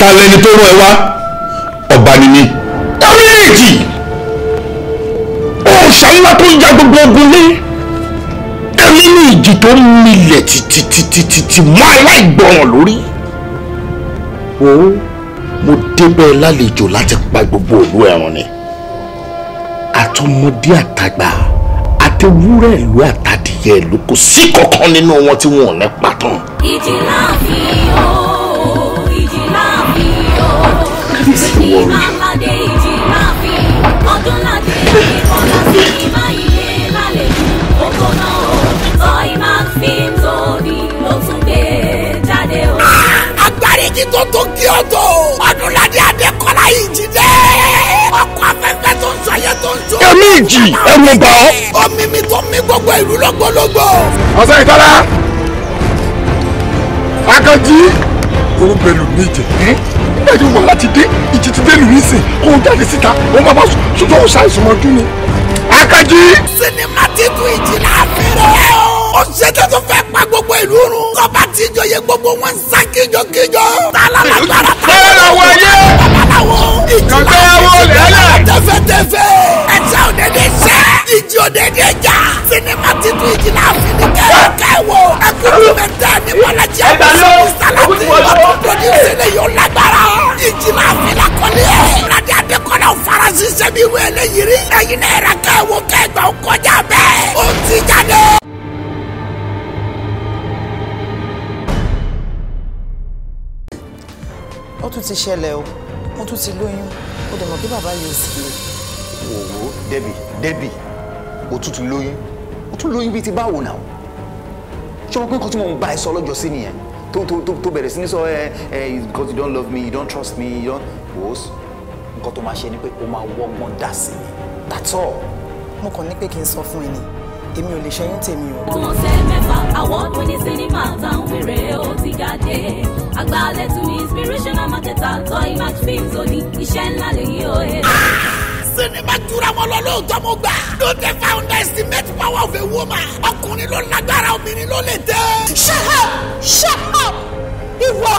ta lẹni tó rán ẹ wá ọba ni mí orílẹ̀-èdè òòṣà ńlá tó ya gbogbo ogun lé ẹni ní ìjì tó ń milẹ̀ tìtìtìtìtì mọ́ aláìgbọràn lórí wo mo débẹ̀ lálejò láti pa gbogbo òlú ẹ̀rùn ni àtọmọdé àtàgbà àtewúrẹ́ ìlú àtàdìyẹ ìlú kò sí kankan nínú wọn tí wọn ò ní pa tán. ìdílé àfihàn. méjì ẹnu bá ọ. omi mi tó mí gbogbo ìlú lọ́gbọ̀lọ́gbọ̀. ọ̀sẹ̀ ìtọ́lá akanji òun bẹ̀rù mi jẹ nígbà tí wàhálà ti dé ìjì ti dé lù mí sìn kó o jáde síta òun bàbá sọjọ́ ó ṣàìsàn mọ́jú ni. akanji. sinimá ti tún ìjì láàfin rẹ̀ o ó ṣe tó tó fẹ́ pa gbogbo ìlú run. kọ́ba tí ìjọ yẹ gbogbo wọn sá kíjọ kíjọ. tálá la gbára tálá la wọ yé. babaláwo ìjọba àwọn olè la. ẹ ìjì òdèdè jà sinimá titun ìjì náà fi ní kẹ́kẹ́ wò ẹkùnrin mẹ́tẹ́ ní bọ́lájì ẹ̀kọ́ sálátì ọdún pọ̀díùsì ni yóò lágbára ìjì náà fi lakọ́lé ẹ̀. ládé adékọ́lá faransi sẹ́mi wẹ̀lẹ̀ yìí ẹ̀yin náà yẹrẹ kẹ́wò kẹ́gbà kọjá bẹ́ẹ̀ ó ti jáde. ó tún ti ṣẹlẹ̀ o wọ́n tún ti lóyún ó dẹ̀ kí bàbá yóò sì lè. wò ó débi débi òtútù lóyún òtútù lóyún bíi ti báwo náà ṣé wọn pé nǹkan tí mo ń bá ẹ sọ lọ́jọ́ sí nìyẹn tó tó tó tó bẹ̀rẹ̀ sí ní sọ ẹ eh, ẹ eh, because you don't love me you don't trust me you don't wos nǹkan tó máa ṣe ni pé o máa wọ́gbọ́n dà sí mi that's all. mo kàn ní pé kí n sọ fún ẹ ni èmi ò lè ṣẹyún tèmi o. ọmọ ṣe mẹ́fà award winning cinema town wèrè ó ti jáde àgbà lẹ́tù ní inspirational marketer toy match films òní iṣẹ́ ńlá lèyí ó èrè. Eh sí ni bá jura wọn lọ lóòótọ́ mo gbà. don't ever underestimate power of a woman. ọkùnrin ló lágbára obìnrin ló lè tẹ́. shut up shut up ìwọ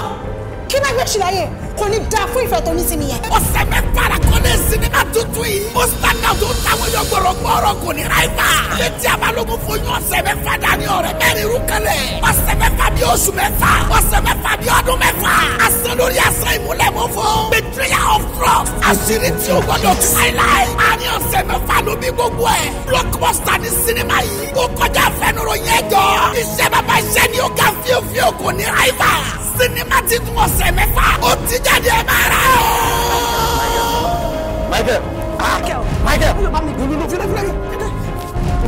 kí n bá gbé ṣìláyè kò ní dáa fún ìfẹ́ tó ní sí mi yẹn. ọ̀sẹ̀ mẹ́fà la kọ́ ní sinimá tuntun yìí. ó sàkà tó táwọn yọ gbọ̀rọ̀gbọ̀rọ̀ kò ní ra ibà. létí abalógun fojú ọ̀sẹ̀ mẹ́fà dání ọ̀rẹ́ mẹ́rin irú kẹlẹ̀. ọ̀sẹ̀ mẹ́fà bí oṣù mẹ́fà. ọ̀sẹ̀ mẹ́fà bí ọdún mẹ́fà. asán lórí asán ìmúlẹ̀ mọ́ fún. betrayal of trust. àṣírí tí o gbọ́dọ̀ tú láíláí. a ní ọ̀sẹ̀ mẹ́fà ló bí gbogbo ẹ̀. blockbuster ní sinimá yìí. ó kọjá fẹnuro yẹn jọ. iṣẹ́ bàbá iṣẹ́ ni ó ga fíofío kò ní ra ibà. sinimá ti tún ọ̀sẹ̀ mẹ́fà. ó ti jáde mara o. Michael Michael Michael lulu fila fila kẹ.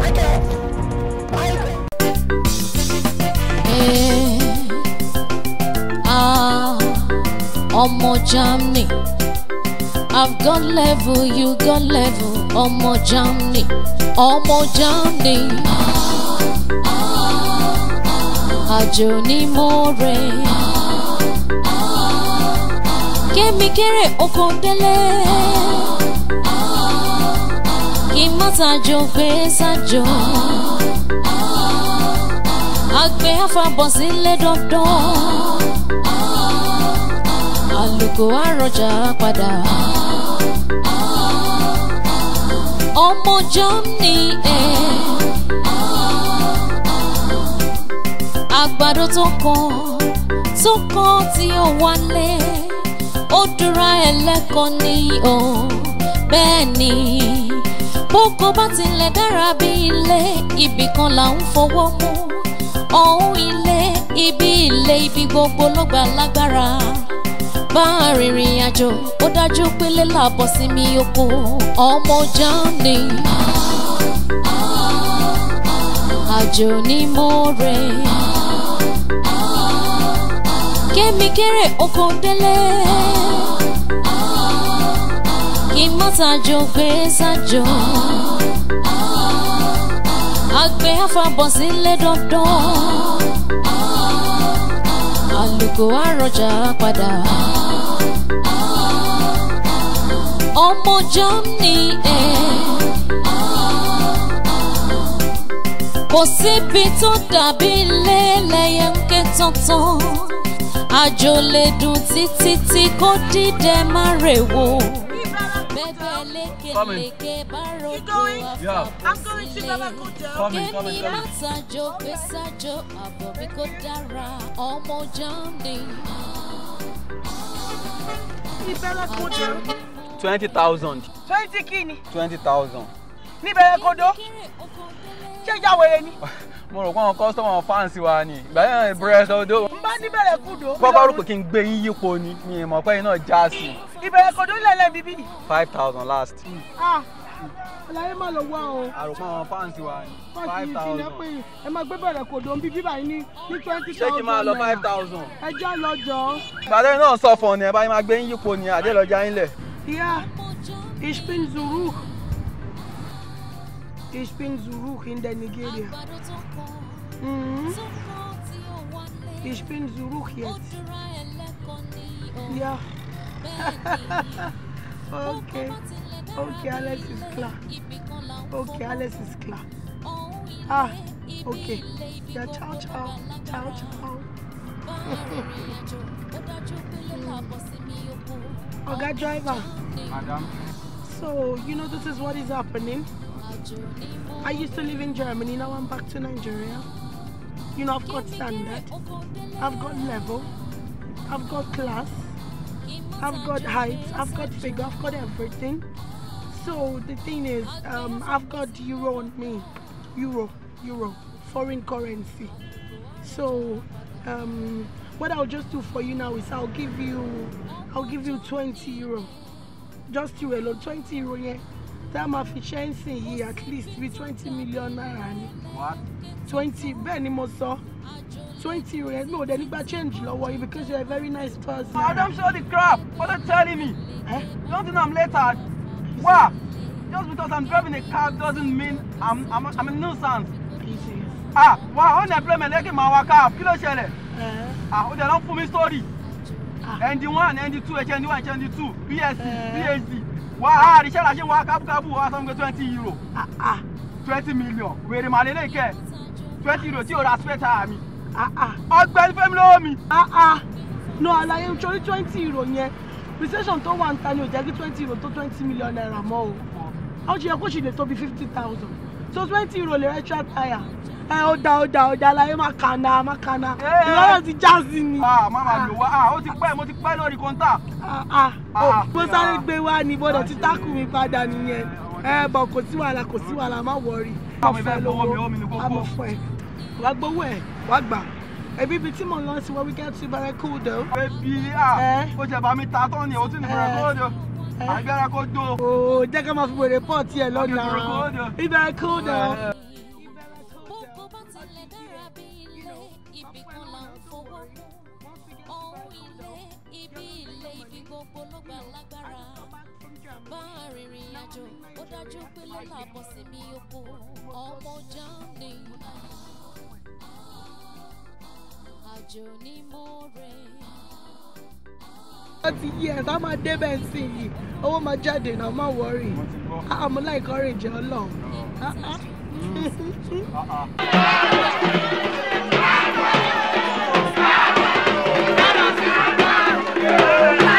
Michael Michael. Ah, ọmọ Germany, I've got level, you got level. Ọmọ Germany, ọmọ Germany. Ah, ah, Àjò ni mo rè. Ah. kémi kéré oko délé kí má tajo gbé sájò àgbẹ̀ àfàbọ̀ sílé dandan àlùkò àròjà padà ọmọ Germany ẹ àgbàdo tó kàn tó kàn tí ó wálé ó dúra ẹlẹ́kọ̀ọ́ ni o bẹ́ẹ̀ ni bóko bá tilẹ̀ dára bí ilé ibì kan là ń fọwọ́ mú ọ̀hún ilé ibi ilé ibi gbogbo ló gbà lágbára bá rìnrìn àjò ó dájú pélé làbọ̀ sí mi oko ọmọ jáde. àjò ni mo rè kémi kéré oko délé kí mọ́tàjò gbé sájò àgbẹ̀ àfàbọ̀ sílé dandan àlùkò àròjà padà ọmọ Germany ẹ̀ eh. kò síbi tó dàbí ilé lẹ́yẹ̀ ń ké tán tán àjò lè dùn títí tí kò dídẹ má rèwo. Twenty thousand. Twenty kini. Twenty thousand. Níbẹ̀rẹ̀ kodo. Ṣé ìyá wẹ̀rẹ̀ ni? mo rò pé àwọn kọ́sítọ́mù fáǹsì wa ni ìgbà yẹn ìbúrẹ́sì ọdọ. n bá níbẹ̀rẹ̀ kúndó. kọ́kọ́ rò pé kí n gbé yín yípo ni mi ìmọ̀ pé iná já sí. ìbẹ̀rẹ̀ kòdó lẹ́lẹ̀ bíbí. five thousand last. àlàyé ah, má lọ wá o. àròpọ̀ àwọn fáǹsì wa ni five thousand. fáǹsì ti ní ẹ máa gbé bẹ̀rẹ̀ kòdó bíbí báyìí ní ní twenty thousand ṣé kí n máa lọ five thousand. ẹ já lọ náà sọ Ich bin Zuruch in der Nigeria. Mhm. Ich bin Zuruch jetzt. Ja. okay. Okay, alles ist klar. Okay, alles ist klar. Ah, okay. Ja, ciao, ciao. Ciao, ciao. okay, driver. Madam. So, you know, this is what is happening. I used to live in Germany, now I'm back to Nigeria. You know, I've got standard, I've got level, I've got class, I've got height, I've got figure, I've got everything. So the thing is, um, I've got euro on me, euro, euro, foreign currency. So um, what I'll just do for you now is I'll give you, I'll give you 20 euro, just you alone, 20 euro, yeah. tá a máa fi ṣe yìí at least bíi twenty million naira ni twenty bẹ́ẹ̀ ni mo sọ twenty rẹ̀ mi ò dé nígbà change lọ́wọ́ yìí because you are a very nice person. madam show the crap what are you telling me eh? don't do am later wa just because i'm driving a car doesn't mean i'm i'm i'm a nuisance. ah wa unemployment lẹ́kìn máa wa car kí ló ṣẹlẹ̀ eh? ah o jẹ̀ lọ́n fún mi story. Ah. ND1, ND2, hnd one, HND2, BSc, uh, PhD wa a àríṣẹ́ ràṣẹ́ wa kábúkábù wa sọ pé twenty euro Ah ah, twenty million wèrè màlélẹ́ kẹ́ twenty euro tí o ra spẹ́tà mi ah, ah. ọgbẹ́ni fẹ́mi lọ́wọ́ mi. Ah, no àlàyé nítorí twenty euro yẹn recession tó wà níta ni ò jẹ́ kí twenty euro to twenty million naira mọ́ o ó ṣe yẹ kó ṣì lè tó bí fifty thousand so twenty euro lè rẹ́ tíra ẹ ó da ó da ó da láyé má kànáà má kànáà eh, ìlànà eh. ti já sí ni. Ah, má máa lò wá ah, ó ti pẹ́ mo ti pẹ́ lórí kọ́ńtà. Ah, oh, mo sáré gbé wá ni bọ́dẹ̀ ti tákù mi padà nìyẹn ẹ eh, bọ̀ kò sí wàhálà kò sí wàhálà má wọrí. àwọn ìfẹ́ gbowó mi ó mi ní gbogbo. àmọ̀ fún ẹ wàá gbowó ẹ wàá gbà ebi bi tí mo lọ sí wọn wíkẹ́ tí bẹ̀rẹ̀ kú dò. ebi a o jẹ bá mi ta tán ni o ti ní bẹ̀rẹ̀ kú dò àgbẹ̀rẹ̀ kó dò. o oh, jẹ́ ká máa fi wèrè pọ̀ tiẹ̀ lọ́nà ìbẹ̀rẹ̀ kú dò. nìkan là ń fowó ohun ilé ibi ilé ibi gbogbo ló gbà lágbára bá arìnrìn àjò ó dájú pé lọ́la bọ̀ sí mi oko ọmọ jáde àjò ni mo rẹ̀. wọ́n ti yí ẹ̀ tá máa débẹ̀ sí i owó máa jáde náà má wọ́rì àmú láì kọ́rìjì ọlọ́run. Ah, ah. Yeah.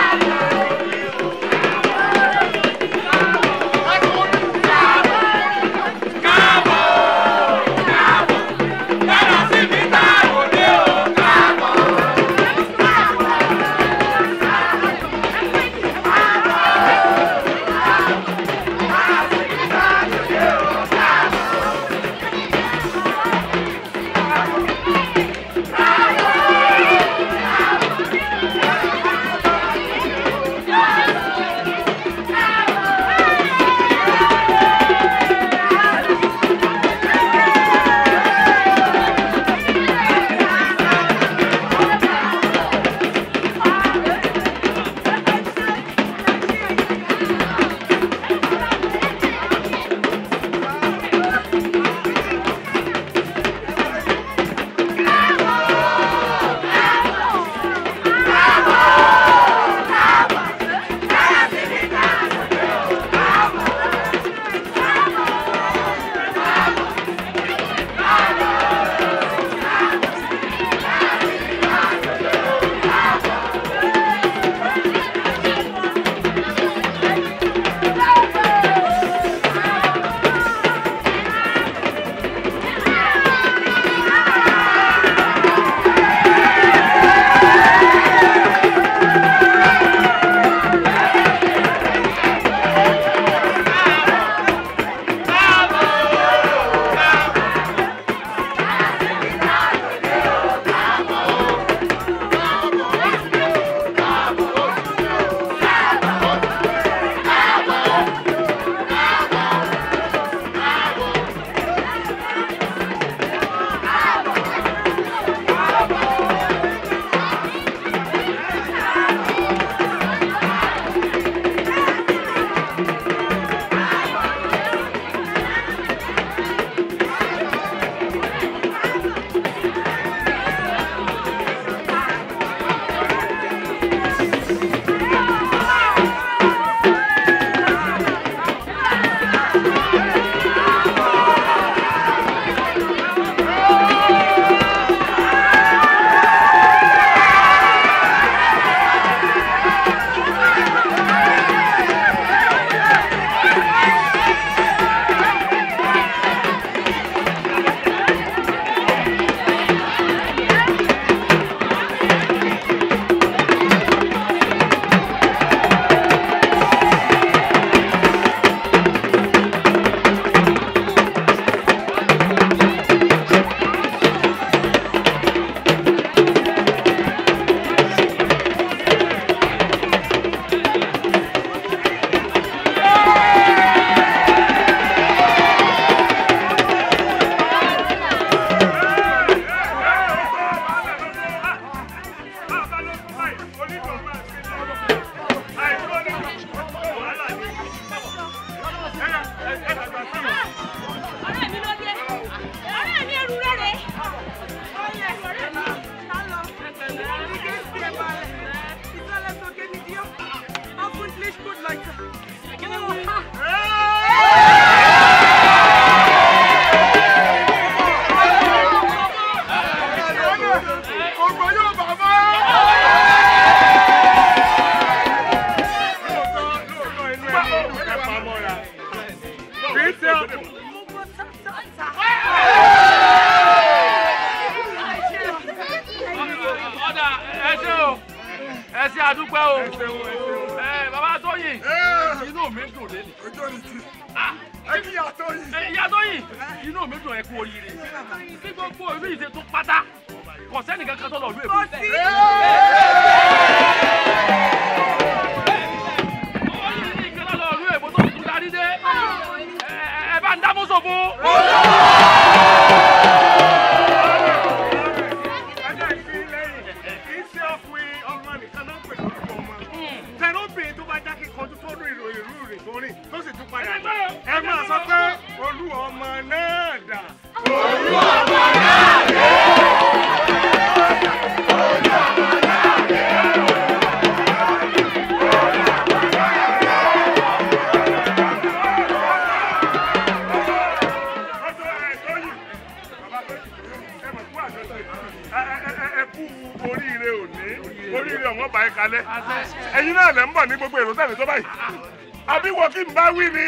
kí n bá wí ni.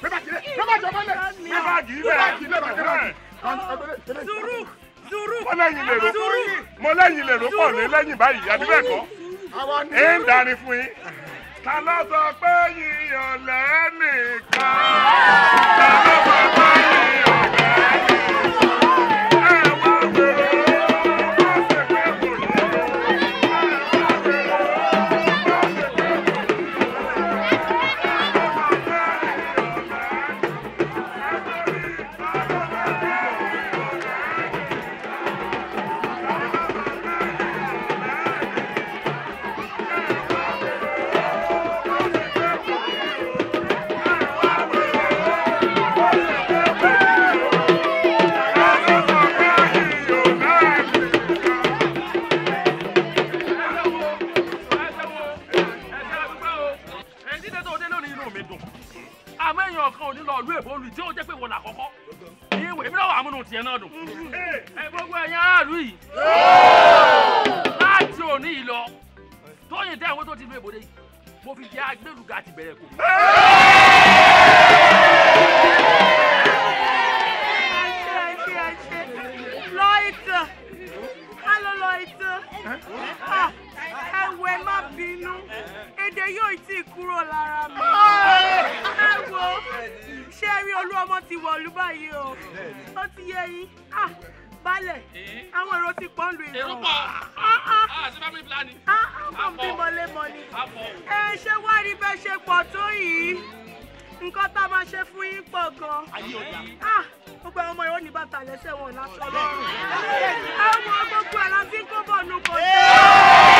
bébà jì í bẹ̀. sùúrù sùúrù mo lẹ́yìn lè ro mo lẹ́yìn lè ro pọ̀ lé lẹ́yìn báyìí àbí bẹ́ẹ̀ kọ́. ẹ ń darí fún yín. ta ló sọ pé olú ọmọ ti wọ̀lú báyìí o ó ti yé yín ah, balẹ̀ àwọn èrò ti pọ̀ lu ìlú. èrò pọ̀ àti ah, ah. family bímọ lémọ ni ẹ ṣe wá rí bẹ́ẹ̀ ṣe pọ̀ tó yìí nǹkan tá a máa ṣe fún yín pọ̀ gan gbogbo àwọn ọmọ ìwọ ní bàtà lẹ́sẹ̀ wọn lásán. àwọn gbogbo ẹ̀ la ti ń kó bọ̀ nù kọjá.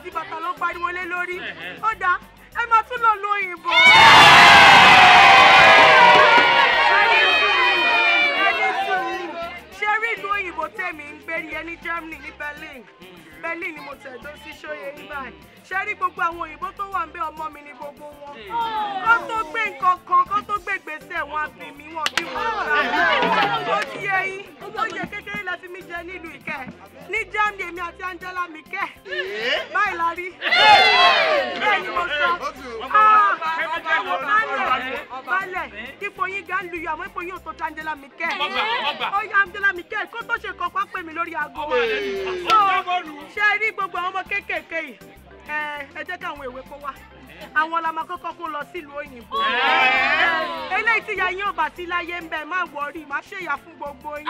àti bàtà ló pariwo lé lórí ó dáa ẹ máa tún lọ lo òyìnbó. ṣe rí ìlú òyìnbó tèmi ń gbé yẹn ní Germany ní Berlin. Berlin ni mo tẹ̀dó sí ṣóyè ibàdí ṣe rí gbogbo àwọn òyìnbó tó wà ń bẹ ọmọ mi ni gbogbo wọn kó tó gbé nǹkan kan kó tó gbé gbèsè wọn àbí mi wọn bí wọn rà ah. ó ti ẹyin ó yẹ kékeré la fi mi jẹ nílùú ìkẹ́ ní Germany èmi àti Angela mikẹ́ eh? báyìí la rí eh? Eh, bẹ́ẹ̀ ni mo sọ balẹ̀ balẹ̀ ipò yín gan lu yọ àmọ́ ipò yín ò tó Angela mikẹ́ ó yá Angela mikẹ́ kó tó ṣe kọ́ pápẹ́ mi lórí aago wa ṣé rí gbogbo àwọn ọmọ kéékèèké yìí ẹ jẹ́ káwọn èwe kó wá àwọn la máa kọ́kọ́ kó lọ sílùú òyìnbó eléyìí tí yàyín ò bá ti láyé ń bẹ má wọrí má ṣèyà fún gbogbo yín.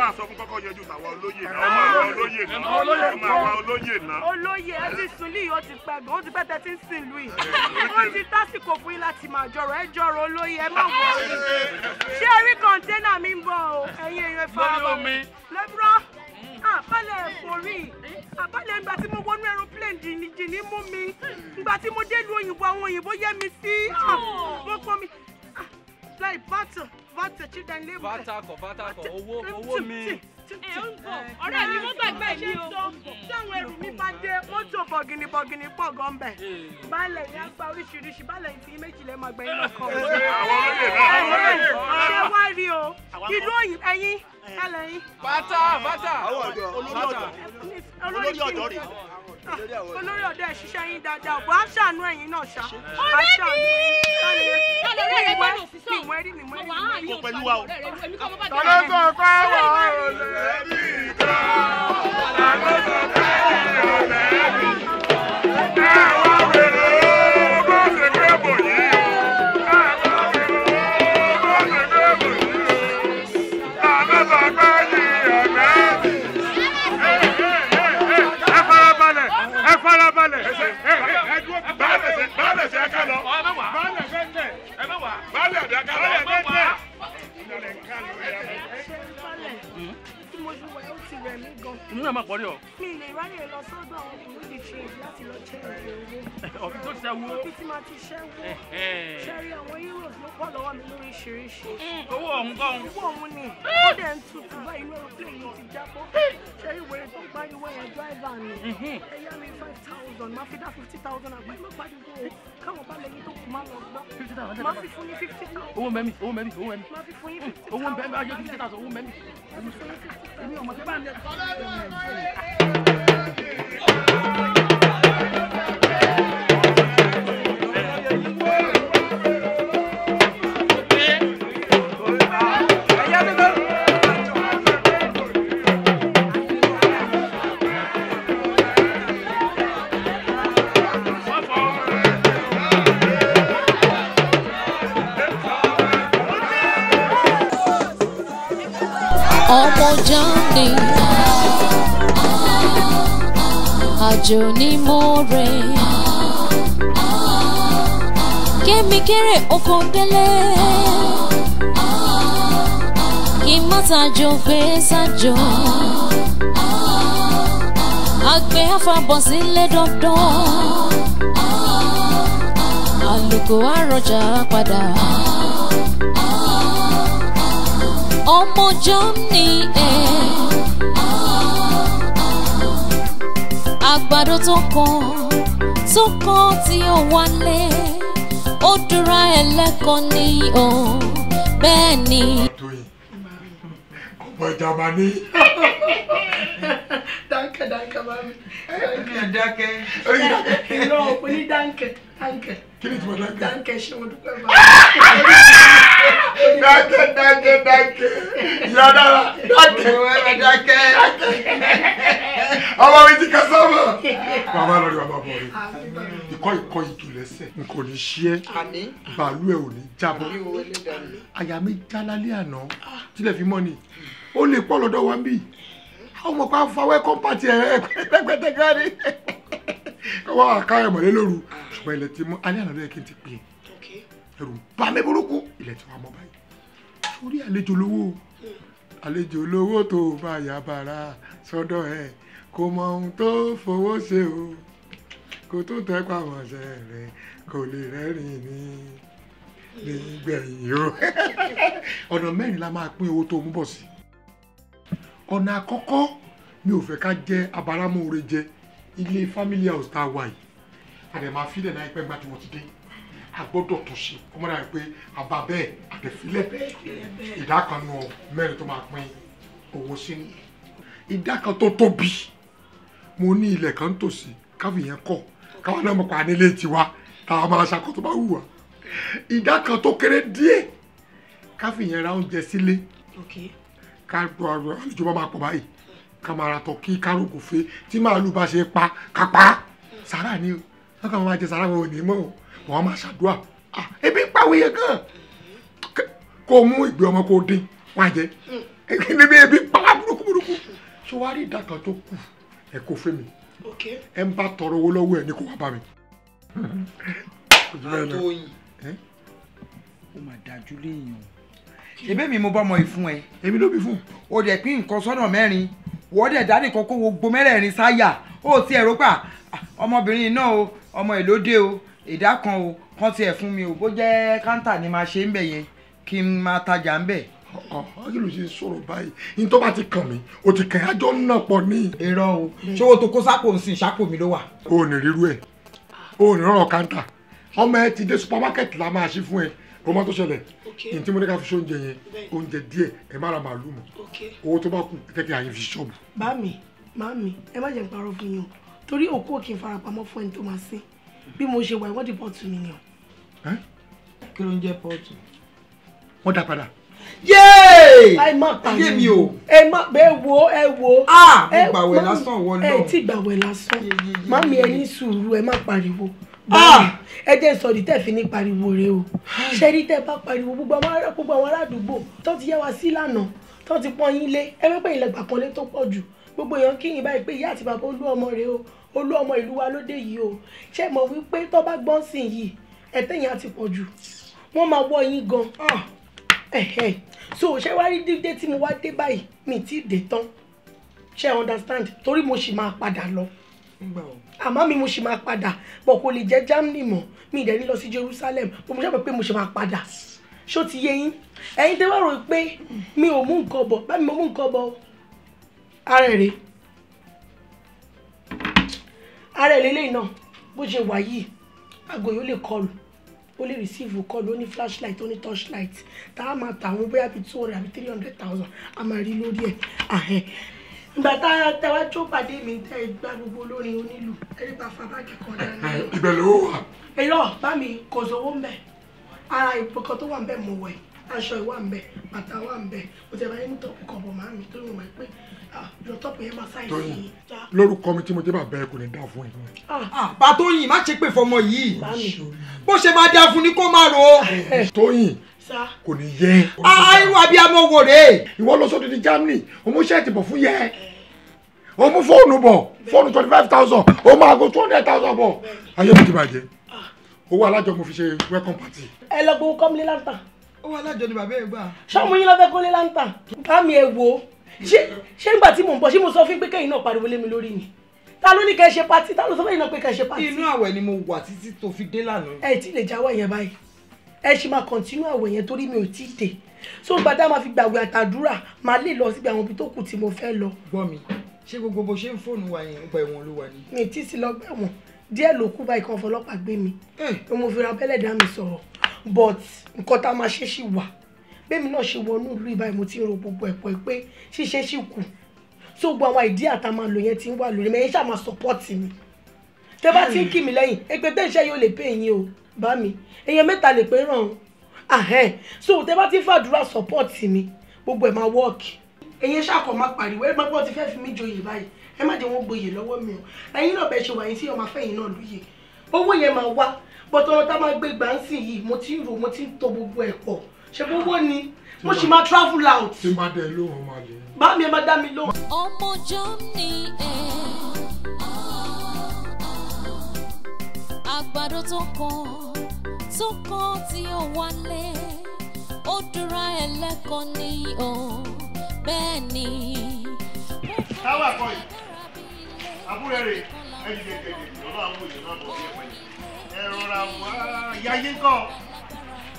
máa sọ fún kọ́kọ́ yẹjú tàwa olóyè náà ọmọ àwa olóyè náà ọmọ àwa olóyè náà. olóyè ẹ ti sùn líì ó ti pẹ́ gan ó ti pẹ́ tẹ́tí ń sìn lùì ó ti tásìkò fún yín láti máa jọrọ ẹ jọrọ olóyè ẹ má wọrí ṣé ẹ rí kọ́ńténà mi ń bọ̀ ẹ̀yin èèyàn ìfarabọ̀ lẹ́bùrọ̀ àbálẹ̀ forí àbálẹ̀ ìgbà tí mo wọnú aeroplane jìnnìjì ní mú mi ìgbà tí mo délùú òyìnbó àwọn òyìnbó yẹ mi sí ah, wọn kọ mi ah, láì bàtà bàtà chídánilébù bàtà kọ bàtà kọ owó owó mi ẹ ń bọ̀ ọ̀rẹ́ mi wọ́n gbàgbé mi o táwọn ẹrù mi bá dé mọ́tò bọ̀gìnì bọ̀gìnì pọ̀ gan bẹ̀ balẹ̀ yẹn gba oríṣiríṣi balẹ̀ tí méjìlél máa gbẹ̀yìn lọ́kọ̀ ṣé wá rí o ìlú òyìn ẹ̀yìn kálẹ̀ yín. bàtà bàtà olórí ọ̀dọ́ olórí ọ̀dọ́ rèé olórí ọ̀dọ́ ẹ̀ ṣiṣẹ́ yín dáadáa bó á ṣàánú ẹ̀yin náà ṣá. ọ̀rẹ́ mi ọ̀rẹ́ rẹ bẹ́ẹ̀ lọ sí sọ ìwé rí mi mọ́ ẹ̀rí mi pẹ̀lú wa o. tọ́lọ́sọ̀ fẹ́ wà ó lẹ́ẹ̀dì kan tọ́lọ́sọ̀ fẹ́ wà ó lẹ́ẹ̀dì kan. lẹsẹ ká lọ. èmi náà máa pọ̀ rí ọ. mi lè ráyè lọ sọ́dọ̀ àwọn community trade láti lọ jẹ́ ìwé owó. ọ̀fi tó ṣe wo. ọ̀fi tí máa ti ṣẹ́ wo. ṣẹ́rí àwọn euros ló pọ̀ lọ́wọ́ mi lóríṣiríṣi. Mm-hmm. owó ọ̀hún kọ́ ọ̀hún. owó ọ̀hún ni ó dẹ̀ ń tutù báyìí inú aeroplane yìí ti jábọ́. ṣẹ́rí wèrè tó pariwo yẹn driver ni. Mm-hmm. ẹ mi five thousand máa fi dá fifty thousand àgbà ìmọ̀ pariwo káwọn bá lẹ́yìn tó kù má lọ gbọ́. máa fi fún ní fifty thousand. owó mẹ́mí owó mẹ́mí owó mẹ́mí. máa fi fún ní fifty thousand. owó mẹ́mí Thank you. òjò ní mo rẹ̀. kémi kéré oko délé. kí má tajò gbé sájò. àgbẹ̀ àfàbọ̀ sílé dandan. àlùkò àròjà padà. ọmọ jọ ní ẹ̀ àgbàdo tó kan tó kan tí ó wálé ó dúra ẹlẹ́kọ̀ọ́ ní o bẹ́ẹ̀ ni. ọmọ jamani danke danke mami danke danke no pe ni danke danke kí ni tí mo danke danke ṣé mo dúpẹ́ báyìí. dákẹ́ dákẹ́ dákẹ́ yàrá dákẹ́ dákẹ́ ọmọ mi ti kẹsàn án mọ̀ bàbá lọ́ọ́ ni bàbá bọ̀ rẹ̀ ikọ́ ikọ́ ìtù lẹ́sẹ̀ n kò chien. ṣí ẹ́ bàálù ẹ̀ ò ní jábọ́ àyà mi já lálẹ́ àná tílẹ̀ fi mọ́ ni ó lè pọ̀ lọ́dọ̀ wa bí àwọn ọmọ pa fáwẹ́ kọ́ńpàtì ẹ̀ pẹ́pẹ́tẹ́ gárí wọ́n wá ká ẹ̀mọ̀lẹ́ lóru ṣùgbọ́n ilẹ̀ ti mọ́ alẹ́ àná ló yẹ kí n ti pè é ẹ̀rù ń bà orí àlejò lówó àlejò lówó tó bá yà bàrà sọ́dọ̀ ẹ̀ kò mọ ohun tó fowó ṣe o kò tó tẹpá mọ̀ṣẹ́ rẹ̀ kò lè rẹ́rìn ní nígbẹ̀yìn o ọ̀nà mẹ́rin la máa pín owó tó mú bọ̀ sí ọ̀nà àkọ́kọ́ mi ò fẹ́ ká jẹ́ abáramóore jẹ ilé family house tá a wà yìí àdèmà fílẹ̀ náà ẹgbẹ́ gbajúmọ̀ ti dé àgbọ́dọ̀ tó ṣe kó mọ́ra pé àbá bẹ́ẹ̀ àtẹ̀fílẹ̀ ìdá kan nù mẹ́rin tó máa pín owó sí ni ìdá kan tó tóbi mo ní ilẹ̀ kan tòsí káfíyẹn kọ̀ káwọn náà mọ̀ pa nílé tiwa táwọn máa ṣàkóso bá wù wá ìdá kan tó kéré díẹ̀ káfíyẹn ra oúnjẹ sílé ká gbọ́ àlejò bá máa pọ̀ báyìí ká máa ra tọ̀ kí kárògùn fẹ́ tí màálù bá ṣe pa kápá mm. sàrà ni o wọn máa jẹ sàrà wọn ò ní mọ́ o wọn máa ṣàdúrà ah, ebi ń pàwọ̀ yẹn gan kó mú ìgbé ọmọ kó dín wọn àjẹ hmm. níbi ebi ń pàwọ̀ burúkú burúkú ṣé wàá rí ìdàkàn tó kù ẹ kó fún mi ẹ ń bá tọrọ owó lọ́wọ́ ẹ ní kó wá bá mi. àtòyìn ó mà dájú léèyàn ṣebí mi mo bá ọmọ yìí fún ẹ. èmi ló bí fún. o dẹ̀ pín nǹkan sọ́nà mẹ́rin wọ́n dẹ̀ dá nìkan kó gbogbo mẹ́rẹ̀ẹ̀rin sáyà ó ti ẹ̀rọ pa ah, ọmọbìnrin náà o ọmọ ìlódé o ìdá kan o kan tiẹ̀ fún mi o bó jẹ́ káńtà ni máa ṣe ń bẹ̀ yẹn kí n máa tajà ń bẹ̀. ọ̀hún ah, kí ah, ló ṣe sọ̀rọ̀ báyìí ní bá ti kàn mí o ti kàn ájọ́ ń nà pọ̀ ní. irọ́ o ṣòwò tó kó sápò ń sìn sápò mi ló wà. o ò ní rírú ẹ o ò ní rọrọ káńtà ọmọ ẹ ti dé supermarket la máa ṣí fún ẹ o mọ tó ṣẹlẹ̀ ní tí mo ní ká fi ṣoúnjẹ yẹn oúnjẹ díẹ̀ ẹ má ra màálù mọ́ owó tó bá kù kẹ́kẹ́ àyè fi ṣọ́ọ̀bù. bá mi má mi ẹ má jẹ́ ń parọ́ fún yín o torí òkú òkè farapamọ́ fún ẹni tó máa sìn bí mo ṣe wà wọ́n di pọ́ọ̀tù mi ni o. kí ló ń jẹ́ pọ́ọ̀tù. wọ́n dá padà. yéè ẹ mi o. ẹ má ẹ wo ẹ wo. a mo gbàwẹ̀ lásán wọ náà. ẹ ti gbàwẹ̀ lásán mami ẹ ní sùúrù ẹ má pariwo ẹ jẹ́ sọ ní tẹ̀fí ní pariwo rẹ o ṣe rí tẹ́ bá pariwo gbogbo àwọn aládùúgbò tó ti yá wa sí lánàá tó ti pọ́n yín lé ẹ wípé ìlẹ̀gbà kan lé tó pọ̀ jù gbogbo èèyàn kíyìn báyìí pé ìyá àti bàbá olú ọmọ rẹ o olú ọmọ ìlú wa lóde yìí o ṣé mọ̀ wípé tó bá gbọ́n sí yìí ẹ̀tẹ̀yìn á ti pọ̀ jù wọ́n máa wọ́ yín gan ah, so ṣé wá rí dídé tí mo wá dé báyìí mi ti dé tán ṣé understand torí mo sì máa padà lọ àmọ́ mi mo ṣì máa padà bọ̀ kò lè jẹ́ Germany mọ́ mi ìdẹ́ ní lọ sí Jerusalem bọ̀ mo ṣàpẹ́ pé mo ṣì máa padà ṣó ti yé yín ẹ̀yin tẹ́ wá rò pé mi ò mú nǹkan bọ̀ bá mi mo mú nǹkan bọ̀ ara rèé ara ìlélẹ́yìn náà bó ṣe wà yìí aago yìí ó lè kọlù ó lè receive kọlù ó ní flashlight ó ní torchlight tá a máa tà àwọn bóyá bíi two hundred àbí three hundred thousand a máa rí lórí ẹ̀ àhẹ́ ìgbà tá a tẹ wá jó pàdé mi tẹ gba gbogbo olórin onílù ẹni bá fa báàgì kan dání. ibẹ̀ ló wà. irọ́ bá mi kò sówó ń bẹ̀ ara ìpọkàn tó wà ń bẹ̀ mọ̀ wẹ̀ aṣọ ìwà ń bẹ̀ bàtà wà ń bẹ̀ mo tẹ̀ bá mú tọ́pù kan máa mi tó lè mọ̀ pé tóyìn lórúkọ mi tí mo ti bá bẹ́ẹ̀ kò ní dá fún yín. Ah, bàtó yìn má ṣe pé fọmọ yìí bó ṣe máa dá fún ni kó má ro. tóyìn kò ní yẹ. Ah, ah, irú abiyamọ wo rèé. ìwọ lọ sódì ní Germany o mú ṣẹ́ẹ̀tì bọ̀ fún yẹ o mú fóònù bọ̀ fóònù twenty five thousand o máa go two hundred thousand bọ̀ ayé mi ti bàjẹ́ owó alájọ mo fi ṣe welcome party. ẹ lọ gbowó kọ́mílé láǹtà. owó alájọ ni bàbá ẹ gbà. sọ́mu yín lọ fẹ́ kọ́lé láǹtà. bá mi ẹ wo ṣé ṣé nígbà tí mò ń bọ̀ ṣé mo sọ fún pé kẹ́yìn náà pariwo lé mi lórí ni ta ló ní kẹ́ ṣe pati ta ló sọ fún ẹ̀yin náà pé kẹ́ ṣe pati. inú àwẹ̀ ni mo wà títí tó fi dé lánàá. ẹ ti lè jáwọ́ yẹn báyìí ẹ ṣì máa kọ̀ntínú àwẹ̀ yẹn torí mi ò tí ì dé so gba tá a máa fi gbàgbé àtàdúrà máa lè lọ síbi àwọn ibi tó kù tí mo fẹ́ lọ. gbọ́ mi ṣé gbogbo bó ṣe ń fóònù wa yẹn ọgbà ẹ̀wọ̀n ló wà ní. mi ti sì lọ gbẹ̀wọ̀n díẹ̀ ló kú báyìí kan fọlọ́pàá gbé mi mo fi ra bẹ́lẹ̀ dá mi sọ̀rọ̀ but nǹkan tá a máa ṣe ṣì wà bẹ́ẹ̀ mi náà ṣe wọnú ìlú ìbáyìí mo ti ń ro gbogbo ẹ̀pọ̀ ẹ̀ pé ṣíṣe ṣì kù so gbogbo àwọn ìdí àtàmà lò yẹn ti ń wà lórí mi ẹ̀yin ṣáà máa support mi tẹ bá ti ń kí mi lẹ́yìn ẹgbẹ́ tẹ́ iṣẹ́ yóò lè pè yín o bá mi èèyàn mẹ́ta lè pé ràn án so tẹ bá ti ń fàdúrà support mi gbogbo ẹ̀ máa work ẹ̀yin ṣàkọ̀ máa pariwo ẹ máa gbọ́ ti fẹ́ fi mí joyè báyìí ẹ má jẹ́ wọ́n gboyè lọ́wọ́ mi o ẹ̀yin náà bẹ́ẹ̀ ṣe wà yín tí ọmọ afẹ́yìn náà lóye owó yẹn máa wá bọ́tọ́rọ́ tá máa gbé gbà ń sìn yìí mo ti ń rò mo ti ń to gbogbo ẹ̀ pọ̀ ṣe bówó ni mo ṣì máa travel out. tí má dẹ lóhùn má lè. bá mi ẹ má dá mi lóhùn. ọmọjọ́ ni ẹ àgbàdo tó kan tó kan tí ó wálé ó dúra ẹlẹ́kọ̀ọ́ ni ó bẹ́ẹ̀ ni. táwa kọ yìí àbúrò rẹ ẹ jẹjẹrẹ ọlọ́run àwọn òye náà bọ̀ bí ẹ pẹ̀lú ẹ rọra wá yáyé kọ́.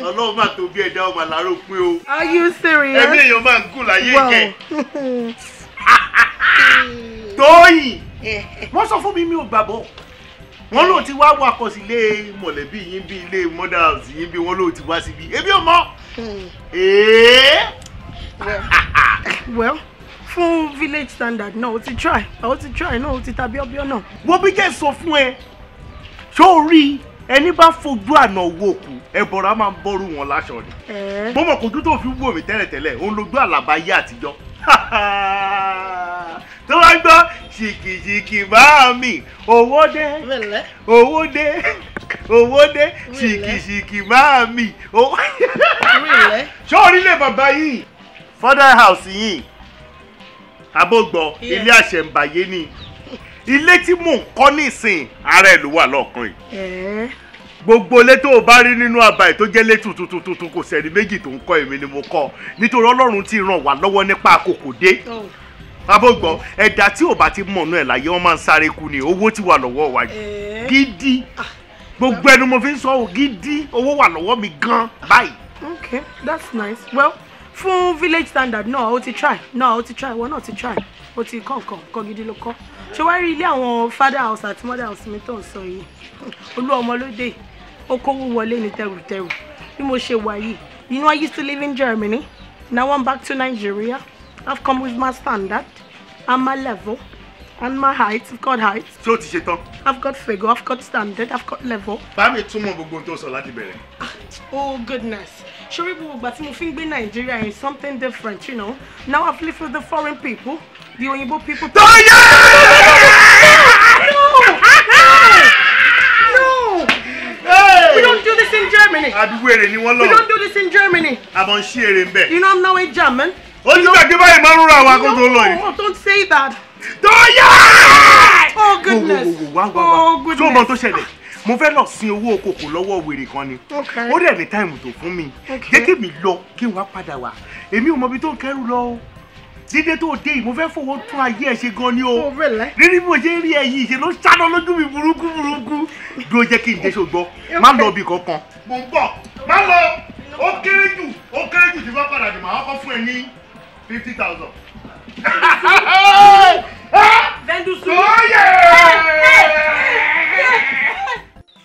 ọlọ́run máa tó bí ẹja ọmọ àlárò pín o. are you serious? ẹbí èèyàn máa ń gùn láyé ìkẹ́. tóyìn eh. wọ́n sọ fún mi mi ò gbàgbọ́ wọ́n ló ti wá wakọ̀ sí ilé mọ̀lẹ́bí yín bí ilé mother house yín bí wọ́n ló ti wá síbi ebi ò mọ́. Hmm. well fún village standard náà o ti try o ti try náà o ti ta bíọ́bíọ́ náà. wo bí jẹ́ sọ fún ẹ ṣó o rí i ẹni bá fojú àná owó òkú ẹbọra máa ń bọ́rù wọn láṣọ ni. mo mọ̀ kojú tó fi wò mí tẹ́lẹ̀tẹ́lẹ̀ òun lójú àlàbá yé àtijọ́. tó wá gbọ́ ṣìkìṣìkì bá mi owó dé owó dé owó dé ṣìkìṣìkì bá mi owó. sọ́ọ́rí lè bàbá yìí fọ́dà house yìí abógbọ̀ ilé àṣẹ̀ǹbáyé ni ilé tí mò ń kọ́ nísìn ara ẹ̀ ló wà lọ́ọ̀kan yìí. gbogbo ilé tó o bá rí nínú àbá ẹ̀ tó jẹ́ ilé tuntun tuntun kò sẹ́ni méjì tó ń kọ́ èmi ni mo kọ́ nítorí ọlọ́run ti ràn wá lọ́wọ́ nípa àkókò dé. abógbọ́ ẹ̀dá tí ò bá ti mọ̀nà ẹ̀ láyé wọ́n máa ń sáré kú ni owó ti wà lọ́wọ́ wa gidi ah. gbogbo ẹnu mo fi ń sọ ọ́ gidi owó wà lọ́wọ́ mi gan báyìí. okay that's nice well fún village standard náà no, ó ti try náà no, ó ti try ìwọ náà ti try ó ti kọ́ nǹkan nǹkan gidi ló kọ́ ṣé wàá rí ilé àwọn father house àti mother house mi tó ń sọ yìí olú ọmọ ló dé ó wọlé ní tẹrùtẹrù bí mo ṣe wà yìí you know I used to live in Germany now I'm back to Nigeria I've come with my standard and my level and my height I've got height. ṣé o ti ṣe tán. I've got figure I've got standard I've got level. bá mi túmọ̀ gbogbo ohun tó sọ láti bẹ̀rẹ̀. Ah, oh goodness ṣorí gbogbo ìgbà tí mo fi ń gbé Nàìjíríà in something different you know now I've lived with the foreign people the oyinbo people. no, no, no no Hey! we don't do this in Germany. àdúgbò èrè ni wọ́n lọ. we don't do this in Germany. I'm on share in bed. you know I'm now a German. ó ti gbàgbé báyìí máa ń rúra àwọn akótó lọ yìí. no don't say that. tó yẹ. oh goodness. wò wò wò wá wá wá tó mọ tó ṣẹlẹ̀ mo fẹ́ lọ sin owó okòkò lọ́wọ́ wèrè kan ni ó dẹ̀ ní táìmù tó fún mi jẹ́ kí mi lọ kí n wá padà wá èmi ò mọ ibi tó ń kẹ́rù lọ o dídé tó dé yìí mo fẹ́ fowó tún ayé ẹ ṣe gan ni o rírí bó ṣe rí ẹ yìí ṣe ló ṣáná lójú mi burúkú burúkú dúró jẹ́ kí n dé ṣògbọ́ má lọ bí kankan. mò ń bọ̀ má lọ ó kéré jù ó kéré jù tí bá padà dì máa kọ́ fún ẹ ní fifty thousand. vendusu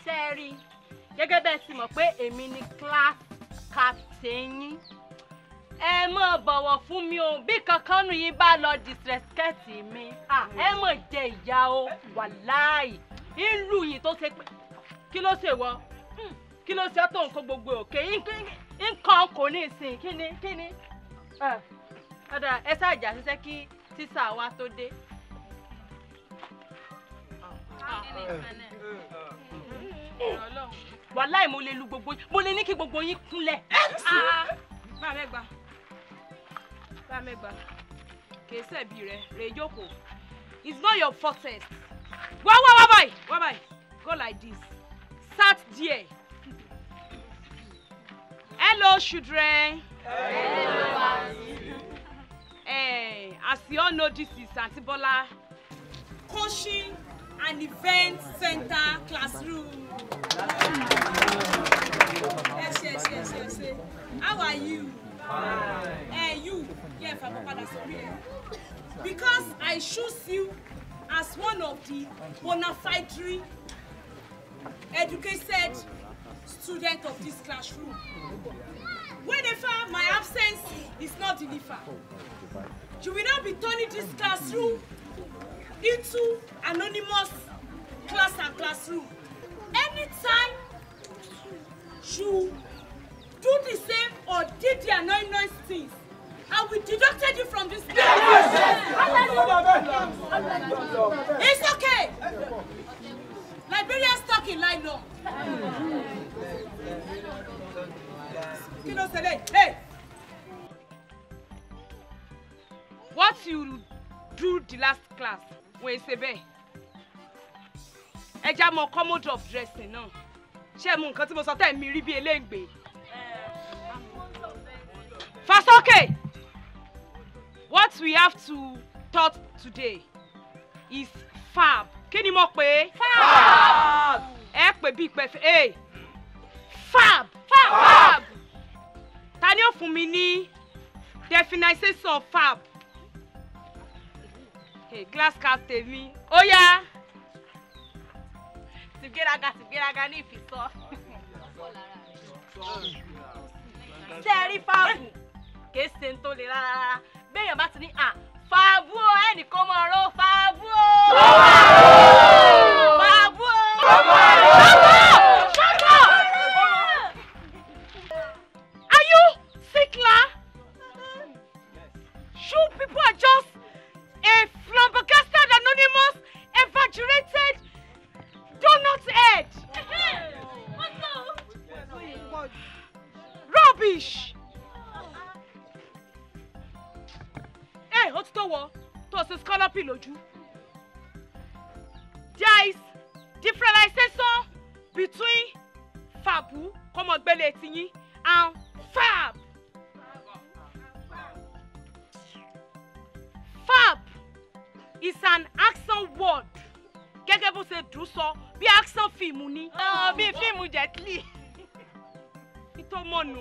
sẹ́ẹ̀rì oh, gẹ́gẹ́ bẹ́ẹ̀ ti mọ̀ pé èmi ni class captain yín ẹ mọ̀ bọ̀wọ̀ fún mi o bí kankan nù yín bá lọ disrespect mi ẹ mọ̀ jẹ ìyá o wàláì ìlú yìí tó ṣe pé kí ló ṣe wọ hmm, kí ló ṣe tó nǹkan gbogbo òkè nǹkan kò ní ìsìn kíni kíni ọ̀dà ẹ ṣáàjà ṣiṣẹ́ kí tíṣà wa tó dé. wàláì mo lè lu gbogbo yín mo lè ní kí gbogbo yín kúnlẹ̀. máa ah, ah. mẹ́gbàá. Tamegba, kì í ṣẹ̀bi It's not your fortest. Wá wá wá báyìí, wá báyìí, go like this. Sat there. Hello, children. Hello, Hey, as you all know, this is Auntie coaching and event center classroom. Yes, yes, yes, yes, yes. How are you? Hey, you, yeah, Fabopada, Because I choose you as one of the bona fide educated students of this classroom. Whenever my absence is not delivered, you will not be turning this classroom into anonymous class and classroom. Anytime you do the same or did the annoying noise things. and we deducted you from this day. Yes, It's okay. Liberians talking like no. Hey! What you do the last class wọ́n ṣe bẹ́ẹ̀. Ẹ já mọ commode of dressing náà. she mo nǹkan tí mo sọ tẹ̀ mi rí bí eléǹgbé? okay. what we have to talk today is fab. Can you mock pè é? Fab. Ẹ pè bí pè é. Eh. Fab. Fab. Ta fumini. ó fún definition of fab? Hey, eh, glass cap tèmi. Ó yá. Tìgbéraga tìgbéraga ní ìfisọ́. Very fab kìí ṣe ń tó le rárá béèyàn bá ti ní à fàbú o ẹnìkan mọ ọ̀rọ̀ fàbú o. fàbú o. fàbú o. fàbú o. Are you sick la? You people are just a flabbergasted anonymous infatuated donut head. Rubbish. ẹ̀ ó ti tó wọ tó ṣe scallop lójú. there is differentiation between fàbù kọ́mọgbélé tiyín and fab. fab is an action word gẹ́gẹ́ bó ṣe dùn sọ bí action fíìmù ni. Ah, bí fíìmù Jet Li. nítorí mọ̀nù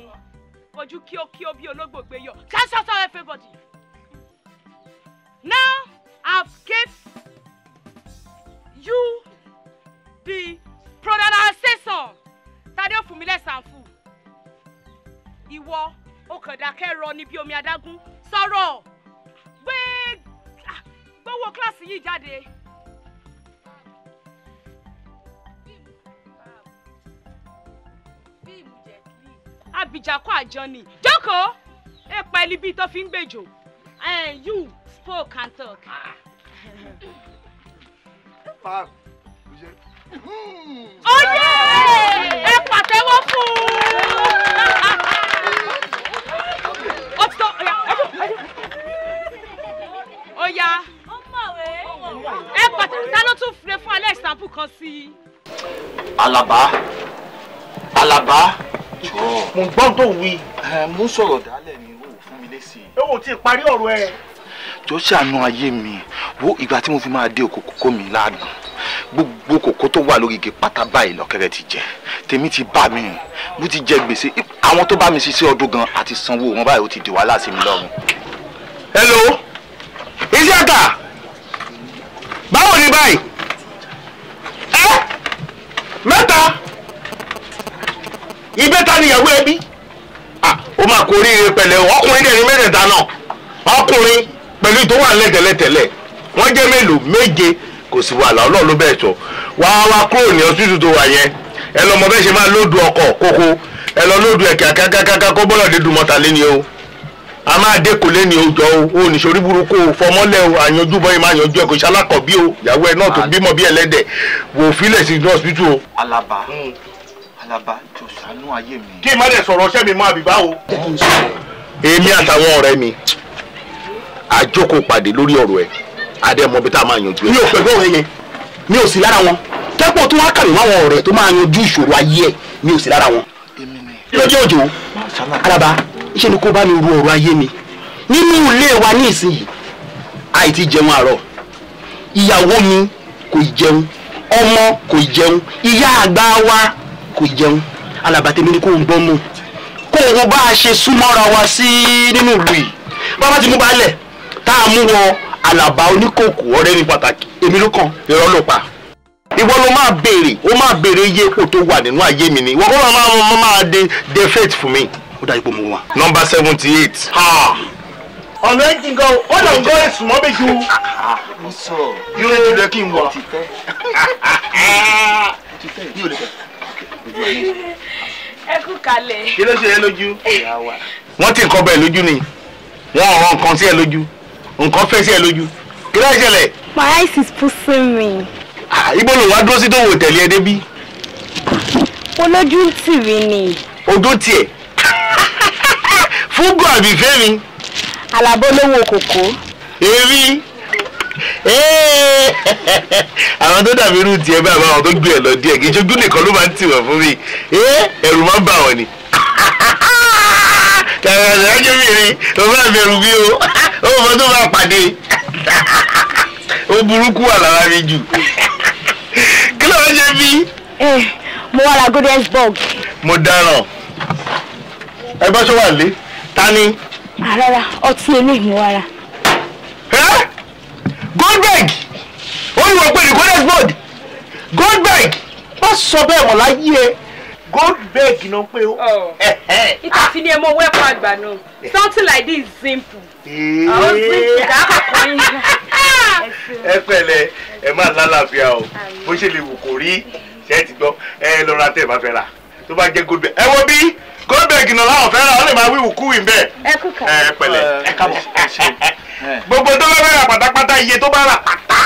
ojú kí ó kí ó bí olóògbé yọ. ṣáṣáṣá everybody. Now I've gave you the pronunciation. Tade ó fún mi lẹ́sàáfù. Ìwọ ó kàn dákẹ́ rọ ní bí omi adágún. Sọ̀rọ̀ gbé ah, gbówó kíláàsì yìí jáde. Abìjàkọ àjọ ni. Joko. Èèpẹ̀ ni bíi tó fi ń gbèjò. You spoke and talk. Pam, oye. Oye! Ẹ pàtẹ́wọ́ fún un. Ó ti tọ́, ọ̀yà, ọ̀yà. Ọ̀yà. Ó mọ̀wé. Ẹ ta ló tún fure fún alẹ́ ìsàmpù kan sí Alaba, Alaba, jọ̀ọ́. Mo ń gbọ́n tó wí. Mo ń sọ̀rọ̀ dálẹ̀ ni o ò fún mi lésì. Ewo ti parí ọ̀rọ̀ ẹ̀ jọ ṣàánú ayé mi wo ìgbà tí mo fi máa dé òkòkò mi ládùn gbogbo kòkó tó wà lórí igi pátá báyìí lọ́kẹ́rẹ́ ti jẹ tèmi ti bá mi mo ti jẹ gbèsè àwọn tó bá mi ṣiṣẹ́ ọdún gan àti sanwó wọn báyìí ó ti di wàhálà sí mi lọ́rùn. hello Isiaka báwo ni báyìí ẹ mẹ́ta ìbẹ́ta nìyàwó ẹbí ó máa kórìíre pẹ̀lẹ́ ọkùnrin dẹ̀ ní náà ọkùnrin pẹ̀lú ìtọ́wà lẹ́tẹ̀lẹ́tẹ̀lẹ̀ wọ́n jẹ́ mélòó méje kò sí wàhálà ọlọ́run ló bẹ̀ẹ̀ sọ wà á wá kúrò ní ọsítù tó wà yẹn ẹ lọ mọ bẹ́ẹ̀ ṣe máa lóòdù ọkọ̀ kókó ẹ lọ lóòdù ẹ̀kẹ́ akákákáká kó bọ́lọ̀ dé dùmọ̀tà lé ni o a máa dé kò lé ní ọjọ́ o ò ní sori burúkú o fọmọ́lẹ̀ o àyanjú bọ́ ìmọ̀ àyanjú ẹ̀ kò ṣe alákọ̀bí o ìyàwó ẹ̀ náà tó bímọ bí ẹlẹ́dẹ̀ wò ó filẹ̀ sí hospital o. alaba hmm. alaba jọ ṣàánú ayé mi. kí n má dẹ̀ sọ̀rọ̀ ọṣẹ́ mi mọ́ àbíbá o. èmi àtàwọn ọ̀rẹ́ mi àjókòó pàdé lórí ọ̀rọ̀ ẹ̀ adẹ́mọbi tá a máa yanjú ẹ̀. mi ò pẹ̀lú ọ̀rẹ́ yẹn mi ò sí lára wọn kẹ́pọ̀ tó wá kàwé máwọn ọ̀rẹ́ tó máa yanjú ìṣòro ayé ẹ̀ mi ò sí lára wọn. lójú òjò alaba iṣẹ́ ni kó bá mi ru ọ̀rọ̀ ayé mi nínú ilé wa ní ìsinyìí àìtí jẹun àárọ̀ ìyàwó mi kò jẹun ọmọ kò jẹun ìyá àgbà wa kò jẹun alaba tèmi ni kò ń bọ́ mọ́ kó o bá a ṣe súnmọ́ra wa sí nínú ìlú yìí bàbá ti mú balẹ̀ tá a mú wọn àlàbà oníkòkò ọ̀rẹ́ mi pàtàkì èmi ló kàn irọ́ ló pa ìwọ ló máa béèrè ó máa béèrè iye epo tó wà nínú ayé mi ni ìwọ máa máa máa de de faith fún mi ó dájú pé mo wà. nọmba seventy eight. ọ̀nà ẹ̀ jìn gan ó lọ gbọ́ èsùn mọ́ méjì o. yóò lè jẹ́ kí n wọ̀. ẹ kú kalẹ̀. kí ló ṣe é lójú. wọ́n ti nǹkan bẹ́ẹ̀ lójú ni wọ́n ọ̀rọ̀ nǹkan sí ẹ lójú nǹkan fẹ́ sí ẹ lójú kí ló ṣẹlẹ̀. my eyes is pushing me. ibo ló wá dúró sí tó wò tẹ̀lé ẹ débí. olójú ń tì mí ni. ojú tiẹ̀ fúgò àbí fẹ́mi. àlàbò lówó kòkó. èmi àwọn tó dàbí irú tiẹ̀ bá àwọn tó gbé ẹ lọ díẹ̀ kì í ṣojú nìkan ló máa ń tì wọ́n fún mi ẹ̀rù máa ń bà wọ́n ni kẹrẹ rẹ ọjọ́ mi rí o bá bẹ̀rù bí o ó mọ tó bá pàdé ó burúkú wà lára mi jù kí ló ń ṣe bí. mo wà lágọdẹ xbox. mo dáràn ẹ bá ṣọ wà lé ta ni. àràrà ah, ọtí ilé mi wà rà. Goldberg ó ní wọ́n pè ní Goldberg Goldberg má sọ bẹ́ẹ̀ mọ̀ láyé Goldberg náà pé ó. Oh. ìtàfi ni ẹ mọ wẹ́pọ̀ àgbà náà something like this simple. àwọn simple dábàá kan yín. ẹ pẹ̀lẹ́ ẹ má lálàáfíà o bó ṣe lè wù kó rí ṣe ti gbọ́ ẹ lọ ra tẹ ẹ bá fẹ́ rà tó bá jẹ́ Goldberg ẹ wo bí Goldberg náà láwọn fẹ́ rà ó lè máa wíwù kúwì ń bẹ̀. ẹ kú kà ẹ pẹ̀lẹ́ ẹ kábọ̀ gbogbo tó bá fẹ́ rà pátápátá iye tó bá rà pátá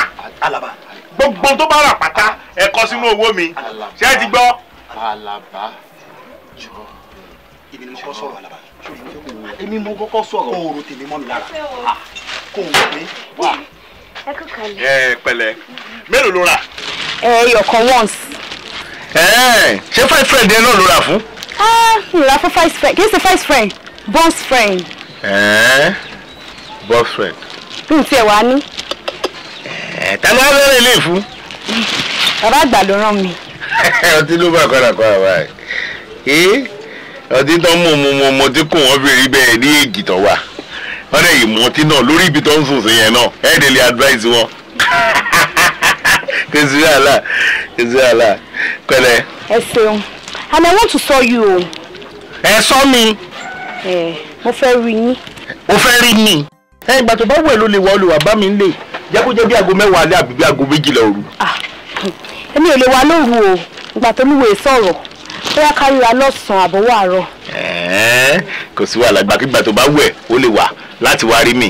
gbogbo tó bá rà pátá ẹ kọ sínú owó mi ṣe ti gbọ́ alaba jọ èmi ni mo kọ́ sọ̀rọ̀ alaba èmi mo kọ́kọ́ sọ̀rọ̀ kó o ro tèmi mọ́ mi lára kó o pé wà. ẹ kú kalẹ̀. ẹ pẹ̀lẹ́ mélòó ló rà. ẹ yọkan once. ṣé five friend yẹn náà ló rà fún. ah ìrà fún five friend kì í ṣe five friend boss friend. boss friend. n tiẹ̀ wá ní. ta ló wá bẹ̀rẹ̀ ilé ìfún. bàbá àgbà ló rán mi. ọtí ló bá kọ́ra kọ́ra báyìí ọtí tó ń mú mu mu mu tí kò wọ́n fi rí bẹ́ẹ̀ ní èjì tó wà wọ́n dẹ̀ yìí mú ọtí náà lórí ibi tó ń sùn sí yẹn náà ẹ̀ dẹ̀ lè advise wọn kò sí wàhálà kò sí ẹ ṣeun and I want to saw you o. ẹ sọ mi. ẹ mo fẹ́ rí yín. mo fẹ́ rí mi. ẹ ìgbà tó bá wù ẹ́ ló lè wá olùwà bá mi lè jẹ́ kó jẹ́ bí aago mẹ́wàá alẹ́ àbí bí aago méjìlá òru. ah èmi ò lè wá lóru o ìgbà tó lúwèé sọ̀rọ̀ bóyá kárí wa lọ́sàn-án àbọ̀wọ́ àárọ̀. kò sí wàhálà gbàkigbà tó bá wẹ̀ ó lè wà láti wá rí mi.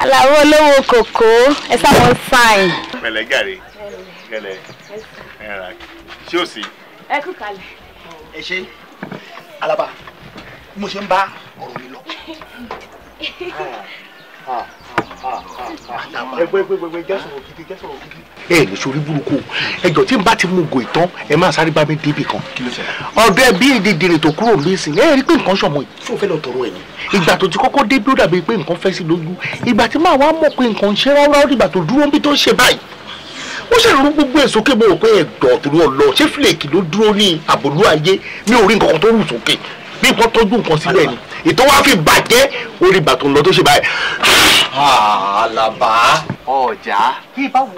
àlàó olówó kòkó ẹ sáwọn sáìn. pẹ̀lẹ́ gàrí gẹlẹ ẹ ṣé o sí. ẹ kú kalẹ̀. ẹ ṣe alaba mo ṣe ń bá ọ̀rọ̀ mi lọ. Ah, ah ẹ lè sori burúkú ẹjọ tí n bá ti mú go ìtàn ẹ máa sáré bá mi débi kan ọdọ ẹ bí èdèdèrè tó kúrò lẹsìn ẹ rí pé nǹkan sọmọ yìí. fún fẹlẹ ọtọrọ ẹ ni. ìgbà tó ti kọ́kọ́ dé bí ó dàbí pé nǹkan fẹ́ sí lójú ìgbà tí màá wá mọ̀ pé nǹkan ń ṣe rárá dìgbà tó dúró bí tó ń ṣe báyìí ó ṣe rú gbogbo ẹ̀ sókè mo rò pé ẹ̀dọ̀ tó lọ ṣé fìlèkì ló dúró ní àbòlú ayé mi ò nǹkan tó rù sókè bí nǹkan tọ́jú nǹkan sílẹ̀ ni ìtò wá fi bàjẹ́ orí bàtò lọ tó ṣe báyìí. àlàbà ọjà bí báwo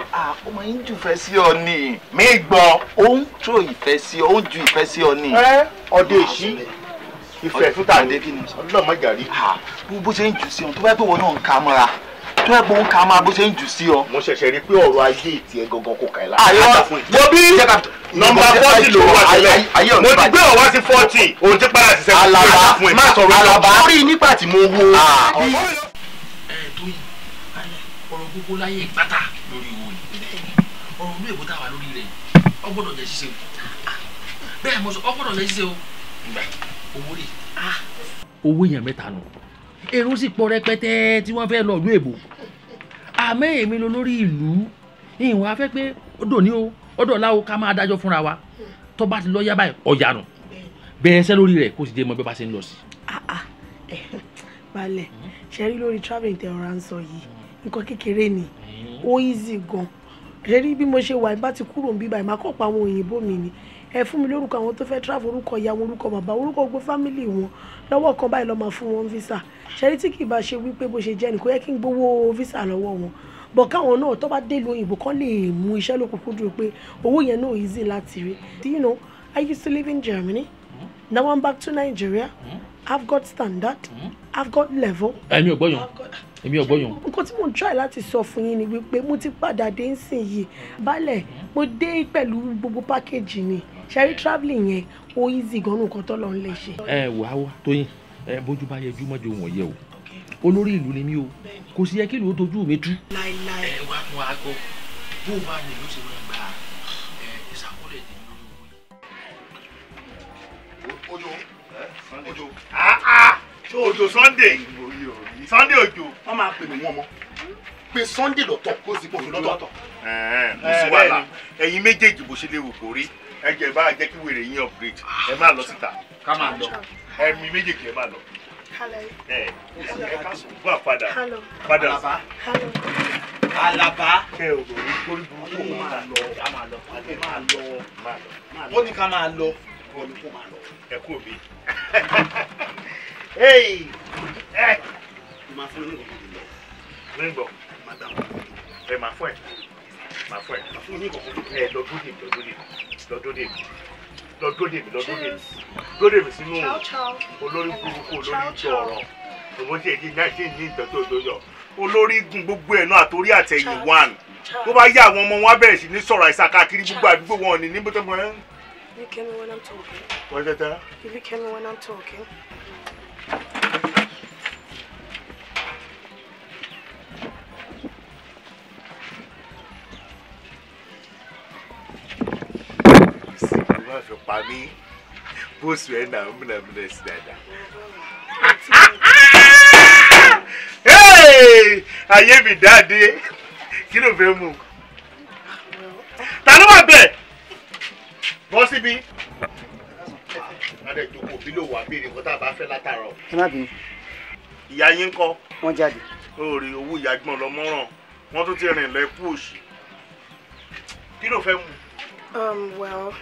ọmọ yín jùfẹ́ sí ọ ni mi gbọ́ ó ń tó ìfẹ́ sí ọ ó ju ìfẹ́ sí ọ ni. ọdẹ èṣí ìfẹ́ fúta ọlọ́mọ gàrí. bó ṣe ń jù sí ọ tó bá pẹ́ wọ náà ń ka mọ́ra tó ẹ gbóhùn ká máa bó ṣe ń jù sí ọ. mo ṣẹ̀ṣẹ̀ rí i pé ọ̀rọ̀ ayé ìtì ẹ gangan kò kà ẹ́ lára. àyọ wo bí nọ́mbà fọ́tì ló wà sílẹ̀ mo ti gbé ọ̀wá sí fọ́tì òun ti padà sí sẹ́kọ̀ọ́ fún ẹ̀ má sọ̀rọ̀ lọ. àlàbà rí nígbà tí mo wo. Ah. ọ̀rọ̀ gbogbo láyé ìpátá lórí owó ni ọ̀rọ̀ olú èbó táwa lórí rẹ̀ ọgbọ́dọ̀ jẹ́ ṣíṣe o bẹ́ẹ̀ mo sọ ọgbọ́dọ̀ jẹ́ ṣíṣe o owó rè. Ah. owó yẹn mẹ́ta nù èrò sì pọ̀ rẹpẹtẹ tí wọ́n fẹ́ lọ ìlú èbò àmọ́ èmi lọ lórí ìlú ìwọ̀n afẹ́ pé ó dò ní o ó dò láwo ká máa dájọ́ fúnra wa tó bá ti lọ yá báyìí ọ̀yà nù bẹ̀rẹ̀ sẹ́ lórí rẹ̀ kó sì dé mọ bí wọ́n bá ṣe ń lọ sí. Ah, ah, eh, balẹ̀ ṣe lórí traveling tẹ ọ̀rá ń sọ yìí nǹkan kékeré ni ó easy gan ṣe rí bí mo ṣe wà bá ti kúrò ń bíbá ìmákọ̀pọ̀ àwọn òyìnbó mi ni ẹ fún mi lórúkọ àwọn tó fẹ́ travel orúkọ ìyàwó orúkọ bàbá orúkọ gbogbo fámìlì wọn lọ́wọ́ kan báyìí lọ́ọ́ máa fún wọn visa ṣẹ́rí tí kì í bá ṣe wípé bó ṣe jẹ́ ni kò yẹ kí n gbowó visa lọ́wọ́ wọn bọ̀ káwọn náà tó bá dé ìlú òyìnbó kan lè mú iṣẹ́ lókùnkùn dúró pé owó yẹn náà easy láti rí do you know I used to live in Germany now I'm back to Nigeria hmm? I've got standard hmm? I've got level. ẹ̀mí ò gbọ́yàn èmi ọgbọ́yàn. nǹkan tí mò ń try láti sọ fún yín ni wípé mo ti padà dé nsìn yìí balẹ̀ hmm? mo dé pẹ̀lú gbogbo pákéjì ni ṣẹ́rí travelling yẹn ó easy gan nǹkan tó lọ́n lè ṣe. ẹ wàá wá tóyìn ẹ bójú bá yẹ júmọ́ jòun ọ̀yẹ́ o olórí ìlú ni mí o kò sí yẹ kí ìlú ó dojú mi tú. láéláé ẹ wá fún aago bó o bá ní ìlú ṣe máa gba ìṣàkólẹ̀ ní ìlú ojo ojo ah, ah. ṣé ojo Sunday Sunday ojo wọn máa pè mí wọn mọ pé Sunday lọ́tọ̀ kó sì bọ̀ lọ́tọ̀. kò sí wàhálà ẹ̀yin méjèèjì bó ṣe léwu kò rí ẹ jẹ́ bá jẹ́ kí wèrè yín upgrade ẹ má lọ síta ká má lọ ẹ̀mí méjèèjì ẹ má lọ. ẹ ẹ ká sùn bá padà padà. Àlàbá kẹ ò lórí torí burúkú máa lọ ká máa lọ pàdé máa lọ wọ́n ní ká máa lọ wọ́n ní kó máa lọ. ẹ kú òbí. ẹ máa fún mi ní ìgbà. ẹ máa fún ẹ my friend ma fún mi ní kòkòrò ẹ lọ dúró dèmi lọ dúró dèmi lọ dúró dèmi lọ dúró dèmi lọ dúró dèmi dúró dèmi sínú olórí burúkú olórí ìjọ ọ̀rọ̀ òun ṣe èyí náà ṣì ní ìtọ́jú òjòjò olórí gun gbogbo ẹ̀ náà àtòrí àtẹ̀yìn one tó bá yá àwọn ọmọ wọn bẹ̀rẹ̀ sí ní sọ̀rọ̀ àìsàn káàkiri gbogbo àdúgbò wọn ni níbo tó mọ̀ ẹ́. You look at me when I'm talking. What's that? You look at me when I'm talking. má fi pa mí bóṣù ẹ̀ náà múnamúnà sí dáadáa. ayé mi dáadé kí ló fẹ́ mú ta ló wà bẹ́ẹ̀ bọ́ síbi. adé ìjókòó bí ló wà bí nǹkan tá a bá fẹ́ látàárọ̀. ẹ má bínú. ìyá yín kọ́. wọ́n jáde. o rí owó ìyá gbọ́n lọ mọ́ràn wọ́n tún ti rìn lẹ́kú òsì kí ló fẹ́ mú. um well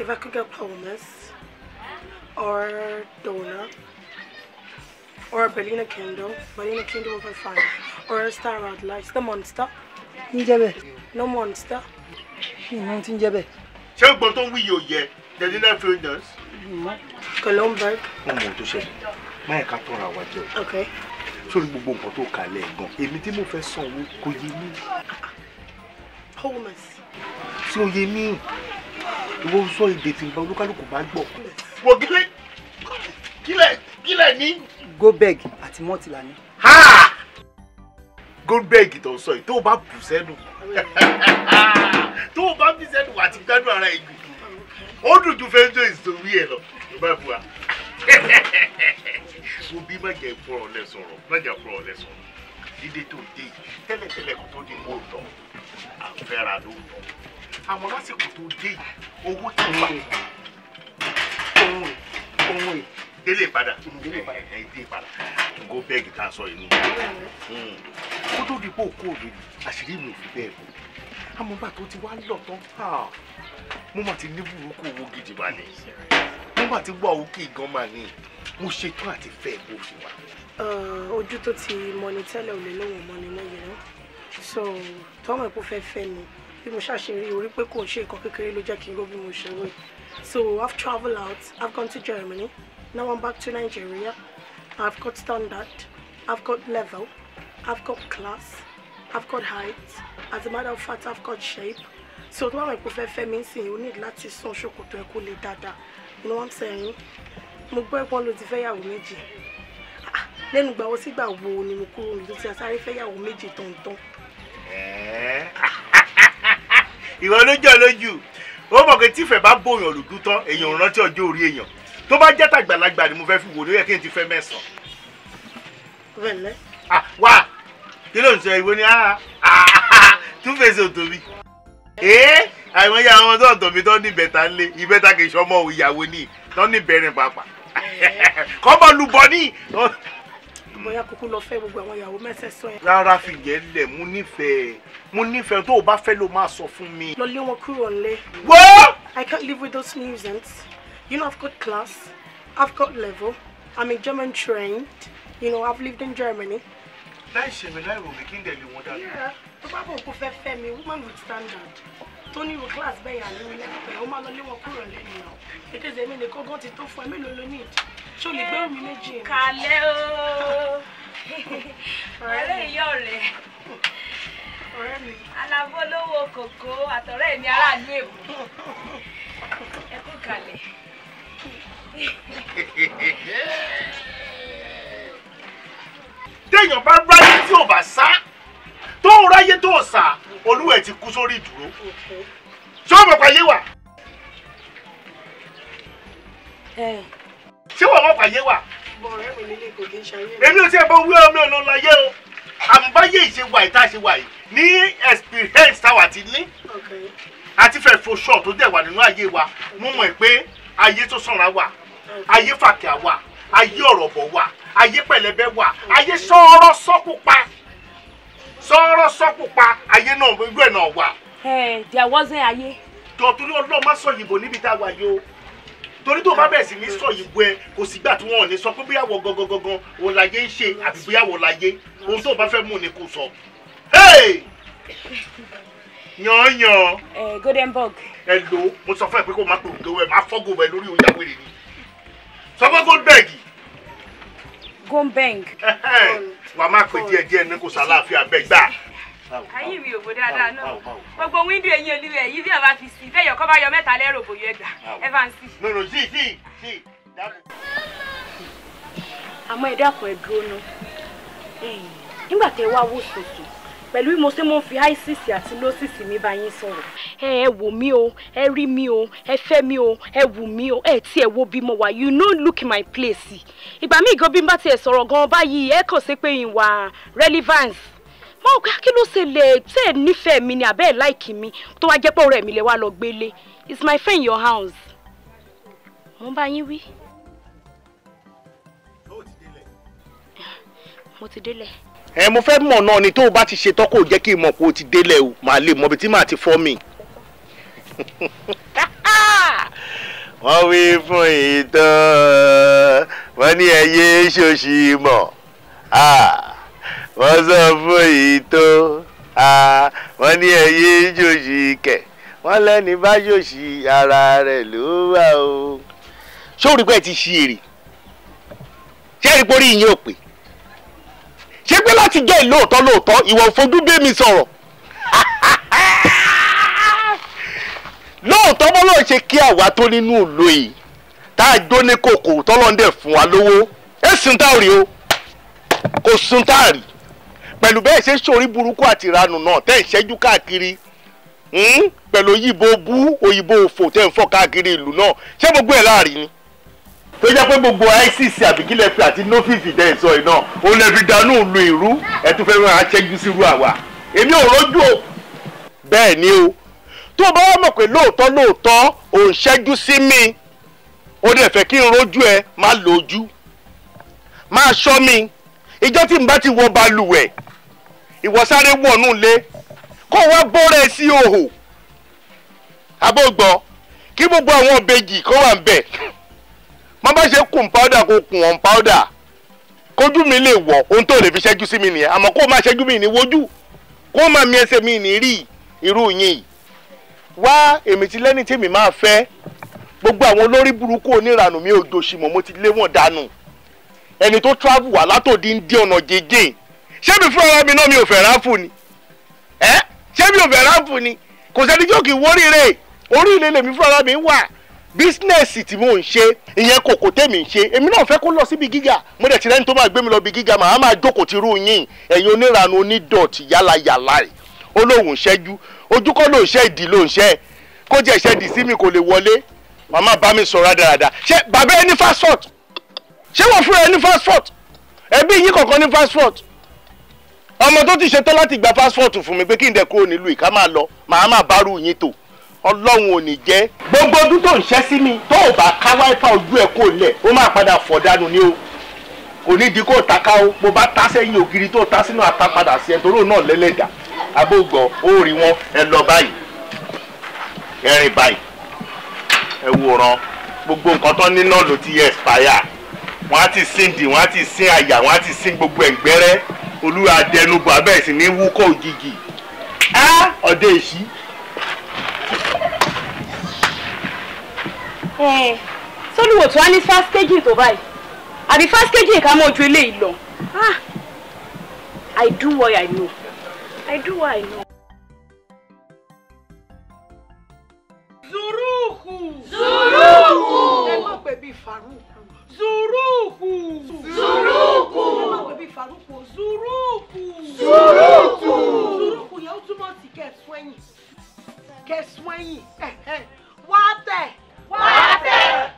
if I could get Palmas or Dona or a Berliner Kindle. Berliner Kindle be fine. Or Star Route Lights, the monster. Níjẹ́bẹ̀. No monster. Ìmọ̀ tí ń jẹ́bẹ̀. Ṣé o gbọ́n tó ń wí yóò yẹ? Berliner Flinders. Colombberg. Wọ́n mú ohun tó Okay. Sórí gbogbo nǹkan tó kà lẹ̀ gan. Èmi tí mo fẹ́ sanwó kò yé mi. Palmas. Tí o yé ìwọ sọ èdè tí nǹkan olúkálùkù bá gbọ́. wò kílẹ̀ kílẹ̀ kílẹ̀ ní. goldberg àti mọ́tìlá ni. goldberg tó sọ yìí tó o bá bù sẹ́nu tó o bá bù sẹ́nu wà á ti gbádùn ara ìgbì ó dùn ju fẹ́ńtò ìsòwí ẹ̀ lọ ló bá bu wa. mo bí má jẹ́ fọ́rọ̀ lẹ sọ̀rọ̀ má jẹ́ fọ́rọ̀ lẹ sọ̀rọ̀ dídé tó dé yìí tẹ́lẹ̀tẹ́lẹ̀ kó tó di kó àfẹ́ra ló tọ̀ àmọ́ lásìkò tó dé yìí owó tí ń bá ohun ẹ̀ ohun ẹ̀ délé padà délé padà go beg tá a sọ yìí nù. Hmm. kó tó di pé òkú òde àṣírí mi ò fi bẹ́ẹ̀ bọ̀ amọ̀gbà tó ti wá lọ̀ tán ah, mo máa ti ní burúkú owó gidi wà ní mo máa ti wá òkè gan máa ní mo ṣetán àti fẹ́ bó ṣe wà. Uh, ojú tó ti mọ ni tẹ́lẹ̀ ò lè mọ ni lóye náà so tọ́mọ̀ ẹ̀kú fẹ́ fẹ́ ni bí mo ṣàṣe orí pé kò ṣe nǹkan kékeré ló jẹ́ kí n ró bí mo ṣe rò so I've travelled out I've gone to Germany now I'm back to Nigeria I've got standard I've got level I've got class I've got height as a matter of fact I've got shape so tó bá wọn ìpò fẹ́fẹ́ mi sìn yìí ó ní láti sàn ṣòkòtò ẹ̀ kó lè dáadáa you know what I'm saying mo gbọ́ ẹ̀pọ́n ló ti fẹ́yàwó méjì ah, lẹ́nu gbàwó sígbà wo ni mo kúrò nílùú tí a sáré méjì tọ̀ntọ̀n. Ah! ìwọ lójú ọlójú ó mọ̀ pé tífẹ̀ bá bòyàn lòdù tán èèyàn rántí ọjọ́ orí èèyàn tó bá jẹ́ tàgbàlagbà ni mo fẹ́ fi wò ló yẹ kí n ti fẹ́ mẹ́sàn. ah, wá kí ló ń sọ ìwé ni tún fèsì òtò mi. ee àìmọ̀ ya àwọn tó ọ̀tọ̀ mi tó ní ìbẹ̀ta ńlé ìbẹ̀ta kì í ṣọmọ ìyàwó ni tó ní ìbẹ̀rẹ̀ pàápàá kọ́mọ lùbọ́ ní bóyá kúkú lọ fẹ́ gbogbo àwọn ìyàwó mẹ́sẹ̀sán yẹn. rárá fi yẹn lẹ̀ mo nífẹ̀ẹ́ mo nífẹ̀ẹ́ tó o bá fẹ́ ló máa sọ fún mi. lọ lé wọn kúrò nílé. wọ́. I can't live with those nuisance. You know I've got class, I've got level, I'm a German trained, you know I've lived in Germany. láì ṣe mi láì rò mí kí n dẹ̀ lé wọn dànù. tó bá bò ó kó fẹ́ fẹ́ mi woman with standard tó ní irú kíláàsì bẹ́ẹ̀ yà lórí láìpẹ́ ó máa lọ lé wọn kúrò lẹ́nu náà ètò ìzẹ̀mí ni kọ́gán ti tó fún ẹ mélòó ló ní ìdí ṣó lè gbẹ́rù mi méjì èmi. kàlẹ́ o ọ̀rẹ́ ìyá ọ̀rẹ́ ọ̀rẹ́ mi. alábó lówó kòkó àtọ̀rẹ́ mi aráàlú èbó ẹ kú kalẹ̀. téèyàn bá ráyé tí ò bá sá tó ń ráyé tó ọ̀sà olúwa ẹ̀ ti kú sórí ìdúró ṣé o mọ̀ pa yé wa. ṣé wọ́n mọ̀ pa yé wa. èmi ò tiẹ̀ bá wí ọmọ ọ̀nà láyé o àmúbáyé ìṣèwà ìta ìṣèwà yìí ní experience táwa ti ní àti fẹ́ fo ṣọ́ọ̀ tó dẹ̀ wà nínú ayé wa mo mọ̀ pé ayé tó sanra wà ayé fàkíà wà ayé ọ̀rọ̀bọ̀ wà ayé pẹ̀lẹ́bẹ́ wà ayé sọ́ọ́rọ́ sọ́pupa. So sọ̀rọ̀ sọ́pupa ayé náà irú ẹ̀ náà wà. ẹ there wasn't ayé. jọ torí ọlọ́run má sọ yìnbó níbi tá a wà yìí o torí tó bá bẹ̀rẹ̀ sí ní sọ yìnbó ẹ kò sígbà tí wọn ò ní sọ pé bóyá wọ gangan gangan wọ láyé ń ṣe àbí bóyá wọ láyé ohun tó bá fẹ́ mú ni kò sọ. yan ẹ eh, goldenberg. ẹ lo mo sọ fún ẹ pé kó o má pè òǹdó ẹ má fọ́gò ẹ lórí oúnjẹ àwẹ̀rẹ̀ wà á máa pè díẹ̀ díẹ̀ ní kò sálàáfíà bẹ́ẹ̀ gbà. ayé mi ò bó dáadáa náà gbogbo wíńdò eyín olúwẹ̀ yìí bí ọba fi sí bẹ́ẹ̀ yọkọ́ bá yọ mẹ́ta lẹ́rọ òbòyọ ẹgbà evansi. nùnú sí sí sí. àmọ́ ẹ dákun ẹ dúró ná nígbà tẹ wá wò sòsò pẹ̀lú bí mo ṣe mo fi àìsísì àti lósìsì mi bá yín sọ̀rọ̀. ẹ ẹ wò mí o ẹ rí mi o ẹ fẹ́ mi o ẹ wù mí o ẹ tiẹ̀ wo bí mo wà you no look my place. ìgbà mi gan bí n bá tiẹ̀ sọ̀rọ̀ gan báyìí ẹ kàn sí pé ìwà relevance mo gbà ah, kí ló ṣẹlẹ̀ tẹ́ ẹ nífẹ̀ẹ́ mi ni àbẹ́ ẹ̀ láìkì mi tó wá jẹ́ pé ọ̀rẹ́ mi lè wá lọ gbélé it's my friend your house. mo bá yín wí. mo ti délẹ̀ ẹ mo fẹ́ mọ̀ náà ni tó o bá ti ṣe tán kò jẹ́ kí n mọ̀ pé o ti délẹ̀ o màá lè mọ ibi tí màá ti fọ́ mi. wọ́n wí fún ìtàn wọ́n ní ẹyẹ ṣòṣì mọ̀ wọ́n sọ fún ìtàn wọ́n ní ẹyẹ ṣòṣì kẹ̀ wọ́n lẹ́ni bá ṣòṣì ara rẹ̀ ló wà o. ṣé pé ẹ ti ṣe èrè ṣé ẹ rí pé orí yín ò pé ṣé pé láti jẹ́ ìlóòótọ́ lóòótọ́ ìwọ fojú bẹ́ mi sọ̀rọ̀ lóòótọ́ bọ́lọ́ ṣe kí àwa tó nínú ìlú yìí tá a jó ní kòkò tọ́lọ́ndẹ̀ fún wa lówó èsùn tá a rí o kò sun tá a rí pẹ̀lú bẹ́ẹ̀ ṣe sórí burúkú àti ìranù náà tẹ́ ẹ̀ ṣẹ́jú káàkiri hmm? pẹ̀lú òyìnbó bú òyìnbó òfò tẹ́ ẹ̀ ń fọ́ káàkiri ìlú náà ṣé gbogbo ẹ̀ láàrin ni tó jẹ́ pé gbogbo ICC àbíkílẹ̀ fi àti nófìfì dẹ̀ sọ iná ó lè fi dànù lu ìrú ẹ̀tún fẹ́ rán aṣẹ́jú sírú àwa èmi ò rójú o. bẹ́ẹ̀ ni o tó bá wà mọ̀ pé lóòótọ́ lóòótọ́ ò ń ṣẹ́jú sí mi ó dẹ̀ fẹ́ kí n rójú ẹ má lójú máa ṣọ́ mi ìjọ́ tí n bá ti wọ balùwẹ̀ ìwọ sáré wọnú lé kó wá bọ́rẹ̀ sí òhò abógbọ́ kí gbogbo àwọn òbejì kó wà ń bẹ̀ má bá ṣe kùn powder kó kùn on powder kójú mi lè wọ̀ ohun tó lè fi ṣẹ́jú sí mi nìyẹn àmọ́ kó má ṣẹ́jú mi ní wojú kó má mi ẹsẹ̀ mi ní rí irú yín wá èmi ti lẹ́ni tí mi máa fẹ́ gbogbo àwọn olórí burúkú oníranù mi ò dòṣìmọ̀ mo ti lé wọn dànù ẹni tó travel wà látòdì ń dé ọ̀nà jẹ́jẹ́ ṣé mi fún ara mi náà mi ò fẹ́ ráfù ni ẹ ṣé mi ò fẹ́ ráfù ni kò sẹ́ni tí ò kì í wọ́rí rè orí ilé lèmi fún ara mi wà bísínẹ́sì tí mò ń ṣe ìyẹn kòkò tèmi ń ṣe èmi náà fẹ́ kó lọ síbi gíga mo dẹ̀ ti rẹ́ni tó máa gbé mi lọ bí gíga màá máa jókòó ti rú yín ẹ̀yin oníranu onídọ̀tí yálàyàlà ẹ̀ ó lóun ṣẹ́jú ojú kọ́ ló ń ṣe ìdí ló ń ṣe kó jẹ́ ìṣẹ́dì sí mi kò lè wọlé màmá bá mi sọ̀rọ̀ dáradára ṣé bàbá ẹni fásfọ̀t ṣé wọ́n fúnra ẹni fásfọ̀t ẹbí yín kọ̀ọ̀kan ní fásfọ̀t ọmọ tó ti ṣetán láti gba fásfọ̀t fún mi pé kí n dẹ̀ kúrò nílùú ìká máa lọ màá máa bá rú yín tò ọlọ́run ò ní jẹ́. gbogbo ọdún tó ń ṣẹ́ sí mi tó o bá ká wáípà ojú ẹ̀ kó lẹ̀ ó máa padà fọ̀ dànù ni o kò ní di kó ta ká o mo bá ta sẹ́yìn ògiri tó ta sínú àtàpadà sí ẹ torí òun náà lẹ́lẹ́dà abóògbọ̀ ó rí wọn ẹ lọ báyìí ẹ rìn báyìí ẹ wòran gbogbo nǹkan tó ní náà ló ti yẹ expire wọn á ti sin dì wọn á ti sin àyà wọn á ti sin gbogbo ẹ̀gbẹ́rẹ́ olúwa dẹnubọ abẹ́ẹ̀ sì ní wúkọ́ òjijì á ọ̀dẹ̀ Eh, sólùwò tó wá ní first kg tó báyìí àbí first kg ká mọ̀ ju eléyìí lọ ah, I do what I know I do what I know. Zuruhu! Zuruhu! Ẹ má pè bí Faruku. Zuruhu! Zuruhu! Ẹ má pè bí Faruku. Zuruhu! Zuruhu! Zuruhu yẹn ó túmọ̀ sí kẹ̀sùn ẹ̀yìn. Kẹ̀sùn ẹ̀yìn. Wá tẹ̀ wá tẹ̀.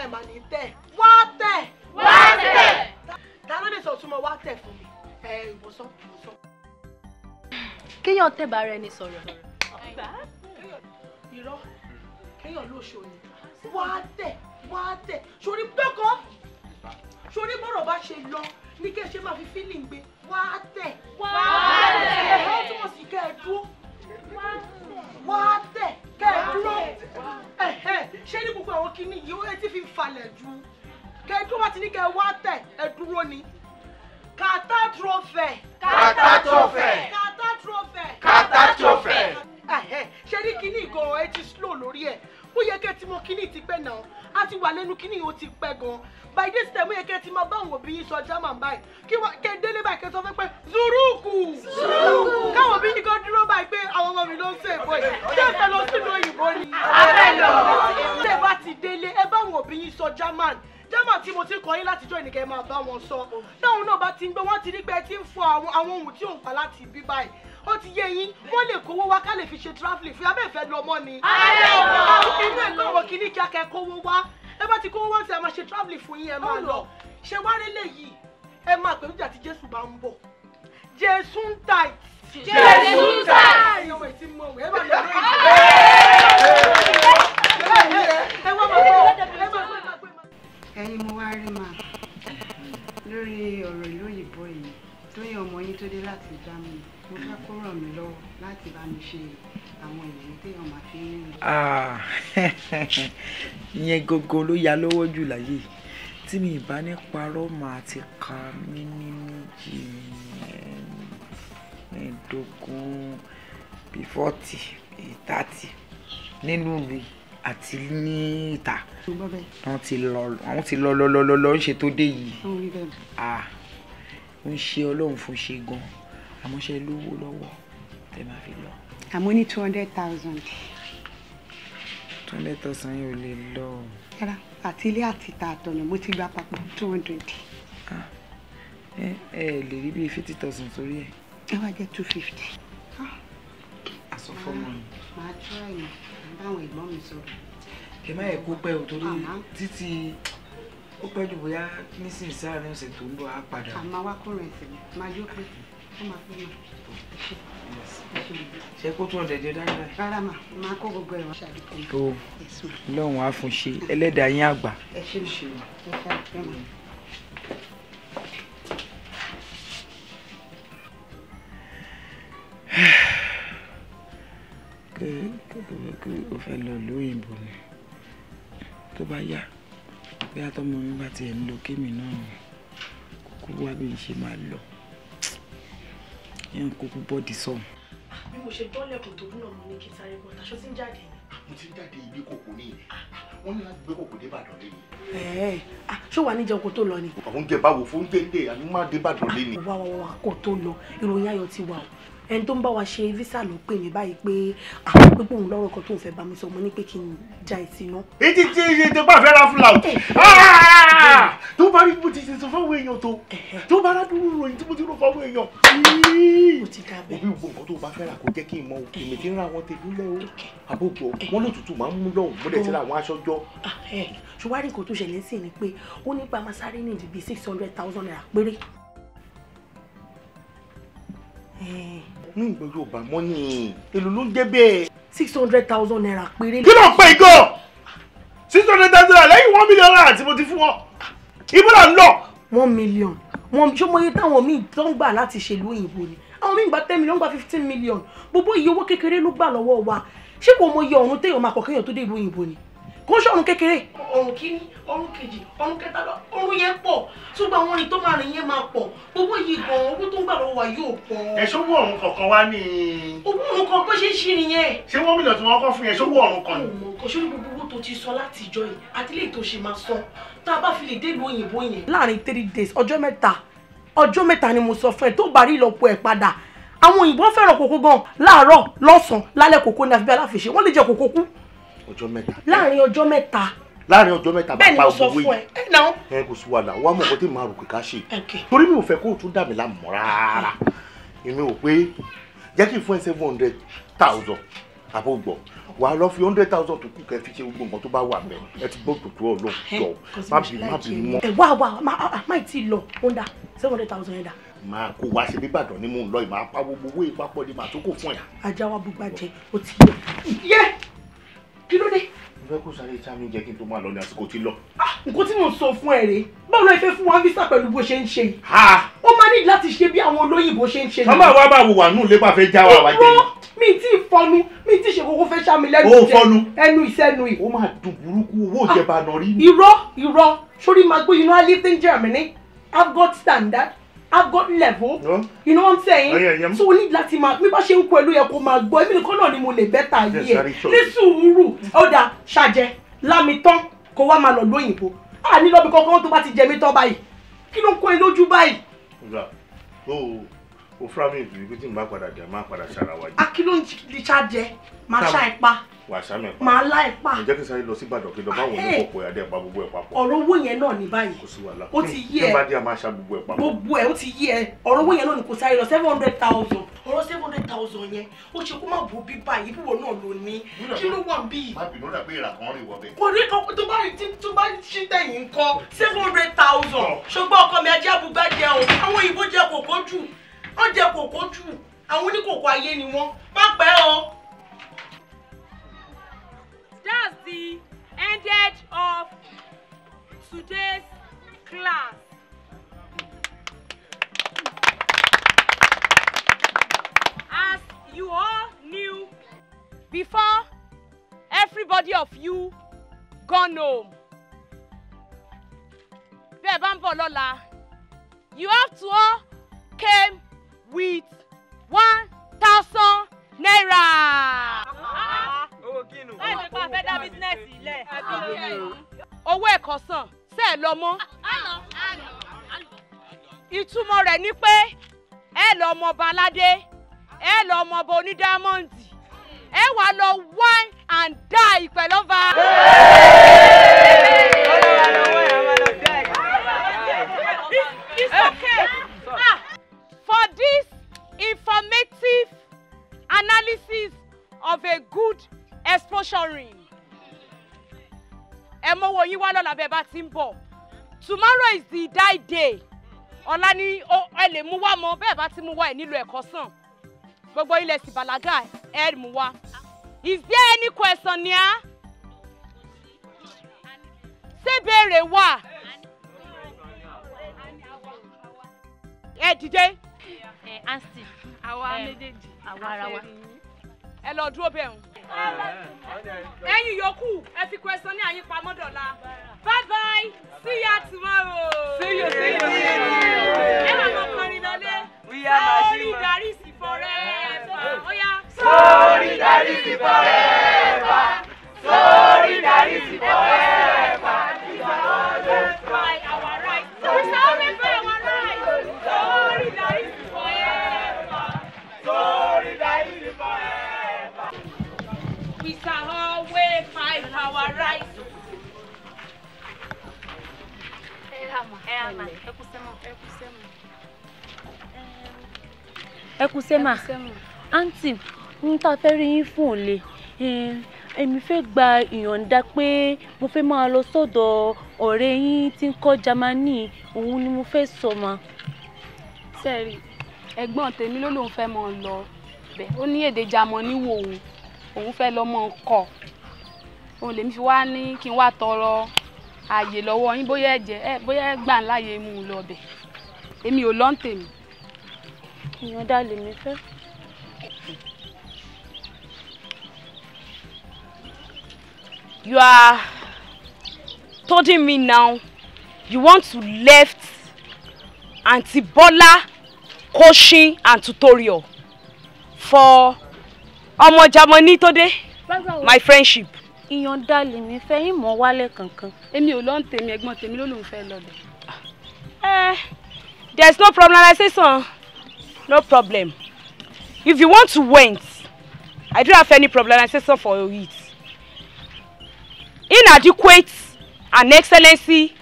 ẹ mà ní tẹ̀ wá tẹ̀. wá tẹ̀. ta ló lè sọ túmọ̀ wá tẹ̀ fún mi ẹ ìwòsàn ìwòsàn. kéèyàn tẹ̀bà rẹ ni sọ̀rọ̀. irọ́ kéèyàn lóṣù ni wá tẹ̀ wá tẹ̀ sórí dọ́kọ̀ sórí bọ́rọ̀ bá ṣe lọ ní kí ẹ ṣe máa fi fílì ń gbé wá tẹ̀ wá tẹ̀ ẹ̀ ọ́ túmọ̀ sí kẹ́ ẹ dúró wọ́n á tẹ̀ kẹ́ ẹ dúró ṣé ní gbogbo àwọn kinní yìí ó ti fi ń falẹ̀ ju kẹ́ ẹ tó bá ti ní kẹ́ ẹ wá tẹ̀ ẹ dúró ni. catastrophe. catastrophe. catastrophe. catastrophe. ṣé ní kinní gan ẹ ti slow lórí ẹ̀ ó yẹ kẹ́ ẹ ti mọ kinní ti pẹ́ náà a ti wà lẹ́nu kíní o ti pẹ́ gan by this time ó yẹ kẹ́ ti máa bá àwọn òbí yín sọ German báyìí kí wọ́n kẹ́ délé báyìí kẹ́ sọ fẹ́ pé zuruku káwọn òbí yín kan dúró báyìí pé àwọn ọmọ mi ló ń sèbó yìí ṣé ẹ fẹ́ lọ sínú òyìnbó ni. abẹ́lò ṣé ẹ bá ti délé ẹ bá àwọn òbí yín sọ German german tí mo ti kọ yín látijọ́ ìnìkẹ́ ẹ máa bá wọn sọ táwọn náà bá ti ń gbé wọ́n ti rí pé ẹ ti ń fọ àwọn ohun tí òun pa láti bí báyìí ó ti yé yín wọ́n lè kówó wá ká lè fi ṣe travelling fún abẹ́ ìfẹ́ lọ mọ́ ni. inú ẹ̀gbọ́n wọn kì í ní kí akẹ́ kówó wá ẹ bá ti kówó wá sí ẹ máa ṣe travelling fún yín ẹ máa lọ ṣe wá rí léyìí ẹ máa pè níjà tí Jésù bá ń bọ̀ Jésù ń tà Jésù ń tà ẹ̀yọ́ mọ̀ ẹ̀ ti mọ̀ ẹ̀ bá mi ẹ wá máa bọ̀ ẹ máa bọ̀ ẹ̀yin mo wá rí màá lórí ọ̀rọ̀ ìlú òyìnbó yìí tó yàn ọmọ yín tó dé láti Germany mo fẹ́ kó ràn mí lọ́wọ́ láti bá mi ṣe àwọn ìwé téèyàn máa fi ń ah, ìyẹn gógó ló ya lọ́wọ́ jù láyé tí mi ìbá ní parọ́ màá ti ka mí ní méjì mẹ́ẹ̀ẹ́dógún bíi fọ́tì bíi tààtì nílùú mi àti ní ìta wọn ti lọ lọ lọ lọ ń ṣe tó dé yìí ah, ń ṣe ọlọ́run fún ṣe gan-an àmọ́ ṣe lówó lọ́wọ́ tẹ máa fi lọ. àmọ́ ní two hundred thousand. two hundred thousand yóò lè lọ. rárá àti ilé àti ìta àtọ̀nà mo ti gba papọ̀ two hundred. ẹ ẹ lè rí bíi fifty thousand sórí ẹ. ẹ wá jẹ two fifty. àsọ ah, fọmọ ni. màá tọ́ ẹ̀yìn báwọn ẹ̀gbọ́n mi sọ̀rọ̀. kẹ má yẹ kó pẹ́ o torí títí ó pẹ́ jù bóyá nísinsìnyí sáà ní ọ̀sẹ̀ tó ń bọ̀ á padà. àmọ́ wákùnrin ẹ̀sìn máa yóò ṣe á fún ṣe ẹlẹ́dàá yín àgbà. o fẹ́ lọ lóyìnbó ni tó bá yá bí atọ́mọ mi bá tiẹ̀ ń lo kémi náà kúkú wá bí n ṣe máa lọ yẹn kó kú bọ́ọ̀dì sọ̀hún. bí mo ṣe dọ́lẹ̀kùn tó múnà mọ́ ní kí sáré bọ́ taṣọ tí ń jáde mo ti ń jáde ibi kòkó ní wọn ní láti gbé kòkó dé lé ni. ẹ ẹ wàá níjẹun kó tó lọ ni. oúnjẹ báwo fóúnjẹ ń dè àní má dé lé ni. wà wà wà kó tó lọ ìròyìn ayọ̀ ti wà o ẹni tó ń bá wa ṣe visa ló pè mí báyìí pé àwọn pípọ̀ òun lọ́rọ̀ kan tó ń fẹ́ bá mi sọ mo ní pé kí n já ìsinú. ètí tí ìṣe tó bá fẹ́ ra fúlà tó bá rí bó ti ṣe sọ fáwọn èèyàn tó tó bá rádúró ròyìn tí mo ti rò fáwọn èèyàn. òbí gbogbo nǹkan tó bá fẹ́ rà kó jẹ́ kí n mọ èmi ti ń ra àwọn tèmi lẹ́ o àbókò wọn lòtútù máa ń mú lọ́hùn mo dẹ̀ ti ra àwọn aṣọ jọ. Ah, ṣùwárí nǹkan tó ṣẹlẹ̀ sí ni pé ó ní pa máa sáré ní ìdìbò six hundred thousand naira péré. ní ìgbà yóò bá mọ́ ni èlò ló ń jẹ́ bẹ́ẹ̀. six hundred thousand naira péré. kí ló ń pè é gan-an six hundred thousand naira lẹ́yìn one million naira tí mo ti fún wọn ibo là ń lọ. one million wọn ṣé mo yẹ táwọn míì tó ń gbà láti ṣèlú òyìnbó ni àwọn míì gba ten million gba fifteen million gbogbo iye owó kékeré ló gbà lọ́wọ́ wa ṣé kò mọ iye ọ̀run téèyàn máa kọ̀ kéèyàn tó dé ìlú òyìnbó ni kò ń ṣọ̀run kékeré. ọ̀run kìíní ọ̀run kejì ọ̀run kẹta ọ̀run yẹn pọ̀ ṣùgbọ́n àwọn orin tó máa rìn yẹn máa pọ̀ gbogbo yìí gan-an owó tó ń gbà lọ́wọ́ wa yóò pọ̀. ẹ̀ṣọ́ wọ ọ̀run kọ̀ọ̀kan wá ní. owó ọ̀run kan bó ṣe ń ṣe nìyẹn. ṣé wọ́n mílíọ̀nù tí wọ́n kọ́ fún yẹn ṣó wọ ọ̀run kan ni. ọmọ kò ṣórí gbogbo owó tó ti sọ láti ìjọ yìí àti lè tó ṣe máa sọ tá a bá fi lè délùú òyìnbó yẹn. láàrin three days ọjọ́ mẹ́ta ọjọ́ mẹ́ta ni mo sọ fún ẹ tó bá rí ìlọ́po ẹ̀ padà àwọn òyìnbó fẹ́ràn kókó gan-an láàárọ̀ lọ́sàn-án lálẹ́ kókó ní àfibẹ́ aláfiṣe wọ́n lè jẹ kókó kú ọjọ́ mẹ́ta. láàrin ọjọ́ mẹ́ta. láàrin ọjọ́ mẹ́ta bá pa owó yìí bẹ́ẹ̀ ni mo sọ fún ẹ. ẹ kò sí wàhálà wàá mọ̀ nǹkan tí màá rò kíkà ṣe. torí mi ò fẹ́ kó o tún dà mí láàmú rárá èmi ò pé jẹ́ kí n fún ẹ seven hundred thousand àbò gbọ̀ wà á lọ fi hundred thousand tó kù kẹ́ fi ṣe gbogbo nǹkan tó bá wà mẹ́ ẹ ti gbọ́ tòtò ọ̀lọ́ jọ má bí má bí mọ́. ẹ wá wá má tí lọ honda seven hundred thousand yẹn dà. máa kó wá ṣe bíbàdàn ni mò ń lọ ìmọ̀ apá gbogbo owó ìpapọ̀ ni màá tó kò fún ẹ. ajá wa bùgbà jẹ o ti yẹ kí ló dé. mo fẹ́ kó sáré já mi jẹ́ kí n tó máa lọ ní àsìkò tí lọ. Ah, nǹkan tí mò ń sọ fún ẹ rèé báwo la fẹ́ fún wa visa pẹ̀lú bó ṣe ń ṣe yìí. ó máa ní láti ṣe bí àwọn olóyìnbó ṣe ń ṣe. sọ́mà wa máa wò wà nù lé bá fẹ́ já wa wá jẹ́ yìí. mi ti fọnu mi ti ṣe kókó fẹ́ ṣá mi lẹ́nu jẹ ẹnu ìsẹ́nu yìí. ó máa dùn burúkú owó ìjẹba nọ rí. Ah, irọ́ sórí máa gbé you know I live in Germany I've got standard at got level. No. Oh. You know what I'm saying? Oh, yeah, yeah. So o ní láti máa bí bá ṣe ń kó ẹ ló boy. kó máa gbọ́ èmi nìkan náà ni mo lè bẹ́tà yìí ẹ̀ ní sùúrù ọ̀dà ṣàjẹ́ lámi tán kó wá máa lọ lóyìnbó. a ní lọ́bì kankan tó bá ti jẹ mí tán báyìí kí ló ń kó ẹ lójú báyìí. ọ̀gá o o fúra mi ìdùnnú pé tí mo bá padà jẹ máa padà ṣàrà wájú. a kí ló ń ṣàjẹ máa ṣá ẹ pa wà sàmì pa màá lá ẹ pa ǹjẹ́ kí sáré lọ sí Ìbàdàn kí lọ báwọn eh, onípò pọ̀ adé pa gbogbo ẹ̀ papọ̀ ọ̀rọ̀ owó yẹn náà ní báyìí kò sí wàhálà ó ti yé ẹ nígbà díẹ̀ máa ṣa gbogbo ẹ̀ papọ̀ gbogbo ẹ̀ ó ti yé ẹ ọ̀rọ̀ owó yẹn náà ní kò sáré lọ seven hundred thousand ọ̀rọ̀ seven hundred thousand yẹn ó ṣe kó má bò bí báyìí bí wọn náà ló ní kí ló wà bí. àwọn òyìnbó ayé ni wọ́n má pẹ́ o. That's the end of today's class. As you all knew before, everybody of you gone home. Bẹ́ẹ̀ bá ń bọ̀ lọ́la, you have to all came with one thousand naira. Ah owó kínú. láì fi pa fẹ́ dá bísínẹ́sì ilẹ̀. owó ẹ̀kọ́ sàn sẹ́ẹ̀ lọ mọ́. ìtumọ̀ rẹ̀ ni pé ẹ lọ ọmọ ọba aládé ẹ lọ ọmọ ọba onídàmọ́ǹdì ẹ wàá lọ wine and die pẹ̀lọ́ba. Ah, for this informative analysis of a good explosion ring ẹ mọ owó yín wá lọ́la bẹ́ẹ̀ bá ti ń tomorrow is the die day ọ̀la ni ẹ le mú wá mọ bẹ́ẹ̀ bá ti mú wá ẹ̀ nílò ẹ̀kọ́ sàn gbogbo ilẹ̀ sì bàlágà ẹ̀ mú wá is there any question nia ṣé béèrè wà Eh, dìde. ẹ ansi Awa méjèèjì àwa ara wa ẹ lọ dúró bẹ́ẹ̀ ń. ẹ̀yin yòókù ẹ fi kwẹsán ní àyín pamọ́ dọ̀la bye bye see ya tomorrow. see you see you see you. ẹ máa mọ kọrin lọlé. wíyá sórí darí sí fọrẹ ẹ̀fà ó sórí darí sí fọrẹ ẹ̀fà sórí darí sí fọrẹ ẹ̀fà. ẹ kú sẹ́mà àǹtí ń ta fẹ́ rí yín fún òǹlẹ̀ èmi fẹ́ gba ìyọ̀ǹda pé mo fẹ́ máa lọ sọ́dọ̀ ọ̀rẹ́ yín tí ń kọ́ Jámánì òun ni mo fẹ́ sọ ma. sẹ́ẹ̀rì ẹ̀gbọ́n tèmi ló lóun fẹ́ máa lọ bẹ̀ ó ní èdè Jámánì wò òun òun fẹ́ lọ máa òun lèmi fi wá ní kí n wá tọrọ ààyè lọ́wọ́ yín bóyá ẹ jẹ bóyá ẹ gbà láàyè mú un lọ bẹ̀ èmi ò lọ́ ń tèmi. ìyọ̀ǹda lèmi fẹ́. You are telling me now you want to left Auntie Bola, Koshin and tutorial for ọmọ Germany today my friendship ìyọ̀ǹda lèmi fẹ́ yín mọ́ wálẹ̀ kankan. èmi ò lọ tèmi ẹ̀gbọ́n tèmi ló lòún fẹ́ lọ́bẹ̀. Eh, there is no problematization no problem if you want to went i don't have any problem. say so for it inadequate and excellency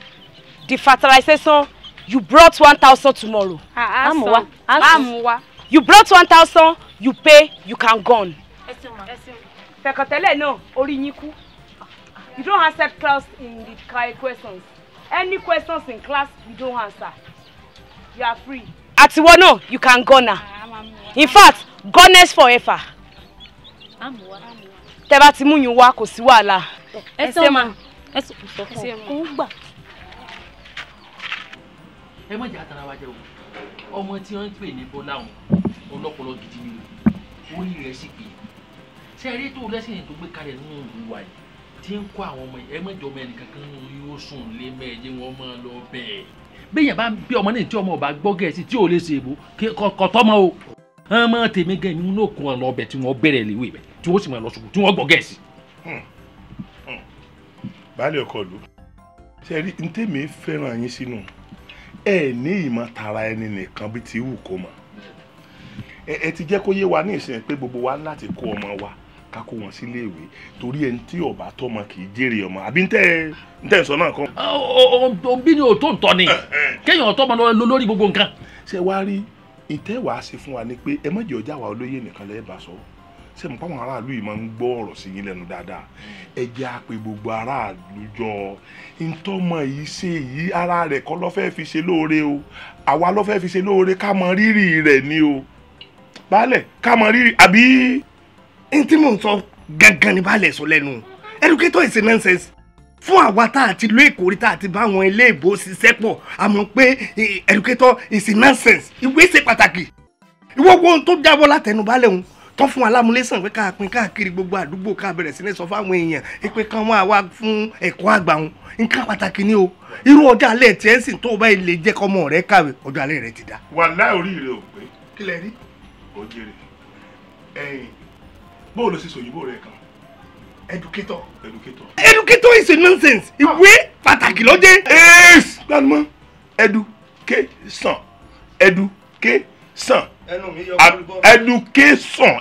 the fertilization you brought one thousand tomorrow. Ah, ah, amuwa amuwa you brought one thousand you pay you can gone fẹ̀kọ̀tẹ́lẹ̀ náà orí yín kú you don't answer class in the questions any questions in class you don't answer you are free. àtiwọ́ náà you can go now ah, in fact goodness forever tẹ bá ti mú yín wá kò sí wàhálà. ẹ ṣe ma ẹ ṣe kò ń gbà. ẹ mọ̀jà àtàrà wa o ọmọ tí wọ́n ń pè ní bọ́lá òun ọlọ́pọlọ gidi ni o orí rẹ̀ sì pé ṣé ẹ rí tó lẹ́sìn tó gbé kalẹ̀ nínú yìí tí ń àwọn ọmọ ẹ mẹ́jọ ọmọ kankan nínú yóò sùn lé mẹ́ẹ̀ẹ́dẹ́ wọn lọ bẹ́ẹ̀. béèyàn bá bí ọmọ náà tí ọmọ ọba gbọ́ gẹ̀ẹ́sì tí ò lè ṣe èbó tọ́mọ o ọmọ tèmi gan ni inú òkun ọ̀nà tí wọ́n bẹ̀rẹ̀ bẹ̀ tí wọ́n sì hmm. Hmm. n ẹ ẹ ti kó yé wa ní ìsìn pé gbogbo wa láti kó ọmọ wa ká kó wọn sílé ìwé torí ẹni tí ọba tọmọ kì í jèrè ọmọ àbí ń tẹ ń tẹ sọ náà kan. òbí ni òótọ́ ń tọ́ ni eh, eh. kéèyàn tọmọ lórí gbogbo nǹkan. ṣé wàá rí ìtẹ́wàá ṣe fún wa ni pé ẹ mọ̀jẹ̀ ọjà wa olóyè nìkan lẹ́ẹ̀ bá sọ ṣé mo pàwọn aráàlú yìí máa ń gbọ́ ọ̀rọ̀ sí yín lẹ́nu dáadáa hmm. ẹ jẹ́ á pe gbogbo aráàlú jọ ntọ́mọ yìí ṣe yìí ara rẹ̀ kọ́ ló fi ṣe lóore o àwa ló fi ṣe lóore ká mọ rírì rẹ̀ ni o baálẹ̀ ká mọ rírì àbí n tí mò ń sọ gangan ni baálẹ̀ sọ lẹ́nu educator is a nonsense fún àwa tá a ti lo èkórí tá a ti bá àwọn ilé ìbò ṣiṣẹ́ pọ̀ àmọ́ pé e, educator is a nonsense ìwé ṣe pàtàkì ìwọ wo ohun tó jábọ́ látẹnu baálẹ̀ òun tán fún alámúlẹ́sàn pé ká pín káàkiri gbogbo àdúgbò ká bẹ̀rẹ̀ sí ní sọ fáwọn èèyàn pé kán wá wá fún ẹ̀kọ́ àgbà wọn nǹkan pàtàkì ni o irú ọjọ́ alẹ́ tí ẹ̀ ń sìn tó o bá ilé jẹ́ kọ́mọ rẹ kàwé ọjọ́ alẹ́ rẹ ti dá. wàhálà orí rẹ ò pé. kílẹ̀ rí. ó jèrè ẹ̀yìn bó o lọ sí sòyìnbó rẹ kan. educator. educator. educator is a nonsense ìwé pàtàkì ló dé. yes gbanumọ education education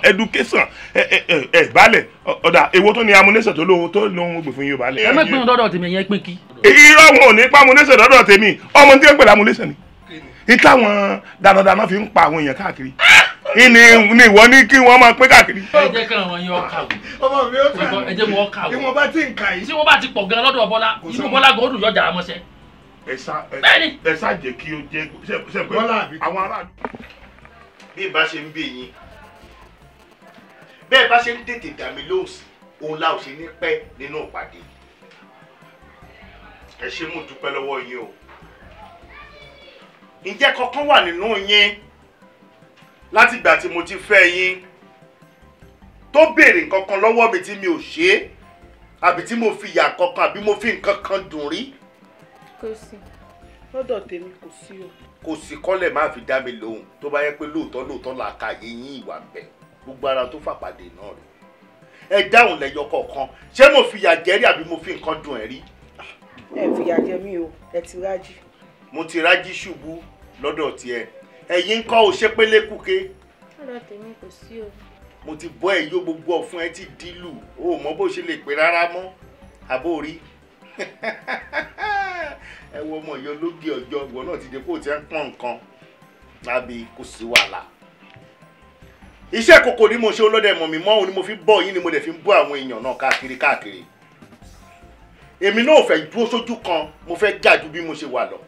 education education ẹ ẹ ẹ balẹ̀ ọ̀dà èwo tó ní amúnésẹ̀ tó lóhun tó lóhun gbè fún yín balẹ̀. ẹ má pín dọ́dọ̀ tèmi ẹ̀yẹ́ pín kí. irọ́ wọn ò ní pa amúnésẹ̀ dọ́dọ̀ tèmi ọmọ tí wọ́n pè lámúnésẹ̀ ni. ìtàwọn dandandan fi ń pa àwọn èèyàn káàkiri ìní ni ìwọ ní kí wọ́n máa pín káàkiri. ẹ jẹ́ kí àwọn yẹn ọkà wò ọmọ mi ó kà wò ẹ jẹ́ mi ọkà wò ìwọ̀n bá ti ń kà yìí. tí wọ́n bá ti pọ̀ gan lọ́dọ̀ bọ́lá inú bọ́lá gan ó dùn yọjà amọ́sẹ́. ẹ ṣá jẹ́ kí ó jẹ́ ṣe pé àwọn aráàlú. bí ìbá ṣe ń bí yín bẹ́ẹ̀ bá ṣe ń tètè dà mí lóhùn sí òun la ò ṣe ní pẹ́ nínú ìpàdé ẹ ṣé mo dúpẹ́ lọ́wọ́ yín o ǹjẹ́ kankan wà nínú yín láti ìgbà tí mo ti fẹ́ yín tó béèrè nǹkan kan lọ́wọ́ mi tí mi ò ṣe é àbí tí mo fi ìyà kankan àbí mo fi nǹkan kan dùn rí. kò sí lọ́dọ̀ tèmi kò sí o. kò sí kọ́lẹ̀ má fi dá mi lóhùn tó bá yẹ pé lóòótọ́ lóòótọ́ là ká yín ìwà ń bẹ gbogbo ara tó fàpàdé náà rẹ̀ ẹ dáhùn lẹ́yọ kọ̀ọ̀kan ṣé mo fi ìyà jẹ rí àbí mo fi nǹkan dùn ẹ̀ rí. ẹ fìyà jẹ mí o ẹ ti rájí. mo ti rájí ṣubú lọ́dọ̀ tiẹ̀ ẹ̀yin ń kọ́ ò ṣe pélé kúke. ọ̀rọ̀ tèmi kò sí o. mo ti bọ́ ẹ̀ yó gbogbo ọ̀fun ẹ ti dílù o ò mọ bó ṣe lè pè rárá mọ́ àbórí ẹ wo ọmọ ìyọ lóge ọjọ́ ìwọ náà ti dé kó o ti ń pọn nǹkan lábẹ kò sí wàhálà iṣẹ́ kòkò ni mo ṣe olóde mọ̀ mi mọ́ òun ni mo fi bọ́ yín ni mo dẹ̀ fi bọ́ àwọn èèyàn náà káàkiri káàkiri èmi náà fẹ́ dúró sójú kan mo fẹ́ jà ju bí mo ṣe wà lọ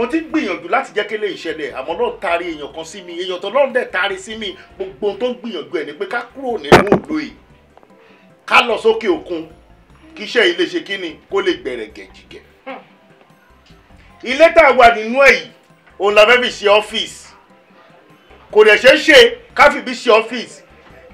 mo ti gbìyànjú láti jẹ́ kélé ìṣẹ̀lẹ̀ àmọ́ lọ́n taari èèyàn kan sí mi èèyàn tó lọ́n dẹ̀ taari sí mi gbogbo tó ń gbìyànjú ẹ̀ ni pé ká kúrò nínú òdo yìí ká lọ sókè òkun kí iṣẹ́ yìí lè ṣe kí ni kó lè gbẹ̀rẹ̀ gẹ̀jìgẹ̀. Hm. ilé tá a wà nínú ẹ̀ yìí òun la fẹ́ fi ṣe ọ́fíìsì kò dẹ̀ ṣeé ṣe ká fi bí ṣe ọ́fíìsì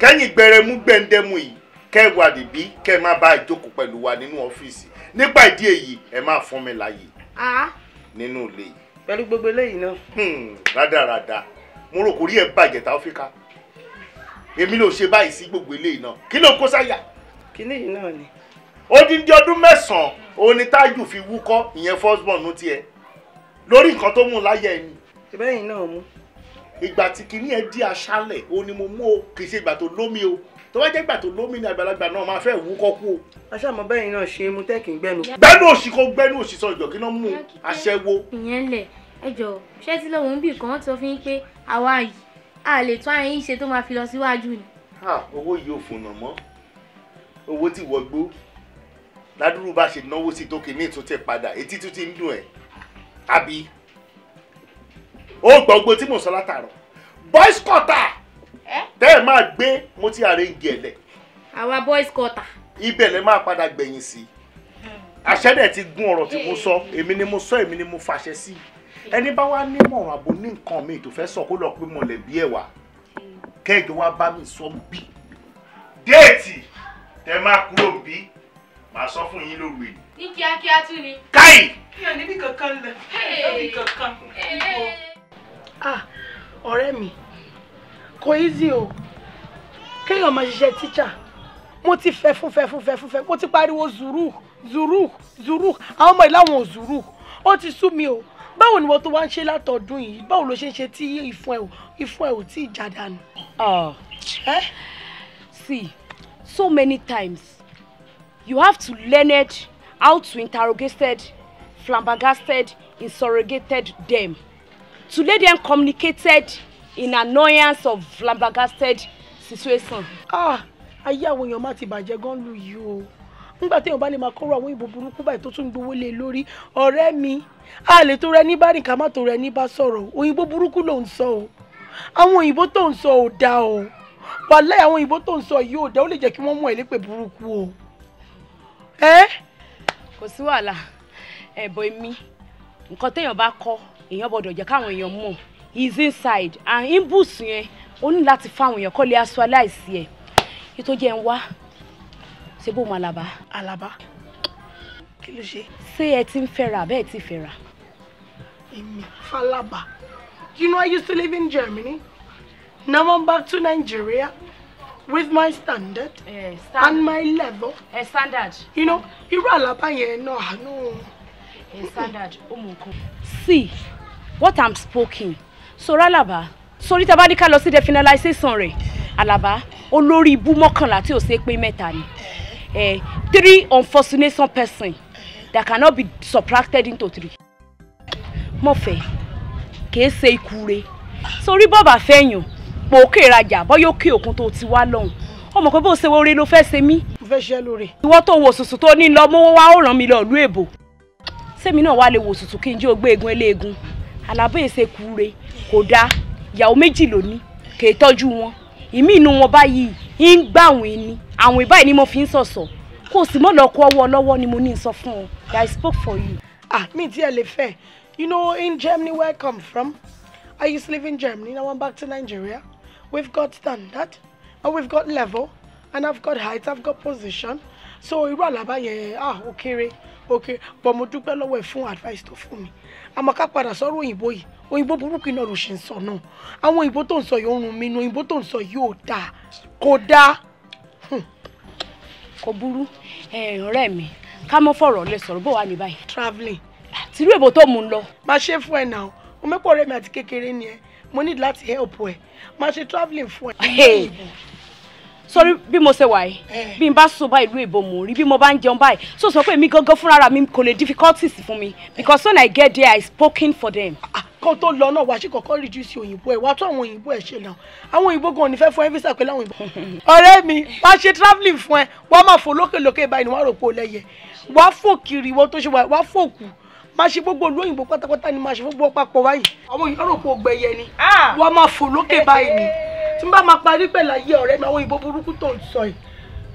kẹ́yìn gbẹrẹmú gbẹ̀ndẹ́mu yìí kẹ́ wà níbí kẹ́ máa bá ìjókòó pẹ̀lú wa nínú ọ́fíìsì nípa ìdí èyí ẹ máa fún mi láàyè. Ah nínú ilé yìí. pẹ̀lú gbogbo eléyìí náà. Hmm, rádaràda mo rò kò rí ẹ bàjẹ́ tá ó fi ká èmi ló ṣe báyìí sí gbogbo eléyìí náà kí ló kó sáyà. kíní yìí náà ni. odindi ọdún mẹ́sàn-án òun ni tájù fi wúkọ́ ìyẹn first born tiẹ̀ lórí nǹkan tó mú un láyé ẹni. ìbẹ́yìn náà mú. ìgbà tí kinní ẹ di aṣálẹ̀ òun mo mú o kì í ṣe ìgbà tó lómi o tó bá jẹ́ gbà tó lómi ní àgbàlagbà náà máa fẹ́ wú kọ́kú o. aṣọ àmọ́ bẹ́ẹ̀ náà ṣe mu tẹ́ẹ̀kì ń gbẹ́nu. gbẹ́nu òsì kan gbẹ́nu òsì sọ ìjọ kí náà mú aṣẹ́wó. ìyẹn lẹ̀ ẹ jọ ṣé tí lóun bì kan tó fi ń pé àwa yìí a lè tún àyè yìí ṣe tó máa fi lọ síwájú ni. owó yìí ò fònà mọ́ owó tí wọ́n gbó ládùúrú bá ṣe náwó sí tó kìíní tó tẹ̀ padà etí tó ti ń dùn ẹ̀ àbí ó gbọ́gbó tí mò ń sọ látàrọ̀ boys quarter Eh? tẹ́ẹ̀ máa gbé mo ti àrèǹgì ẹ̀lẹ̀. àwa boys quarter. ibẹ̀ lẹ máa padà gbẹ̀yìn sí i hmm. àṣẹ́dẹ̀ ti gún ọ̀rọ̀ tí mo eh, eh. sọ èmi ni mo sọ èmi ni mo fàṣẹ sí i ẹni bá wá nímọ̀ràn àbò ní nǹkan mi tó fẹ́ sọ kó lọ pé mọ̀lẹ́bí ẹ̀ wá kẹ́ẹ̀jọ wá bá mi sọ bí déètì tẹ máa kúrò bí màá sọ fún yín lóru èlò. ní kíákíá tún ni. káì. mi ò níbi kankan lọ níbi kankan. ah ọ̀rẹ́ mi kò easy o kéèyàn máa ṣiṣẹ́ tíṣà mo ti fẹ́ fún fẹ́ fún fẹ́ fún fẹ́ mo ti pariwo zuru zuru zuru àwọn ọmọ ìláwọn ò zuru ó ti sú mi o báwo ni wọ́n tó wá ń ṣe látọ̀dún yìí báwo ló ṣe ń ṣe tí ìfun ẹ̀ ìfun ẹ̀ ò tí ì já dànù. Ah. see so many times you have to learn it how to interrogated, flabbergasted insurrogated them to let them communicated in annoyance of flabbergasted situation. ah ayé àwọn èèyàn má ti bàjẹ́ gan lu yìí o nígbà téèyàn bá lè máa kọ́rọ̀ àwọn ìbò burúkú báyìí tó tún gbowó lé e lórí ọ̀rẹ́ mi a lè tó rẹ ní bá nìkan má tó rẹ ní bá sọ̀rọ̀ òyìnbó burúkú ló ń sọ o àwọn òyìnbó tó ń sọ ò dáa o wàláhì àwọn òyìnbó tó ń sọ yìí ò dáa ó lè jẹ́ kí wọ́n mú ẹ̀ lépè burúkú o. kò sí wàhálà ẹ̀bọ̀ mi nǹkan téèyàn bá kọ́ èèyàn gbọ́dọ̀ jẹ́ káwọn èèyàn mọ̀ is inside and imbusu yẹn o ní láti fáwọn èèyàn kọ́ lè aṣọ aláìsí ẹ̀ kí tó jẹ́ ń wá ṣe bó mu alaba. alaba kí ló ṣe. ṣé ẹ ti ń fẹ́ra àbẹ́ ẹ ti fẹ́ra. èmi falaba you know I used to live in Germany now I'm back to Nigeria with my standard, yeah, standard. and my level. Yeah, standard. you know irú alaba yẹn náà àánú. Eh, standard ó mú un kún. see what I'm speaking sọ̀rọ̀ àlàbà sórí tá a bá ní ká lọ sí definalization rẹ̀ àlàbà olórí ibú mọ́kànlá tí ò ṣe pé mẹ́ta ni eh, three unfortunate person that cannot be subtracted into three. mọ̀fẹ́ kìí ṣe ikú re sórí bọ́ọ̀bà fẹ́yàn pò ó kérajà bọ́yọ̀ òkè òkun tó ti wá lọ́hùn ọmọ pé bó ṣe wọlé ló fẹ́ ṣe mí. mo fẹ́ ṣe lóore. ìwọ tó wo sùsù tó ní lọ mọ́wọ́ wá ó ràn mí lọ ìlú èbò sẹ́mi náà wá lè wo sùsù kí n jẹ́ ògbé egun eléegun alábẹ́ ṣe kúure kò dáa ìyàwó méjì ló ní kè é tọ́jú wọn ìmí inú wọn báyìí ń gbà wọ́n ni àwọn ìbáyìí ni mo fi ń sọ̀sọ̀ kó o sì mọ̀ lọ́ọ́ kó ọwọ́ ọlọ́wọ́ ni mo ní sọ fún ọ I spoke for you. ah mi ti ẹ lè fẹ́ you know in Germany where I come from I used to live in Germany now I'm back to Nigeria we've got standard and we've got level and I've got height I've got position so irú àlàbà yẹn ah ó kéré ó kéré but mo dúpẹ́ lọ́wọ́ ẹ̀ fún advice tó fún mi àmọ́ ká padà sọ́rọ̀ òyìnbó yìí òyìnbó burúkú iná ló ṣe ń sọ náà àwọn òyìnbó tó ń sọ yìí ó rùn mí nu òyìnbó tó ń sọ yìí ò dáa kò dáa. kò burú ọ̀rẹ́ mi ká mọ́ fọ̀rọ̀ lẹ sọ̀rọ̀ bó wà ní báyìí. travelling. tìrú èbó tó mú un lọ. máa ṣe fún ẹ náà o mẹ́pọ̀ ọ̀rẹ́ mi àti kékeré ni ẹ mo need láti help ẹ máa ṣe travelling fún ẹ sọrí bí mo ṣe wà yìí eh. bí n bá sùn bá ìlú ìbò mò ń rí bí mo bá ń jẹun báyìí so sọ pé mi gangan fúnra mi kò lè difficulties fún mi because when I get there I spoken for them. Ah, kó tó lọ náà wàá ṣe kọ́kọ́ reduce òyìnbó ẹ̀ wàá tó àwọn òyìnbó ẹ̀ ṣe náà àwọn òyìnbó gan-an ò ní fẹ́ fún ẹ visa pẹ̀lú àwọn òyìnbó. ọ̀rẹ́ mi wàá ṣe travelling fún ẹ wàá máa fò lókèlókè báyìí ni wàá rò pé o lẹ́yẹ wàá fò kiri wọ́n tó ṣe wàá fò kù máa ṣe gbogbo olú òyìnbó pátápátá ni máa ṣe gbogbo papọ̀ báyìí àwọn òyìnbó rò pé o gbẹ̀yẹ ni ah! wàá máa fò lókè báyìí ni tí n bá máa parí pẹ̀lú ayé ọ̀rẹ́ mi àwọn ìbò burúkú tó ń sọ yìí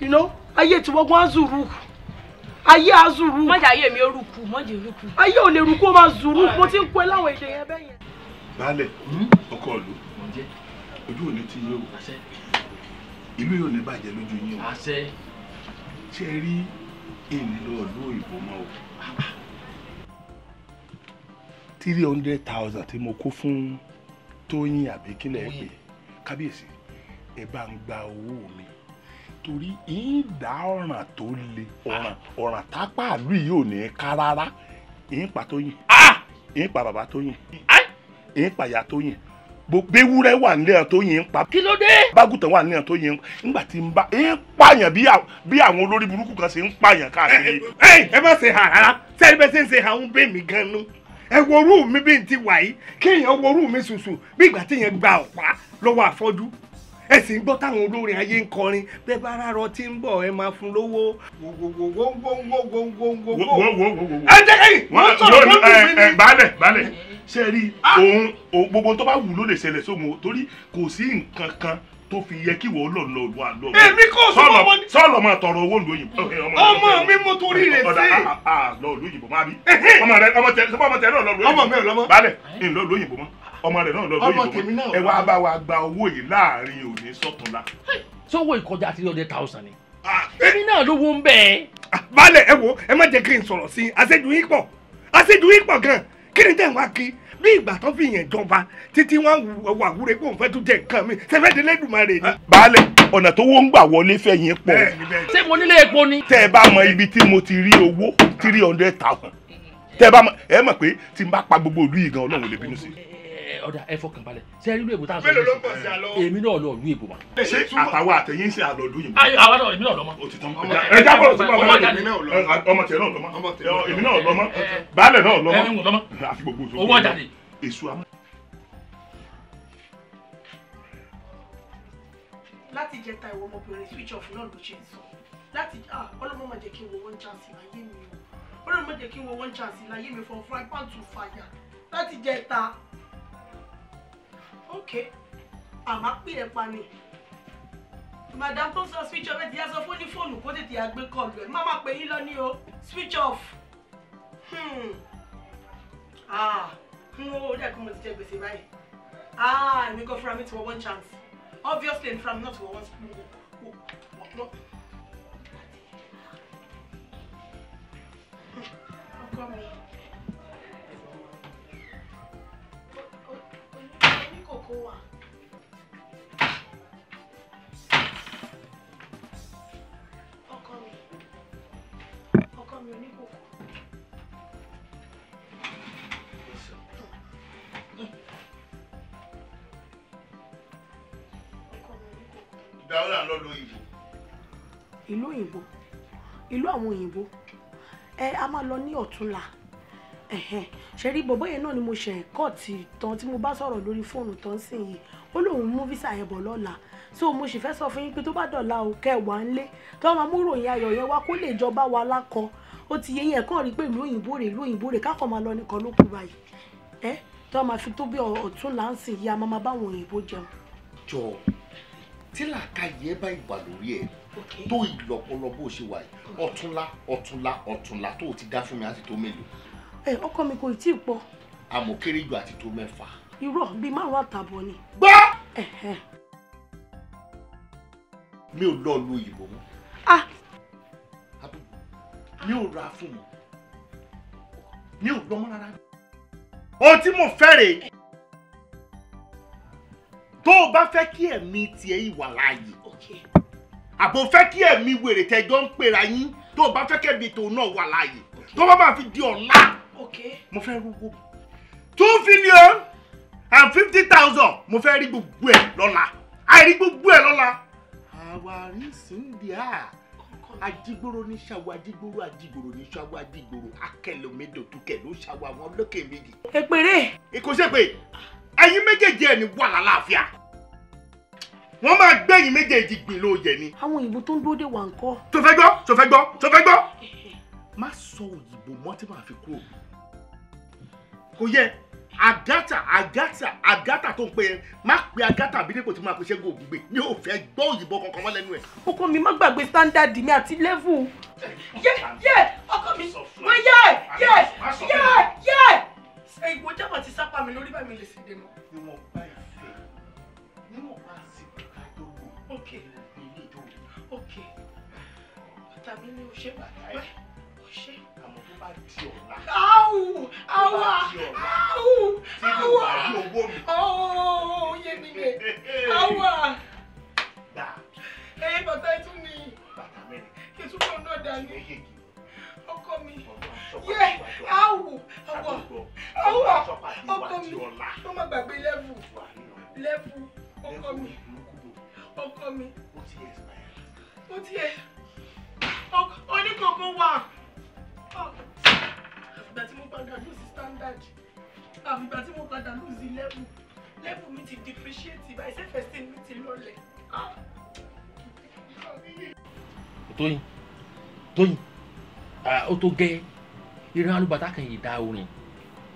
you know ayé tiwọ́gbọ́n á zùrù ayé á zùrù. mọ̀jà ayé mi ó rúkú mọ̀jà rúkú. ayé ò lè rúkú ó máa zùrù mo ti ń pẹ́ láwọn èdè yẹn bẹ́ẹ̀ yẹn. baálẹ̀ hmm? ọkọ ìlú ojú ò ní ti yín o ìlú yóò ní bàjẹ́ lójú yín o ṣe é rí èmi lọ ìlú òyìnbó mọ́ o three hundred thousand tí mo kó fún Tóyìn àbíkílẹ̀ pé kábíyèsí ẹ bá ń gba owó mi torí ìdá ọ̀ràn tó le ọ̀ràn ọ̀ràn tápá ìlú yìí ò ní ká rárá ìyínpa tó yìn ah! ìyínpa bàbá tó yìn ìyínpa ìyá tó yìn gbogbo ewúrẹ́ wà nílẹ̀ tó yìn ń pa. kí ló dé. bágùtàn wà nílẹ̀ tó yìn ń pa nígbà tí n bá ń pààyàn bí àwọn olórí burúkú kan ṣe ń pààyàn káàkiri. ẹ ẹ má ṣe hàn rárá sẹ́ni bẹ́ẹ̀ ṣe ń ṣe àwọn bẹ́ẹ̀ mi gan-an. ẹ mi bí n ti wà yìí kéèyàn worú mi ṣùṣù bí ìgbà téèyàn gba ọ̀pá lọ́wọ́ afọ́jú ẹ sì ń gbọ́ táwọn olórin ayé ń kọrin bẹ́ẹ̀ bá rárọ tí ń bọ̀ ẹ máa fún lówó. ẹ ohun gbogbo tó bá wù ló lè ṣẹlẹ̀ sóhun torí tó fi yẹ kí wọ́n lọ lọ wà lọ. èmi kò sọ ọmọ ní. sọlọ máa tọrọ owó ìlú òyìnbó. ọmọ mi mo torí rẹ sí. ọ̀dà lọ ìlú òyìnbó máa bí. ọmọ rẹ ọmọ tẹ ọmọ tẹ náà lọ lóyìnbó. ọmọ mi ò lọmọ. balẹ̀ ń lọ lóyìnbó mọ́ ọmọ rẹ náà lọ lóyìnbó mọ́ ẹ wá bá wa gba owó yìí láàrin òní sọ́túnla. sọ́wọ́ ìkọjá three hundred thousand ni. èmi náà lówó ń bẹ́ẹ̀. balẹ̀ ẹ wo ẹ má jẹ́ kí n sọ̀rọ̀ sí i àṣejù yín pọ̀ àṣejù yín pọ̀ gan-an kí ni tẹ̀ wá kí bí ìgbà tó fi yẹn jọba títí wọn wà wúre pé òun fẹ́ tún jẹ nǹkan mi sẹfẹ́ di lẹ́dùnmarè ni. Ah, baálẹ̀ ọ̀nà tó wọ́n ń gbà wọlé fẹ́ yẹn pọ̀. ṣé mo nílé epo ni. tẹ́ ẹ bá mọ ibi tí mo ti rí owó three hundred thousand tẹ́ ẹ bá mọ ẹ mọ̀ pé tí n bá pa gbogbo ìlú yìí gan ọlọ́run lè bínú sí i. Eh, ọ̀dà ẹ fọkànbalẹ̀ ṣé ẹ rí ìlú èbó tá a sọ yìí sí èmi náà lọ ìlú èbó ma. àtàwọn àtẹ̀yìn ń ṣe àlọ́dún yìí. ayi àwa náà èmi náà lọ mọ. òtítọ́ ẹ jábọ̀ ọ̀tún bá wọn ọmọ tẹ̀ náà lọ mọ́ èmi náà lọ mọ́ baálẹ̀ náà lọ mọ́ àfi gbogbo òṣogbo owó ọjà ni. èso àmọ́. láti jẹta ìwọ ọmọbìnrin switch off náà ló ṣe ń sọ láti ọlọ́mọ máa jẹ́ kí n wo one chance láyé mi o ọlọ́mọ máa jẹ́ kí n wo one chance láyé mi from fry pan to fire láti jẹta ok àmọ́ pè é pa ni madam tó sọ switch off ẹ ti yá sọ fún ní fóònù kó tètè àgbé kọlù ẹ má má pè yín lọ ní o switch off hmm. ah n ó dẹ̀ kó mo ti jẹ gbèsè báyìí ah èmi go from it for one chance obviously n fura mi náà one spoon. ọkọ kó wà. ọkọ mi ọkọ mi oníkòkò. ìgbà wo là ń lọ lóyìnbó. ìlú òyìnbó ìlú àwọn òyìnbó ẹ a máa lọ ní ọ̀túnla ṣe rí bọ̀bọ́ yẹn náà ni mo ṣe ẹ̀kọ́ ti tán tí mo bá sọ̀rọ̀ lórí fóònù tán sí yìí ó lóun mú visa yẹn bọ̀ lọ́la so mo sì fẹ́ sọ fún yín pé tó bá dọ̀la o kẹwàá ńlé tó máa mú ròyìn ayọ̀ yẹn wá kó lè jọba wa lákọ ó ti yẹ yẹn kàn rí pé ìlú òyìnbó rè ìlú òyìnbó rè kákọ̀ máa lọ nìkan ló kú báyìí ẹ tó máa fi tó bí ọ̀tún láǹsì yìí a máa máa báwọn òyìnbó jẹun. jọ tí làákàyè ẹ bá ìwà lórí ẹ tó ìlọpọlọ bó ṣe wà yìí ọ̀túnla ọ̀túnla ọ̀túnla tó ti dá fún mi àti tó mélòó ẹ ọkọ mi kò tí ì pọ̀. àmọ́ kéré jù àti tó mẹ́fà. irọ́ bíi márùn-ún àtààbọ̀ ni. gbọ́. mi ò lọ lu òyìnbó mọ́. ah. mi ò ra fún mi mi ò lọ mọ́ rárá. ohun tí mo fẹ́ rèé tó o bá fẹ́ kí ẹ̀mí tiẹ̀ yìí wà láàyè àbò fẹ́ kí ẹ̀mí wèrè tẹ́jọ́ ń pera yín tó o bá fẹ́ kẹ́bi tòun náà wà láàyè tó bá bá fi di ọ̀la mo fẹ́ rúgbó two million and fifty thousand mo fẹ́ rí gbogbo ẹ̀ lọ́la àìrí gbogbo ẹ̀ lọ́la. àwárí sí ajigboro ní ṣàwọ ajigboro ajigboro ní ṣàwọ ajigboro akẹlòmẹdò tukẹ ló ṣàwọ àwọn lókè méjì. èpèrè. ìkọsẹ́pẹ̀ ẹ̀yin méjèèjì ẹ̀ ní wà lálàáfíà wọ́n máa gbẹ̀yìn méjèèjì gbìn ló yẹ ni. àwọn òyìnbó tó ń dúró dé wà ń kọ́. tó fẹ́ gbọ́ tó fẹ́ gbọ́ tó fẹ́ gbọ́. má sọ òyìnbó mọ́ tí fi kú kò yẹ agata agata agata tó ń pè é má pe agata àbídẹ́pọ̀ tí mo máa pe ṣẹ́gun ògùn gbé mi ò fẹ́ gbọ́ òyìnbó kankan mọ́ lẹ́nu ẹ̀. ọkọ mi má gbàgbé standard mi àti level. yẹ yẹ ọkọ mi wọ́n yẹ yẹ yẹ yẹ. ìwọ jábọ̀ ti sápá mi lórí bá mi lè sí dé mọ́. ìwọ̀n bá ìfẹ́ níwọ̀n bá sì ká dógún. ok ok bàtà ni o ṣe bàtà rẹ ṣe. àmọ́ tó bá di ọ̀la. awu mi lè awa. gbà. ẹ bàtà ẹtún ni bàtà mẹ́rin. kí ẹtún kan náà dání. ọkọ mi yẹ awu awa awa ọkọ mi ó má gbàgbé lẹ́fù lẹ́fù ọkọ mi ọkọ mi ó ti ẹ àfìgbà tí mo padà lose standard àfìgbà tí mo padà lose level level mi ti depreciate by self mi ti lọlẹ̀. Ah! Tóyìn Tóyìn ó tó gẹ́ ìran alúbàtà kan yìí dá orin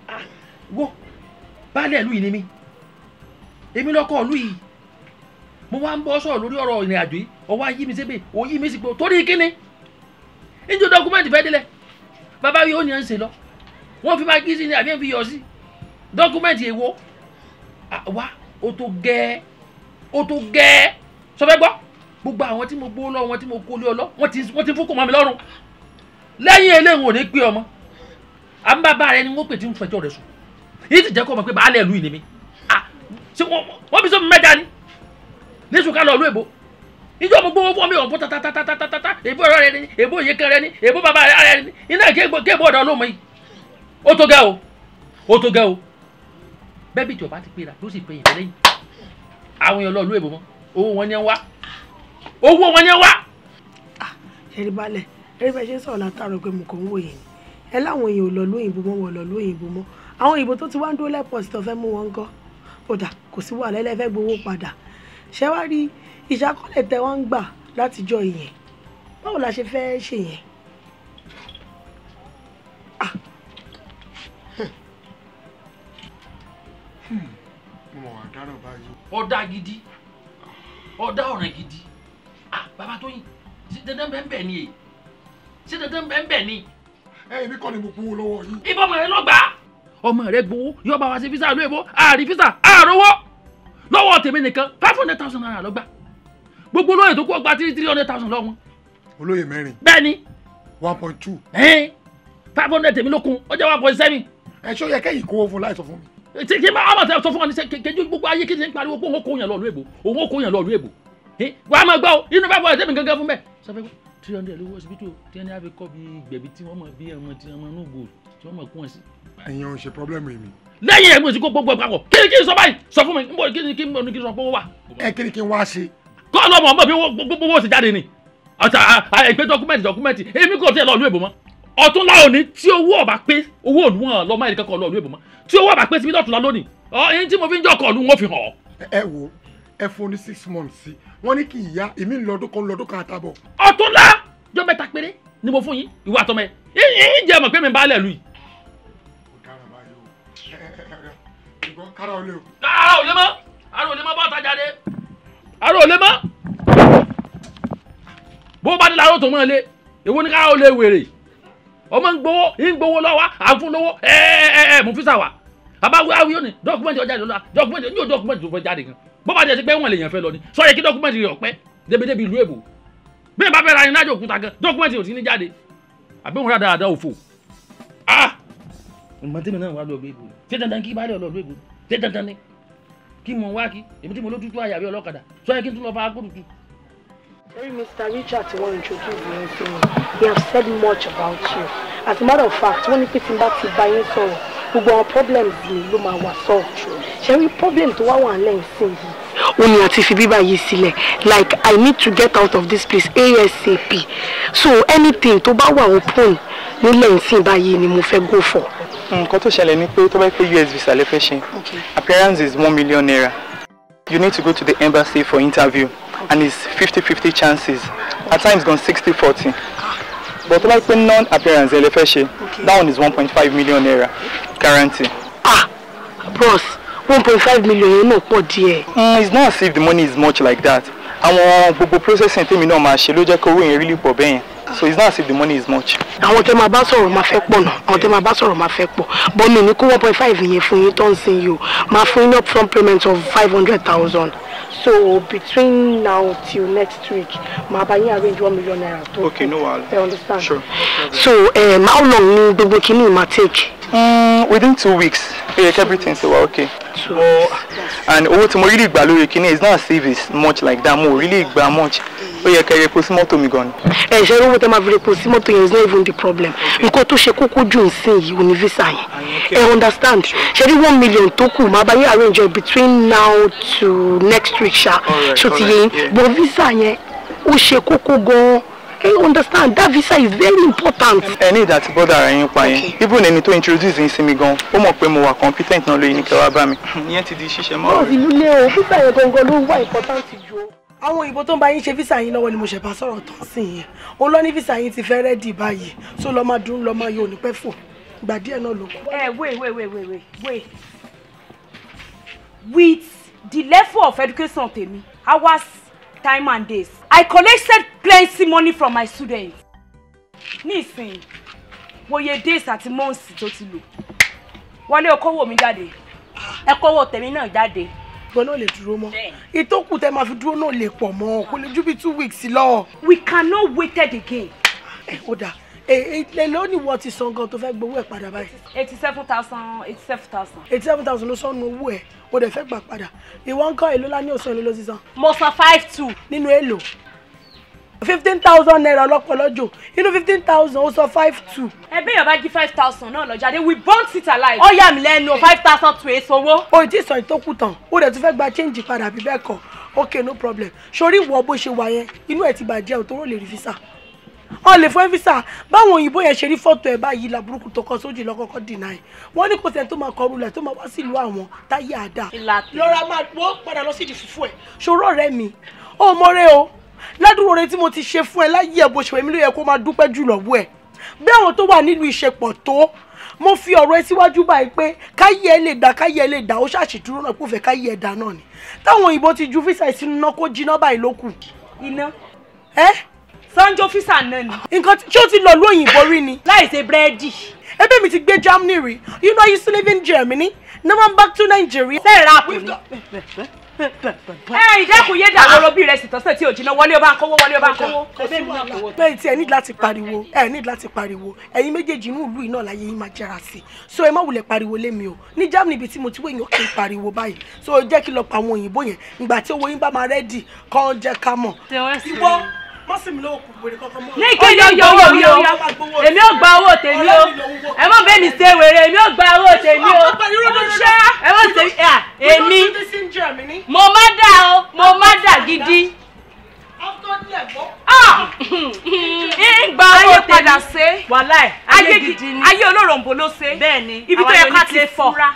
ah! wọ́n baálé ìlú yìí ni mí èmi lọ́kọ̀ ìlú yìí mo wá ń bọ́ sọ̀rọ̀ lórí ọ̀rọ̀ ìrìn àjò yìí ọwọ́ ayé mi sébè òyí mi sì gbó torí kíni níjó dọ́kúmẹ́ǹtì fẹ́ délẹ̀ bàbá yóò ní ẹ̀ ń ṣe lọ wọ́n fi máa gí sí ni àbí ẹ̀ fi yọ sí dọ́kúmẹ̀ntì èwo àwa ó tó gẹ́ ó tó gẹ́ sọ fẹ́ gbọ́ gbogbo àwọn tí mo gbó lọ wọn tí mo kó lé ọ lọ wọ́n ti wọ́n ti fún kò mọ́ mi lọ́rùn lẹ́yìn eléyìí ò ní pé ọmọ àmì bàbá rẹ ni wọ́n pè tí ń fẹjọ́ rẹ sùn yìí ti jẹ́ kó mọ̀ pé baálé ìlú ìnimi ah ṣé wọ́n fi sọ́mi mẹ́ta ni ní sùn ká lọ ìlú èbó ìjọ mo gbowó fún mi ọ̀bùn tatatatata èbó ọ̀rọ̀ rẹ ni èbó ìyẹ́kẹ́ rẹ ni èbó bàbá rẹ ni iná kébò ọ̀dọ̀ ọlọ́mọ yìí ó tó gẹ́ o ó tó gẹ́ o bẹ́ẹ̀ bí ìjọba ti pera ló sì pe ìyẹn lẹ́yìn àwọn èèyàn lọ́ọ́ lú èbó mọ́ owó wọn ni ẹ wá owó wọn ni ẹ wá. Ah, ẹ̀rí balẹ̀ ẹ̀rí bẹ́ẹ̀ ṣe ń sọ̀rọ̀ látàrọ̀ pé mo kàn ń wò yẹn ẹ láwọn èèyàn ò lọ lóyìnbó mọ́ wọ̀ lọ lóyìnbó mọ́ àwọn òyìnbó tó ti wá ń dúró lẹ́pọ̀ sí tó fẹ́ mú wọn ń gọ́ kódà kò sí wàhálà ẹlẹ́fẹ́ gbowó padà ṣẹ́wárí ìṣàkọlẹ̀ tẹ wọ́n ń gbà látijọ́ ìyẹn báwo la ṣe fẹ́ẹ́ ṣe yẹn. Ah. Hmm. Hmm. mo wà dáràn báyìí. ọ̀dà gidi ọ̀dà ọ̀ràn gidi ah, bàbá Tóyìn ṣe dandan bẹ́ẹ̀ bẹ́ẹ̀ ni èyí ṣe dandan bẹ́ẹ̀ bẹ́ẹ̀ ni. ẹ èmi kọ́ ni mo gbowó lọ́wọ́ yìí. ibà ọmọ rẹ lọ́gbàá ọmọ rẹ gbowó yóò bá wa ṣe físà lóyìnbó àárí físà àárọ̀wọ́ lọ́wọ́ tèmi nìkan five hundred thousand naira lọ́gbàá gbogbo olóyè tó kú ọgbà three three hundred thousand lọ́wọ́. olóyè mẹ́rin. bẹ́ẹ̀ni. one point two. ẹ̀ẹ́n five hundred tèmi ló kun ó jẹ́ one point seven. ẹ ṣó yẹ kẹ́yìn kó o fún láìsọ fún mi. ṣe kí n bá ọmọ sọ fún ọ ní sẹ kẹjú gbogbo ayé kí n ṣe ń pariwo pé òun ó kó yàn lọ ìlú èbò òun ó kó yàn lọ ìlú èbò wàá máa gbọ́ inú five hundred tèmi gangan fún bẹ́ẹ̀ sọ fẹ́ three hundred lówó hospital tí wọ́n ní abẹ́ kọ́ bí gbẹ̀bí tí wọ́n mọ̀ bí ọmọ tí wọ́n mọ̀ ní ògbò tí wọ́n mọ̀ kún ẹ̀ sí. ẹ̀yin ò ń ṣe pọ́blẹ́mù yìí mi lẹ́yìn ẹ̀mú ìsìnkú gbogbo ìpapọ̀ kí ni kí n sọ báyìí sọ fún mi n bọ̀ kí ni kí n sọ pé ó wà. ẹ kí ni kí n wá ṣe kọ́ lọ́mọ ọmọ mi gbogbo owó ti jáde ni ìpè dọkúmẹ́ntì dọkúmẹ́ntì èmi kò tẹ̀ lọ́ọ́ lú èbò mọ́ ọ̀túnla òní tí owó ọ̀bà pé owó òdùnwọ̀n lọ́mọ ẹ̀rí kankan lọ́ọ́ lú èbò mọ́ tí owó ọ̀bà pé síbi lọ́tùnla lónìí ẹni tí mo fi ń jọkọ̀ lu wọn fi hàn ọ́. ẹ wo ẹ fún ní six months sí wọn ní kí ìyá èmi ń lọdún kan lọdún kan àtàbọ̀. ọ̀túnla jọ mẹ́ta péré ni mo fún yín ìwà àtọmọ ẹ yín jẹ́ mọ̀ pé mi bá lẹ̀ lu yìí. ara ò lè mọ́ ara ò lè mọ́ bọ́ọ̀tajà dé àrò ò lè mọ́ bó bá dé làárọ̀ tó mọ́ lé èwo ni káà ó lè wèrè ọmọ ń gbowó ń gbowó lọ́wọ́ àfúnlówó ẹ ẹ ẹ mú físà wá àbáwí awi ó ní dọ́kúmẹ́ntì ọjà ìlú la dọ́kúmẹ́ntì yóò dọ́kúmẹ́ntì tó fẹ́ jáde gan bó bá jẹ́ sí pé wọ́n lè yàn fẹ́ lọ ni sọ yẹ kí dọ́kúmẹ́ntì rẹ̀ ọ̀pẹ́ débi-débi ìlú èbò bí ẹ bá fẹ́ ra irin lájò òkúta gan dọ́kúmẹ́ntì ò ah ìmọ̀tẹ́mi náà wà lọ́ọ́ lóògbé ṣé dandan kí bá lọ́ọ́ lọ́ọ́ lóògbé ṣé ni kí mo wá kí èmi tí mo ló tútú àyàwé ọlọ́kadà sọ yẹ kí n tún lọ fa agbódù tu. very Mr. Richard ti wọ́n introduce me to me they have said much about you as a matter of fact wọ́n ní pé tí n bá ti bá yín sọ̀rọ̀ gbogbo àwọn problems mi ló máa wà solved ṣe rí problem tó wá wà lẹ́yìn sí yìí òun ni àti fi bíbá yìí sílẹ̀ like i need to get out of this place asap so anything tó bá wà open nílẹ̀ ìsìn báyìí ni mo fẹ́ go for. Mm, nǹkan tó ṣẹlẹ̀ ni pé tó bá pé US visa lè fẹ́ ṣe appearance is one million naira you need to go to the embassy for interview okay. and it's fifty fifty chances at times gone sixty forty but tó bá pé non appearance ẹ lè fẹ́ ṣe that one is one point five million naira guarantee. ah bros one point five million yẹn náà pọ̀ díẹ̀. Mm, it's not as if the money is much like that àwọn gbogbo processing tèmi náà máa ṣe ló jẹ́ kí owó yẹn rí lè pọ̀ bẹ́yẹn so it's not as if the money is much. àwọn tẹ máa bá sọ̀rọ̀ máa fẹ́ pọ̀ náà àwọn tẹ máa bá sọ̀rọ̀ máa fẹ́ pọ̀ but mi ní kó one point five yẹn fún yín tó ń sin yìí o máa fún yín up front payment of five hundred thousand so between now till next week máa bá yín arrange one million naira tó. okay no wahala I understand sure. so um, how long ni gbogbo kini ma take. Mm, within two weeks ó yẹ kí everything ṣe wá okay. so and what tí really gbà you? kinní is not service much like that More really gbà much Oh yeah, kí ẹ repo sí mọ́tò mi gan ni. ẹ ṣe owó tẹ máa fi repo sí mọ́tò yẹn not even the problem nǹkan go to kókó jù ń sìn on visa yẹn ah, understand ṣe one million toku, kù máa bá arrange between now to next week Sha. ṣá ṣòtìyẹn but visa yẹn ó ṣe kókó gan you understand that visa is very important. ẹ ní ìdá tí bọ́dà ara yín pa yẹn even ẹni tó introduce yín sí mi gan ó mọ̀ pé mo wà competent náà lóyún kẹwàá bá mi. ìyẹn ti di ṣíṣe mọ́. bọ́ọ̀sì ìlú lé o visa yẹn gangan ló wà important ju o. àwọn òyìnbó tó ń bá yín ṣe visa yín lọ́wọ́ ni mo ṣẹ̀bá sọ̀rọ̀ tán sí yẹn òun lọ ní visa yín ti fẹ́ rẹ́dì báyìí so lọ́ọ́ máa dún lọ́ọ́ máa yọ òní pẹ́ fò ìgbà díẹ̀ náà ló kù. ẹ eh, wait wait wait wait wait with the level of education tèmi hours time and days I collected plenty money from my students. Nísìnyí, mo yẹ days àti months tó ti lò. Wọlé okòwò mi jáde. Ẹ kówó tèmi náà jáde. Gbọ́n náà lè dúró mọ́. Ìtókù tẹ máa fi dúró náà lè pọ̀ mọ́. Kò lè ju bí two weeks lọ. We cannot wait again. Ẹ ó dáa. Èlé ló ní wọ́n ti san gan tó fẹ́ gbowó ẹ̀ padà báyìí. Eighty seven thousand eighty seven thousand. Eighty seven thousand ló sọnù owó ẹ̀ o dẹ̀ fẹ́ gbà padà. Ìwọ ń kọ́ èlò lá ní òsàn èlò ló ti san. Mo san five two. Nínú fifteen thousand naira lọ́pọ̀lọ́jọ́ inú fifteen thousand ó sọ five two. ẹgbẹ́ yọ̀bá jí five thousand náà lọ jáde we born sit alive. ó yà mí lẹ́nu five thousand to èso owó. o ì tí ì sọ ìtókù tán ó dẹ̀ tún fẹ́ gba change padà bí bẹ́ẹ̀ kọ́ okay no problem sori wọ bó ṣe wà yẹn inú ẹ̀ ti bàjẹ́ ò tó rò lè rí visa ọ lè fún ẹ́físà báwọn òyìnbó yẹn ṣe rí fọ́tò ẹ̀ báyìí làbúrúkú tó kọ sójú lọ́kọ́kọ́ dìnnà ẹ̀ wọ́n ní kò sẹ́ni tó máa kọrú lẹ̀ tó máa wá sílùú àwọn táyé àdá lọ́ra máa wọ́n padà lọ sídìí fùfú ẹ̀ ṣòro ọ̀rẹ́ mi ó mọ́rẹ́ o ládùúrò rẹ tí mo ti ṣe fún ẹ láyé ẹ bó ṣe wẹ̀mí ló yẹ kó máa dúpẹ́ jù lọ́wọ́ ẹ bí àwọn tó wà nílùú ìṣepọ̀ tó mo fi ọ̀rọ̀ ẹ síwájú báyìí pé káyé ẹ lè dá káyé ẹ lè dá ó ṣàṣì dúró náà kó fẹ́ káyé ẹ dá náà ni táwọn òyìnbó ti ju físà ìsinú náà kó jiná báyìí ló kù. iná. ẹ. sanjo físà náà ni. nǹkan tí ó ti lọ lú òyìnbó rí ni. láìsè búrẹ́dì. ebi mi ti gbé Germany rí you know you still live in Germany now I'm back to Nigeria. sẹ́ẹ̀ rà pè ẹ ìdẹ́kun yé dà lọ́rọ́ ah. bí rẹ̀ sì tọ́sẹ̀ tí ò jiná wọlé ọba kówó wọlé ọba kówó. bẹ́ẹ̀ tí ẹ ní láti pariwo ẹ ní láti pariwo ẹ̀yin méjèèjì inú ìlú iná láyé yín máa jẹra sí i so ẹ má wulẹ̀ pariwo lé o ní Germany ibi tí mo ti wé èèyàn kì í pariwo báyìí so jẹ́ kí lọ pa àwọn òyìnbó yẹn ìgbà tí owó yín bá máa rẹ́dì kọ́ jẹ́ ká mọ̀. ìwọ má sì mí lọ́wọ́ kò wèrè kankan mọ́. ní kí ni yọ owó mi o èmi ò gba owó tèmi o ẹ má bẹ́ẹ̀ mi ṣe wèrè èmi ò gba owó tèmi o ṣá ẹ má ṣe èmi mo má dà o mo má dà gidi. Ìgbà ah! owó tèmi wàláì ayé olóròǹbó ló ṣe ibi tó yẹ ká ti fura.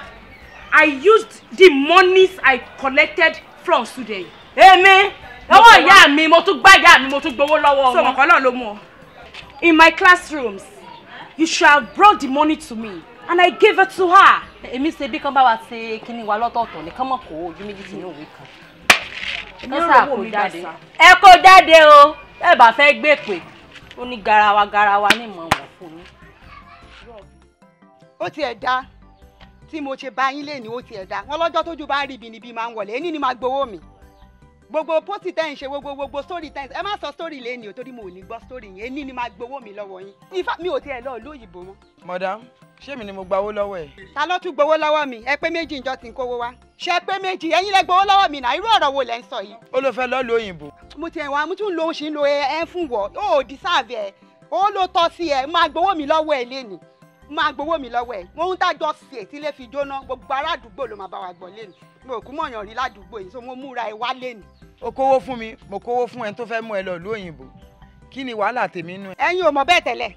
I used the monies I collected from Sudan. Èmi. Hey, lọ́wọ́ ìyá mi mo tún gbá ìyá mi mo tún gbowó lọ́wọ́ wọn. sọmọkàn náà ló mú ọ. in my classrooms you should have brought the money to me and I gave it to her. èmi ṣe bí kan bá wa ṣe kíní wa lọ́tọ̀ọ̀tọ̀ ní kánmọ̀ kó ojú méjì sínú òwe kan. lọ́sà kò jáde ẹ kò jáde o ẹ bá fẹ́ gbé pè ó ní garawa garawa ní ìmọ̀ wọ̀ fún mi. ó tiẹ̀ dá tí mo ṣe bá yín lé ní ó tiẹ̀ dá wọn lọ́jọ́ tójú bá rí ibi níbi máa ń wọlé ẹni ni máa gbowó mi gbogbo pósì tẹ́ ń ṣe gbogbo gbogbo story tẹ́ ẹ má sọ story lẹ́ni o torí mo ò ní gbọ́ story yẹn ẹni ni máa gbowó mi lọ́wọ́ yín ifá mi ò tiẹ̀ lọ lóyìnbó mọ́. madam ṣé mi ni mo gbawó lọ́wọ́ ẹ̀. ta ló tún gbowó lọ́wọ́ mi ẹ pé méjì ìjọ ti ń kówó wá ṣe pé méjì ẹ̀yin lẹ gbowó lọ́wọ́ mi náà irú ọ̀rọ̀ wo lẹ ń sọ yìí. ó ló fẹ́ lọ́ọ́ lo òyìnbó. mo ti ẹ̀wọ̀n mo tún lo oṣù ń lo ẹ fún wọ ó ò dísáàbì ẹ ó ló tọ́ sí ẹ máa gbowó mi lọ́wọ́ ẹ lẹ́nu máa gbowó mi lọ́wọ́ ẹ̀ ohun tájọ sí ẹ̀ tílé fi jóná gbogbo ará àdúgbò ló máa bá wa gbọ́ lẹ́nu mi ò kú mọ̀yàn rí ládùúgbò yìí so mo múra ẹ wá lẹ́nu. o kówó fún mi mo kówó fún ẹni tó fẹ́ mú ẹ lọ ìlú òyìnbó kí ni wàhálà tèmi nú ẹ. ẹ̀yin ò mọ̀ bẹ́ẹ̀ tẹ́lẹ̀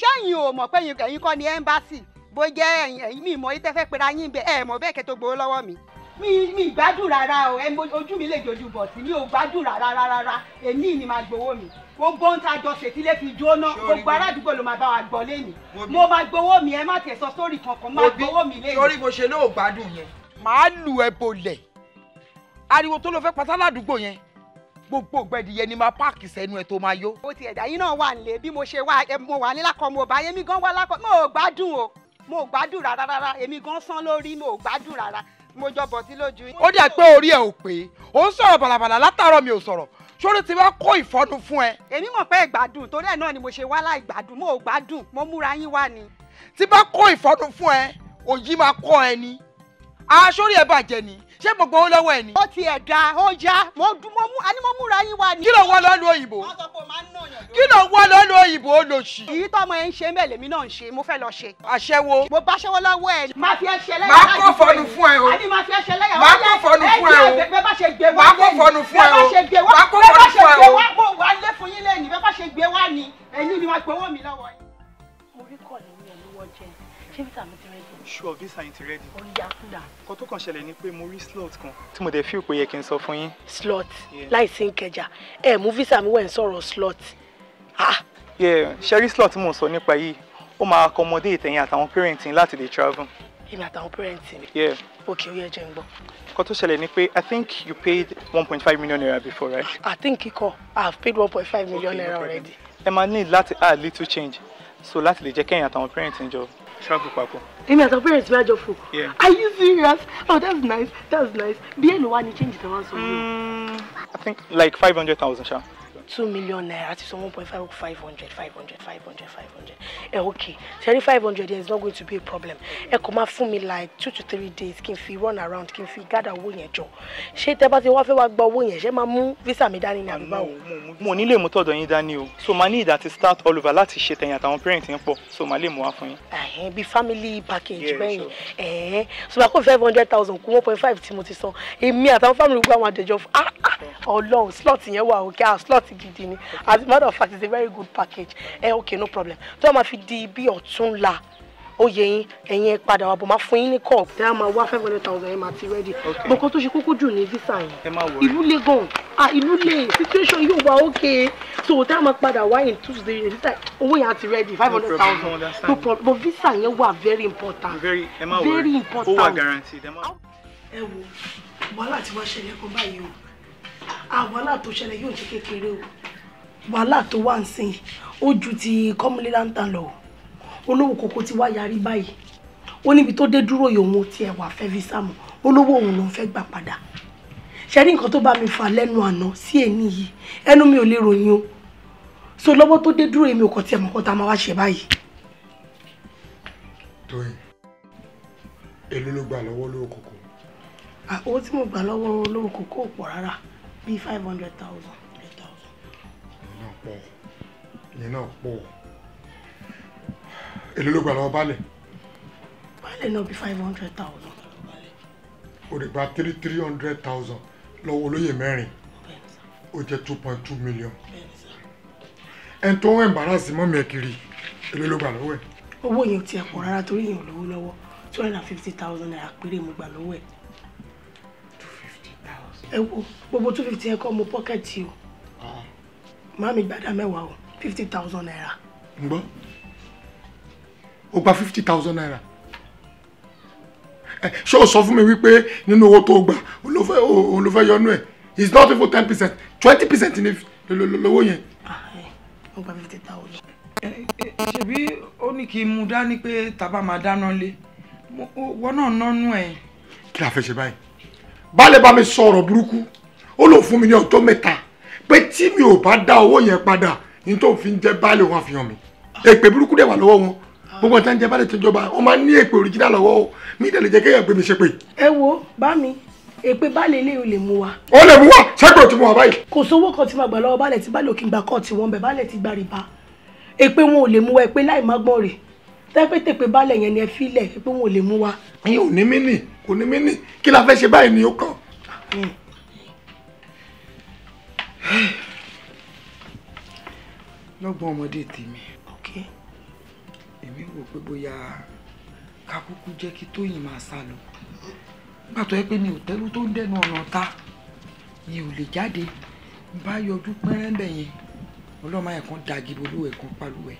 ṣẹ́yin ò mọ̀ pé ẹ̀yin kọ́ ni ẹ́ńbásì bó jẹ́ ẹ̀yin mi mọ̀ ìtẹ́ fẹ́ pera yín bẹ́ẹ̀ ẹ̀ mọ̀ bẹ́ẹ̀ kẹ́ tó gbowó lọ́wọ́ mi. mi mi gbádùn rárá o ojú mi lè jojú bọ̀ sí mi ò gbádùn rárá rárá èmi ni máa gbowó mi gbogbo ohun tá a jọ ṣètìlẹ́ fi jóná gbogbo aládùúgbò ló máa bá wa gbọ́ lẹ́nu mo máa gbowó mi ẹ má tẹ̀ sọ sórí kankan máa gbowó mi lẹ́nu. sórí mo ṣe lóò gbádùn yẹn. màá lu ẹbọ lẹ ariwo tó ló fẹ́ pátá ládùúgbò yẹn gbogbo gbẹdìyẹ ni máa páàkì sẹ́nu ẹ̀ tó máa yó. o ti ẹ̀dá yín náà wà nílé bí mo ṣe wá ẹ mo wà nílá kan mo bá yẹmí gan wá lákọ mo ò gbádùn o mo ò gbádùn rárá rárá èmi gan sán lórí mo ò gbádùn rárá mo jọ bọ̀ sí lójú. ó dẹ̀ pé orí ẹ̀ ò pé ó ń sọ̀rọ̀ bàlàbàlà látàárọ̀ mi ò sọ̀rọ̀ sórí ti wá kó ìfọnu fún ẹ. èmi mọ̀ pé ìgbádùn torí ẹ̀ náà ni mo ṣe wá láì gbádùn mo ò gbádùn mo múra yín wá ni. tí bá kó ìfọnu fún ẹ òyì máa kọ́ ẹ ni aṣọ́rí ẹ bàjẹ́ ni ṣé mo gbowó lọ́wọ́ ẹ̀ ni. ó ti ẹ̀ da ó já mo mú àní mo múra yín wá ni. kí ló wọ́ lọ́nu òyìnbó. kí ló wọ́ lọ́nu òyìnbó olóṣì. èyí tọmọ ẹ ń ṣe bẹ́ẹ̀ lèmi náà ń ṣe mo fẹ́ lọ ṣe. àṣẹwo. mo bá ṣẹwọ́ lọ́wọ́ ẹ. máa fi ẹṣẹ lẹ́yà máa kó fọnù fún ẹ o. àní máa fi ẹṣẹ lẹ́yà máa kó fọnù fún ẹ o. bẹ́ẹ̀ bá ṣe gbé wá máa kó fọnù fún ẹ o. máa kó fọnù fún ẹ o. bẹ́ẹ̀ bá ṣe gbé wá lé fún yín lẹ́yìn bẹ́ẹ̀ bá ṣe ni ẹ̀yin ni máa gbowó mi lọ́wọ́ yín. mo rí kọ́ọ̀lù mi ẹ̀ sure visa yín ti ready. ó yá kúdà. nǹkan tó kàn ṣẹlẹ̀ ni pé mo rí slot kan tí mo dẹ̀ feel pé yẹ kí n sọ fún yín. slot láìsí nkẹjà ẹ mú visa mi wẹ̀ ń sọ̀rọ̀ slot. ṣẹ́rí slot mò ń sọ nípa yìí ó máa accommodate ẹ̀yin àtàwọn parents yín láti dey travel. èmi àtàwọn parents mi. òkè ó yẹ jẹ́ ń gbọ́. nǹkan tó ṣẹlẹ̀ ni pé i think you paid one point five million naira before right. i think kíkọ i have paid one point five million naira already. ẹ máa need láti add little change so láti lè jẹ́ kẹ́yìn àtàwọn parent ń jọ travel papọ̀. èmi àti àwọn parents mi àjọ Yeah. are you serious oh that's nice that's nice Be ẹnu you change the one so. I think like five hundred Sha. two million naira ti san one point five five hundred five hundred five hundred five hundred eh, ẹ okay ṣẹ́rí five hundred yẹn is not going to be a problem ẹ kò máa fún mi like two to three days kí n fi run around kí n fi gather owó yẹn jọ ṣé tẹ bá ti wá fẹ́ wá gba owó yẹn ṣé máa mú visa mi dání ní àbúrò àwọn. mo ní lè mú tọ̀dọ̀ yín dání o so màá ní ìdá ti start all over láti ṣe tẹ̀yìn àtàwọn parent yẹn pọ̀ so màá lè mú wá fún yín. ẹ̀hìn bíi family package bẹ́yìn ẹ̀hìn so bá kó five hundred thousand kú one point five tí mo ti san èmi àtàwọn family gbogbo àwọn àjẹjọ ah, ah, ọlọ́run slot yẹn wà òkè à ah, slot gidi ni as a matter of fact it's a very good package ẹ eh, okay no problem tó o máa fi di bí ọ̀túnla ó yẹ yín ẹ̀yin ẹ padà wà bọ̀ máa fún yín ní kọ́ọ̀. tẹ́ a máa wá five hundred thousand yẹn ready. ti rẹ́dì. gbọ̀ngàn tó ṣe kókó jù ní visa yẹn. ìlú le gan ah ìlú le situation yóò wá okay so tẹ́ a máa padà wá in tuesday yẹn visa owó yẹn ti rẹ́dì five hundred thousand no problem but visa yẹn wà very important very, very important. ó wà guaranteed. ẹ wo wàhálà tí wàá ṣẹlẹ̀ kan báyìí o. Ah, wàhálà tó ṣẹlẹ̀ yóò ṣe kékeré o wàhálà tó wà ń sìn ó ju ti kọ́múlé lantan lọ olówó kòkó ti wá yarí báyìí ó níbi tó dé dúró yòówó tiẹ̀ wà fẹ́ fi sáàmù olówó òun ló ń fẹ́ gbà padà ṣe rí nǹkan tó bá mi fà lẹ́nu àná sí èmi yìí ẹnu mi ò lè ròyìn o so lọ́wọ́ tó dé dúró èmi ò kàn tiẹ̀ mọ̀ kó tá a máa wá ṣe báyìí. tóyìn èló ló gbà lọ́wọ́ olówó kòkó. Ah, owó tí mo gbà lọ́wọ́ olówó kòkó ò pọ̀ rárá bíi five hundred thousand. ìyẹn náà pọ̀ ìyẹn náà pọ̀ èló ló gbà lọ́wọ́ baálẹ̀. baálẹ̀ náà bíi five hundred thousand. o lè gba three three hundred thousand lọ́wọ́ olóyè mẹ́rin ó jẹ́ two point two million. ẹni tó ń ẹ̀mbàràsì mọ́ mi ẹ̀ kiri èló ló gbà lọ́wọ́ ẹ̀. owó yẹn ti ẹ̀ pọ̀ rárá torí yẹn ò lówó lọ́wọ́ two hundred and fifty thousand naira péré mo gbà lọ́wọ́ ẹ̀ ẹ wo gbogbo two fifty ẹ kọ́ mo pọ́kẹ́tì o ah. màámi gbàdá mẹ́wàá o fifty thousand naira. ń gbọ́ o gba fifty thousand naira ṣé o sọ fún mi wípé nínú owó tó o gbà o ló fẹ́ yọnu ẹ̀ it's not even ten percent twenty percent ni lówó yẹn. ó ah, gba fifty thousand. ṣebí ó ní kí n mú dání pé tàbá máa dáná lé wọn náà nánú ẹ̀. kí la fẹ́ ṣe báyìí baálé bá mi sọ ọ̀rọ̀ burúkú ó lò fún mi ní ọjọ́ mẹ́ta pé tí mi ò bá dá owó yẹn padà ní tó fi ń jẹ́ baálé wọn àfihàn mi èpè burúkú dẹ̀ wà lọ́wọ́ wọn gbogbo ọ̀tá ń jẹ baálé tó jọba wọn máa ń ní èpè òrìjìnà lọ́wọ́ o mi ìdẹ̀lẹ̀ jẹ́ kéèyàn gbé mi ṣépè. ẹ wo bá mi èpè baálé ilé o lè mú wa. o lè mú wa ṣẹ́gbẹ̀ ò ti mú wa báyìí. kò sówó kan tí màá lọ́wọ́ baálé tí baálé òkè tẹ́pẹ́tẹ́ pé baálẹ̀ yẹn ni ẹ filẹ̀ pé wọn ò lè mú wa. mi ò ní mí nì kò ní mí nì kí la fẹ́ ṣe báyìí ni ó kàn. lọ́gbọ́n ọmọdé tèmi èmi wò pé bóyá kakúkú jẹ́ kí tóyìn máa sá lọ nígbà tó yẹ pé mi ò tẹ́lú tó ń dẹnu ọ̀nà ta mi ò lè jáde bá yọjú pẹ́rẹ́ńbẹ̀ yẹn ọlọ́mọ ẹ̀kan dàgìbò lówó ẹ̀kan pálówó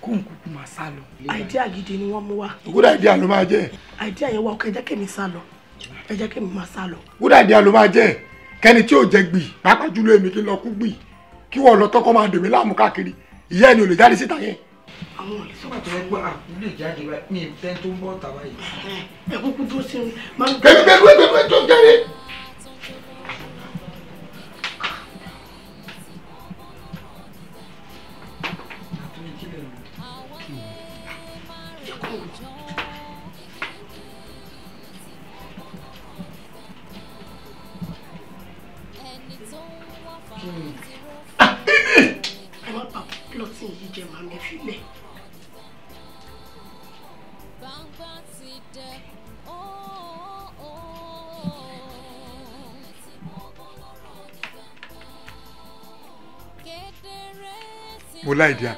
kóun kúkú máa sá lọ. àìdíà gidi ni wọ́n mú wá. good idea ló máa jẹ́. àìdíà yẹn wá ọkọ ẹ jẹ́ kẹ́mi sá lọ ẹ jẹ́ kẹ́mi máa sá lọ. good idea ló máa jẹ́ kẹ́ni tí ò jẹ gbì pàápàá jùlọ èmi kí n lọ kú gbì kí wọ́n lọ tọ́kọ́ máa dèmí láàmú káàkiri ìyá ẹni ò lè jáde síta yẹn. àwọn ìsọ̀rọ̀ tó gbọ́ àkúlé jáde wa ní ìfẹ́ tó ń bọ̀ tàwa yìí. ẹ kúkú tó ṣe máa ń. kẹ́mi idea.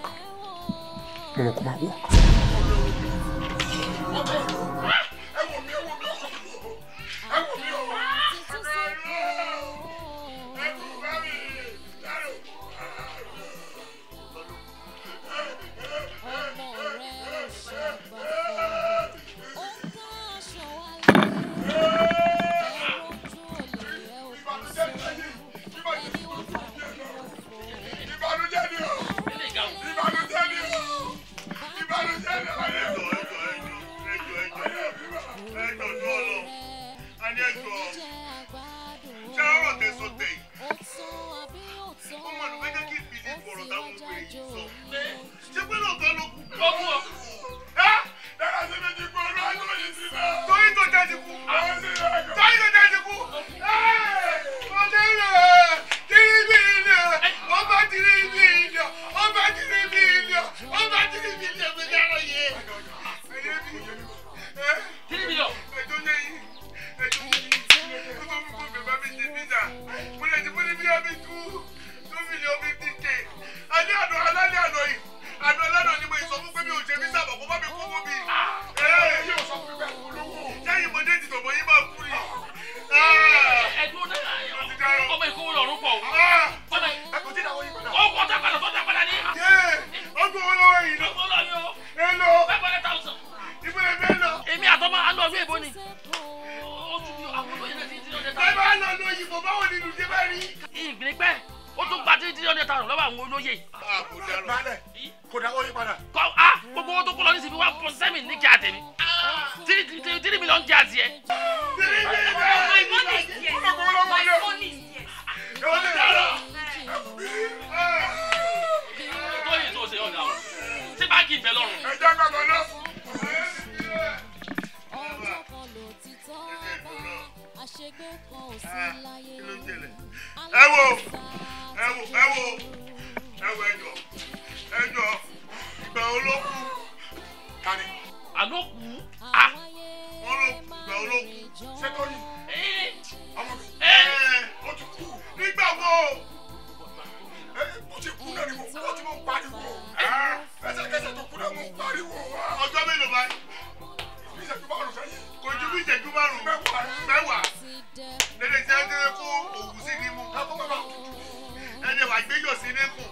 assim, né, com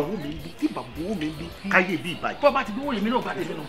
wù mí bí tí bàbá wù mí bí káyé bí ìbàjẹ́ bọ́ bá ti gbé wòye mi náà bá tẹ̀lé náà.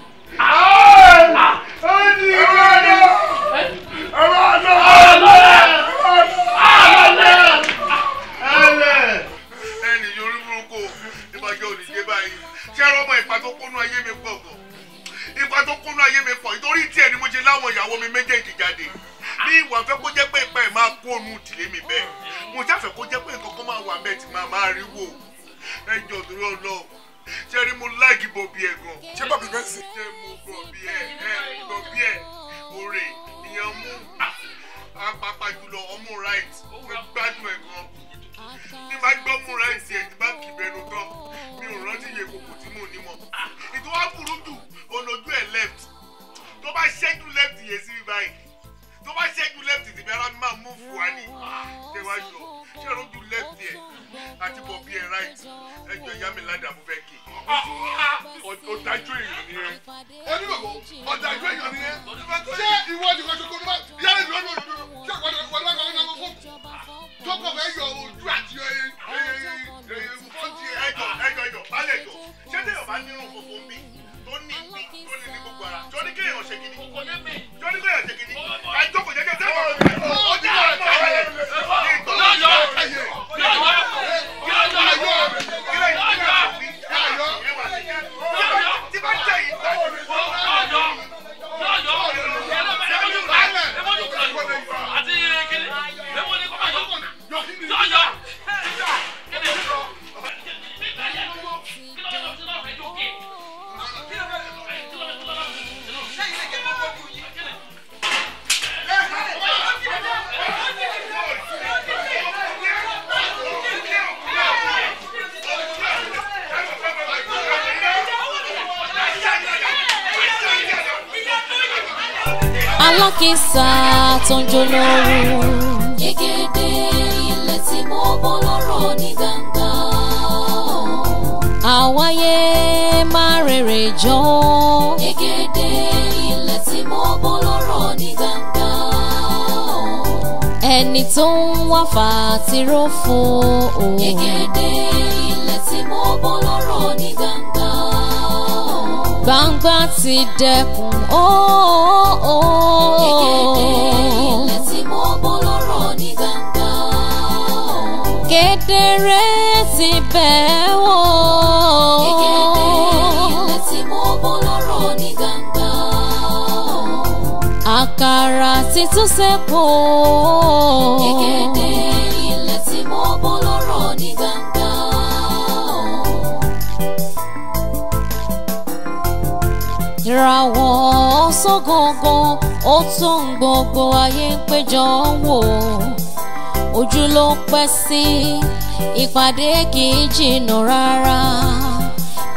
bá nínú òfò ń bì tó ní ìgbín tó ní ní gbogbo ara jọ ní kéèyàn ṣe kíní jọ ní kéèyàn ṣe kíní ẹjọ́ kò jẹ́jẹ́ sẹ́wọ̀n. alákìsà tó ń jó lóru. Gègédé ilẹ̀ tí mo bọ́ lọ́rọ̀ ní gbangba. Àwáyé máa rèrè jọ. Gègédé ilẹ̀ tí mo bọ́ lọ́rọ̀ ní gbangba. Ẹni tó ń wá fàtíró fún òun. Gègédé ilẹ̀ tí mo bọ́ lọ́rọ̀ ní gbangba bá ti dẹkùn ó ó. Gègé ilẹ̀ tí mo bọ́ lọ́rọ̀ ní gbangba. Kedere ti bẹ̀ wò. Gègé tí mo bọ́ lọ́rọ̀ ní gbangba. Àkàrà ti tún sẹ́kọ̀ọ́. Gègé. ìràwọ̀ sogogo gangan ó tó ń gbogbo ayé ń péjọ ń wò ojú ló pẹ́ sí ìpàdé kì í jìnnà rárá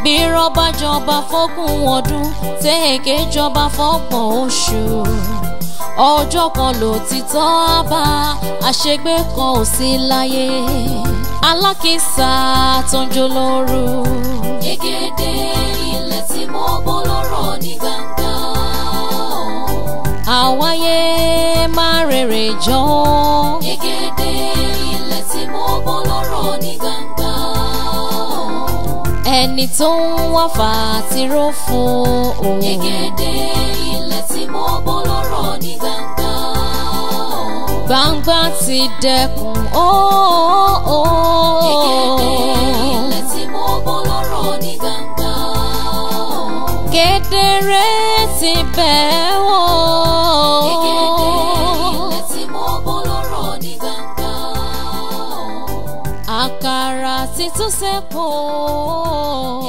bí rọ́bà jọba fọ́gùn ọdún tẹ́ẹ̀kẹ́ jọba fọ́gbọ̀n oṣù ọjọ́ kan lòtítọ́ kan ò sí láyé alákìsà tó ń rere jọ. Gègédé ilẹ̀ tí mo bọ́ lọ́rọ̀ ní gbangba. Ẹni tó ń wá fàtíró fún òun. Gègédé ilẹ̀ tí mo bọ́ lọ́rọ̀ ní gbangba. Gbangba ti dẹkùn óóó. Gègédé ilẹ̀ tí mo bọ́ lọ́rọ̀ ní gbangba. Kedere ti bẹ́ẹ̀. simple.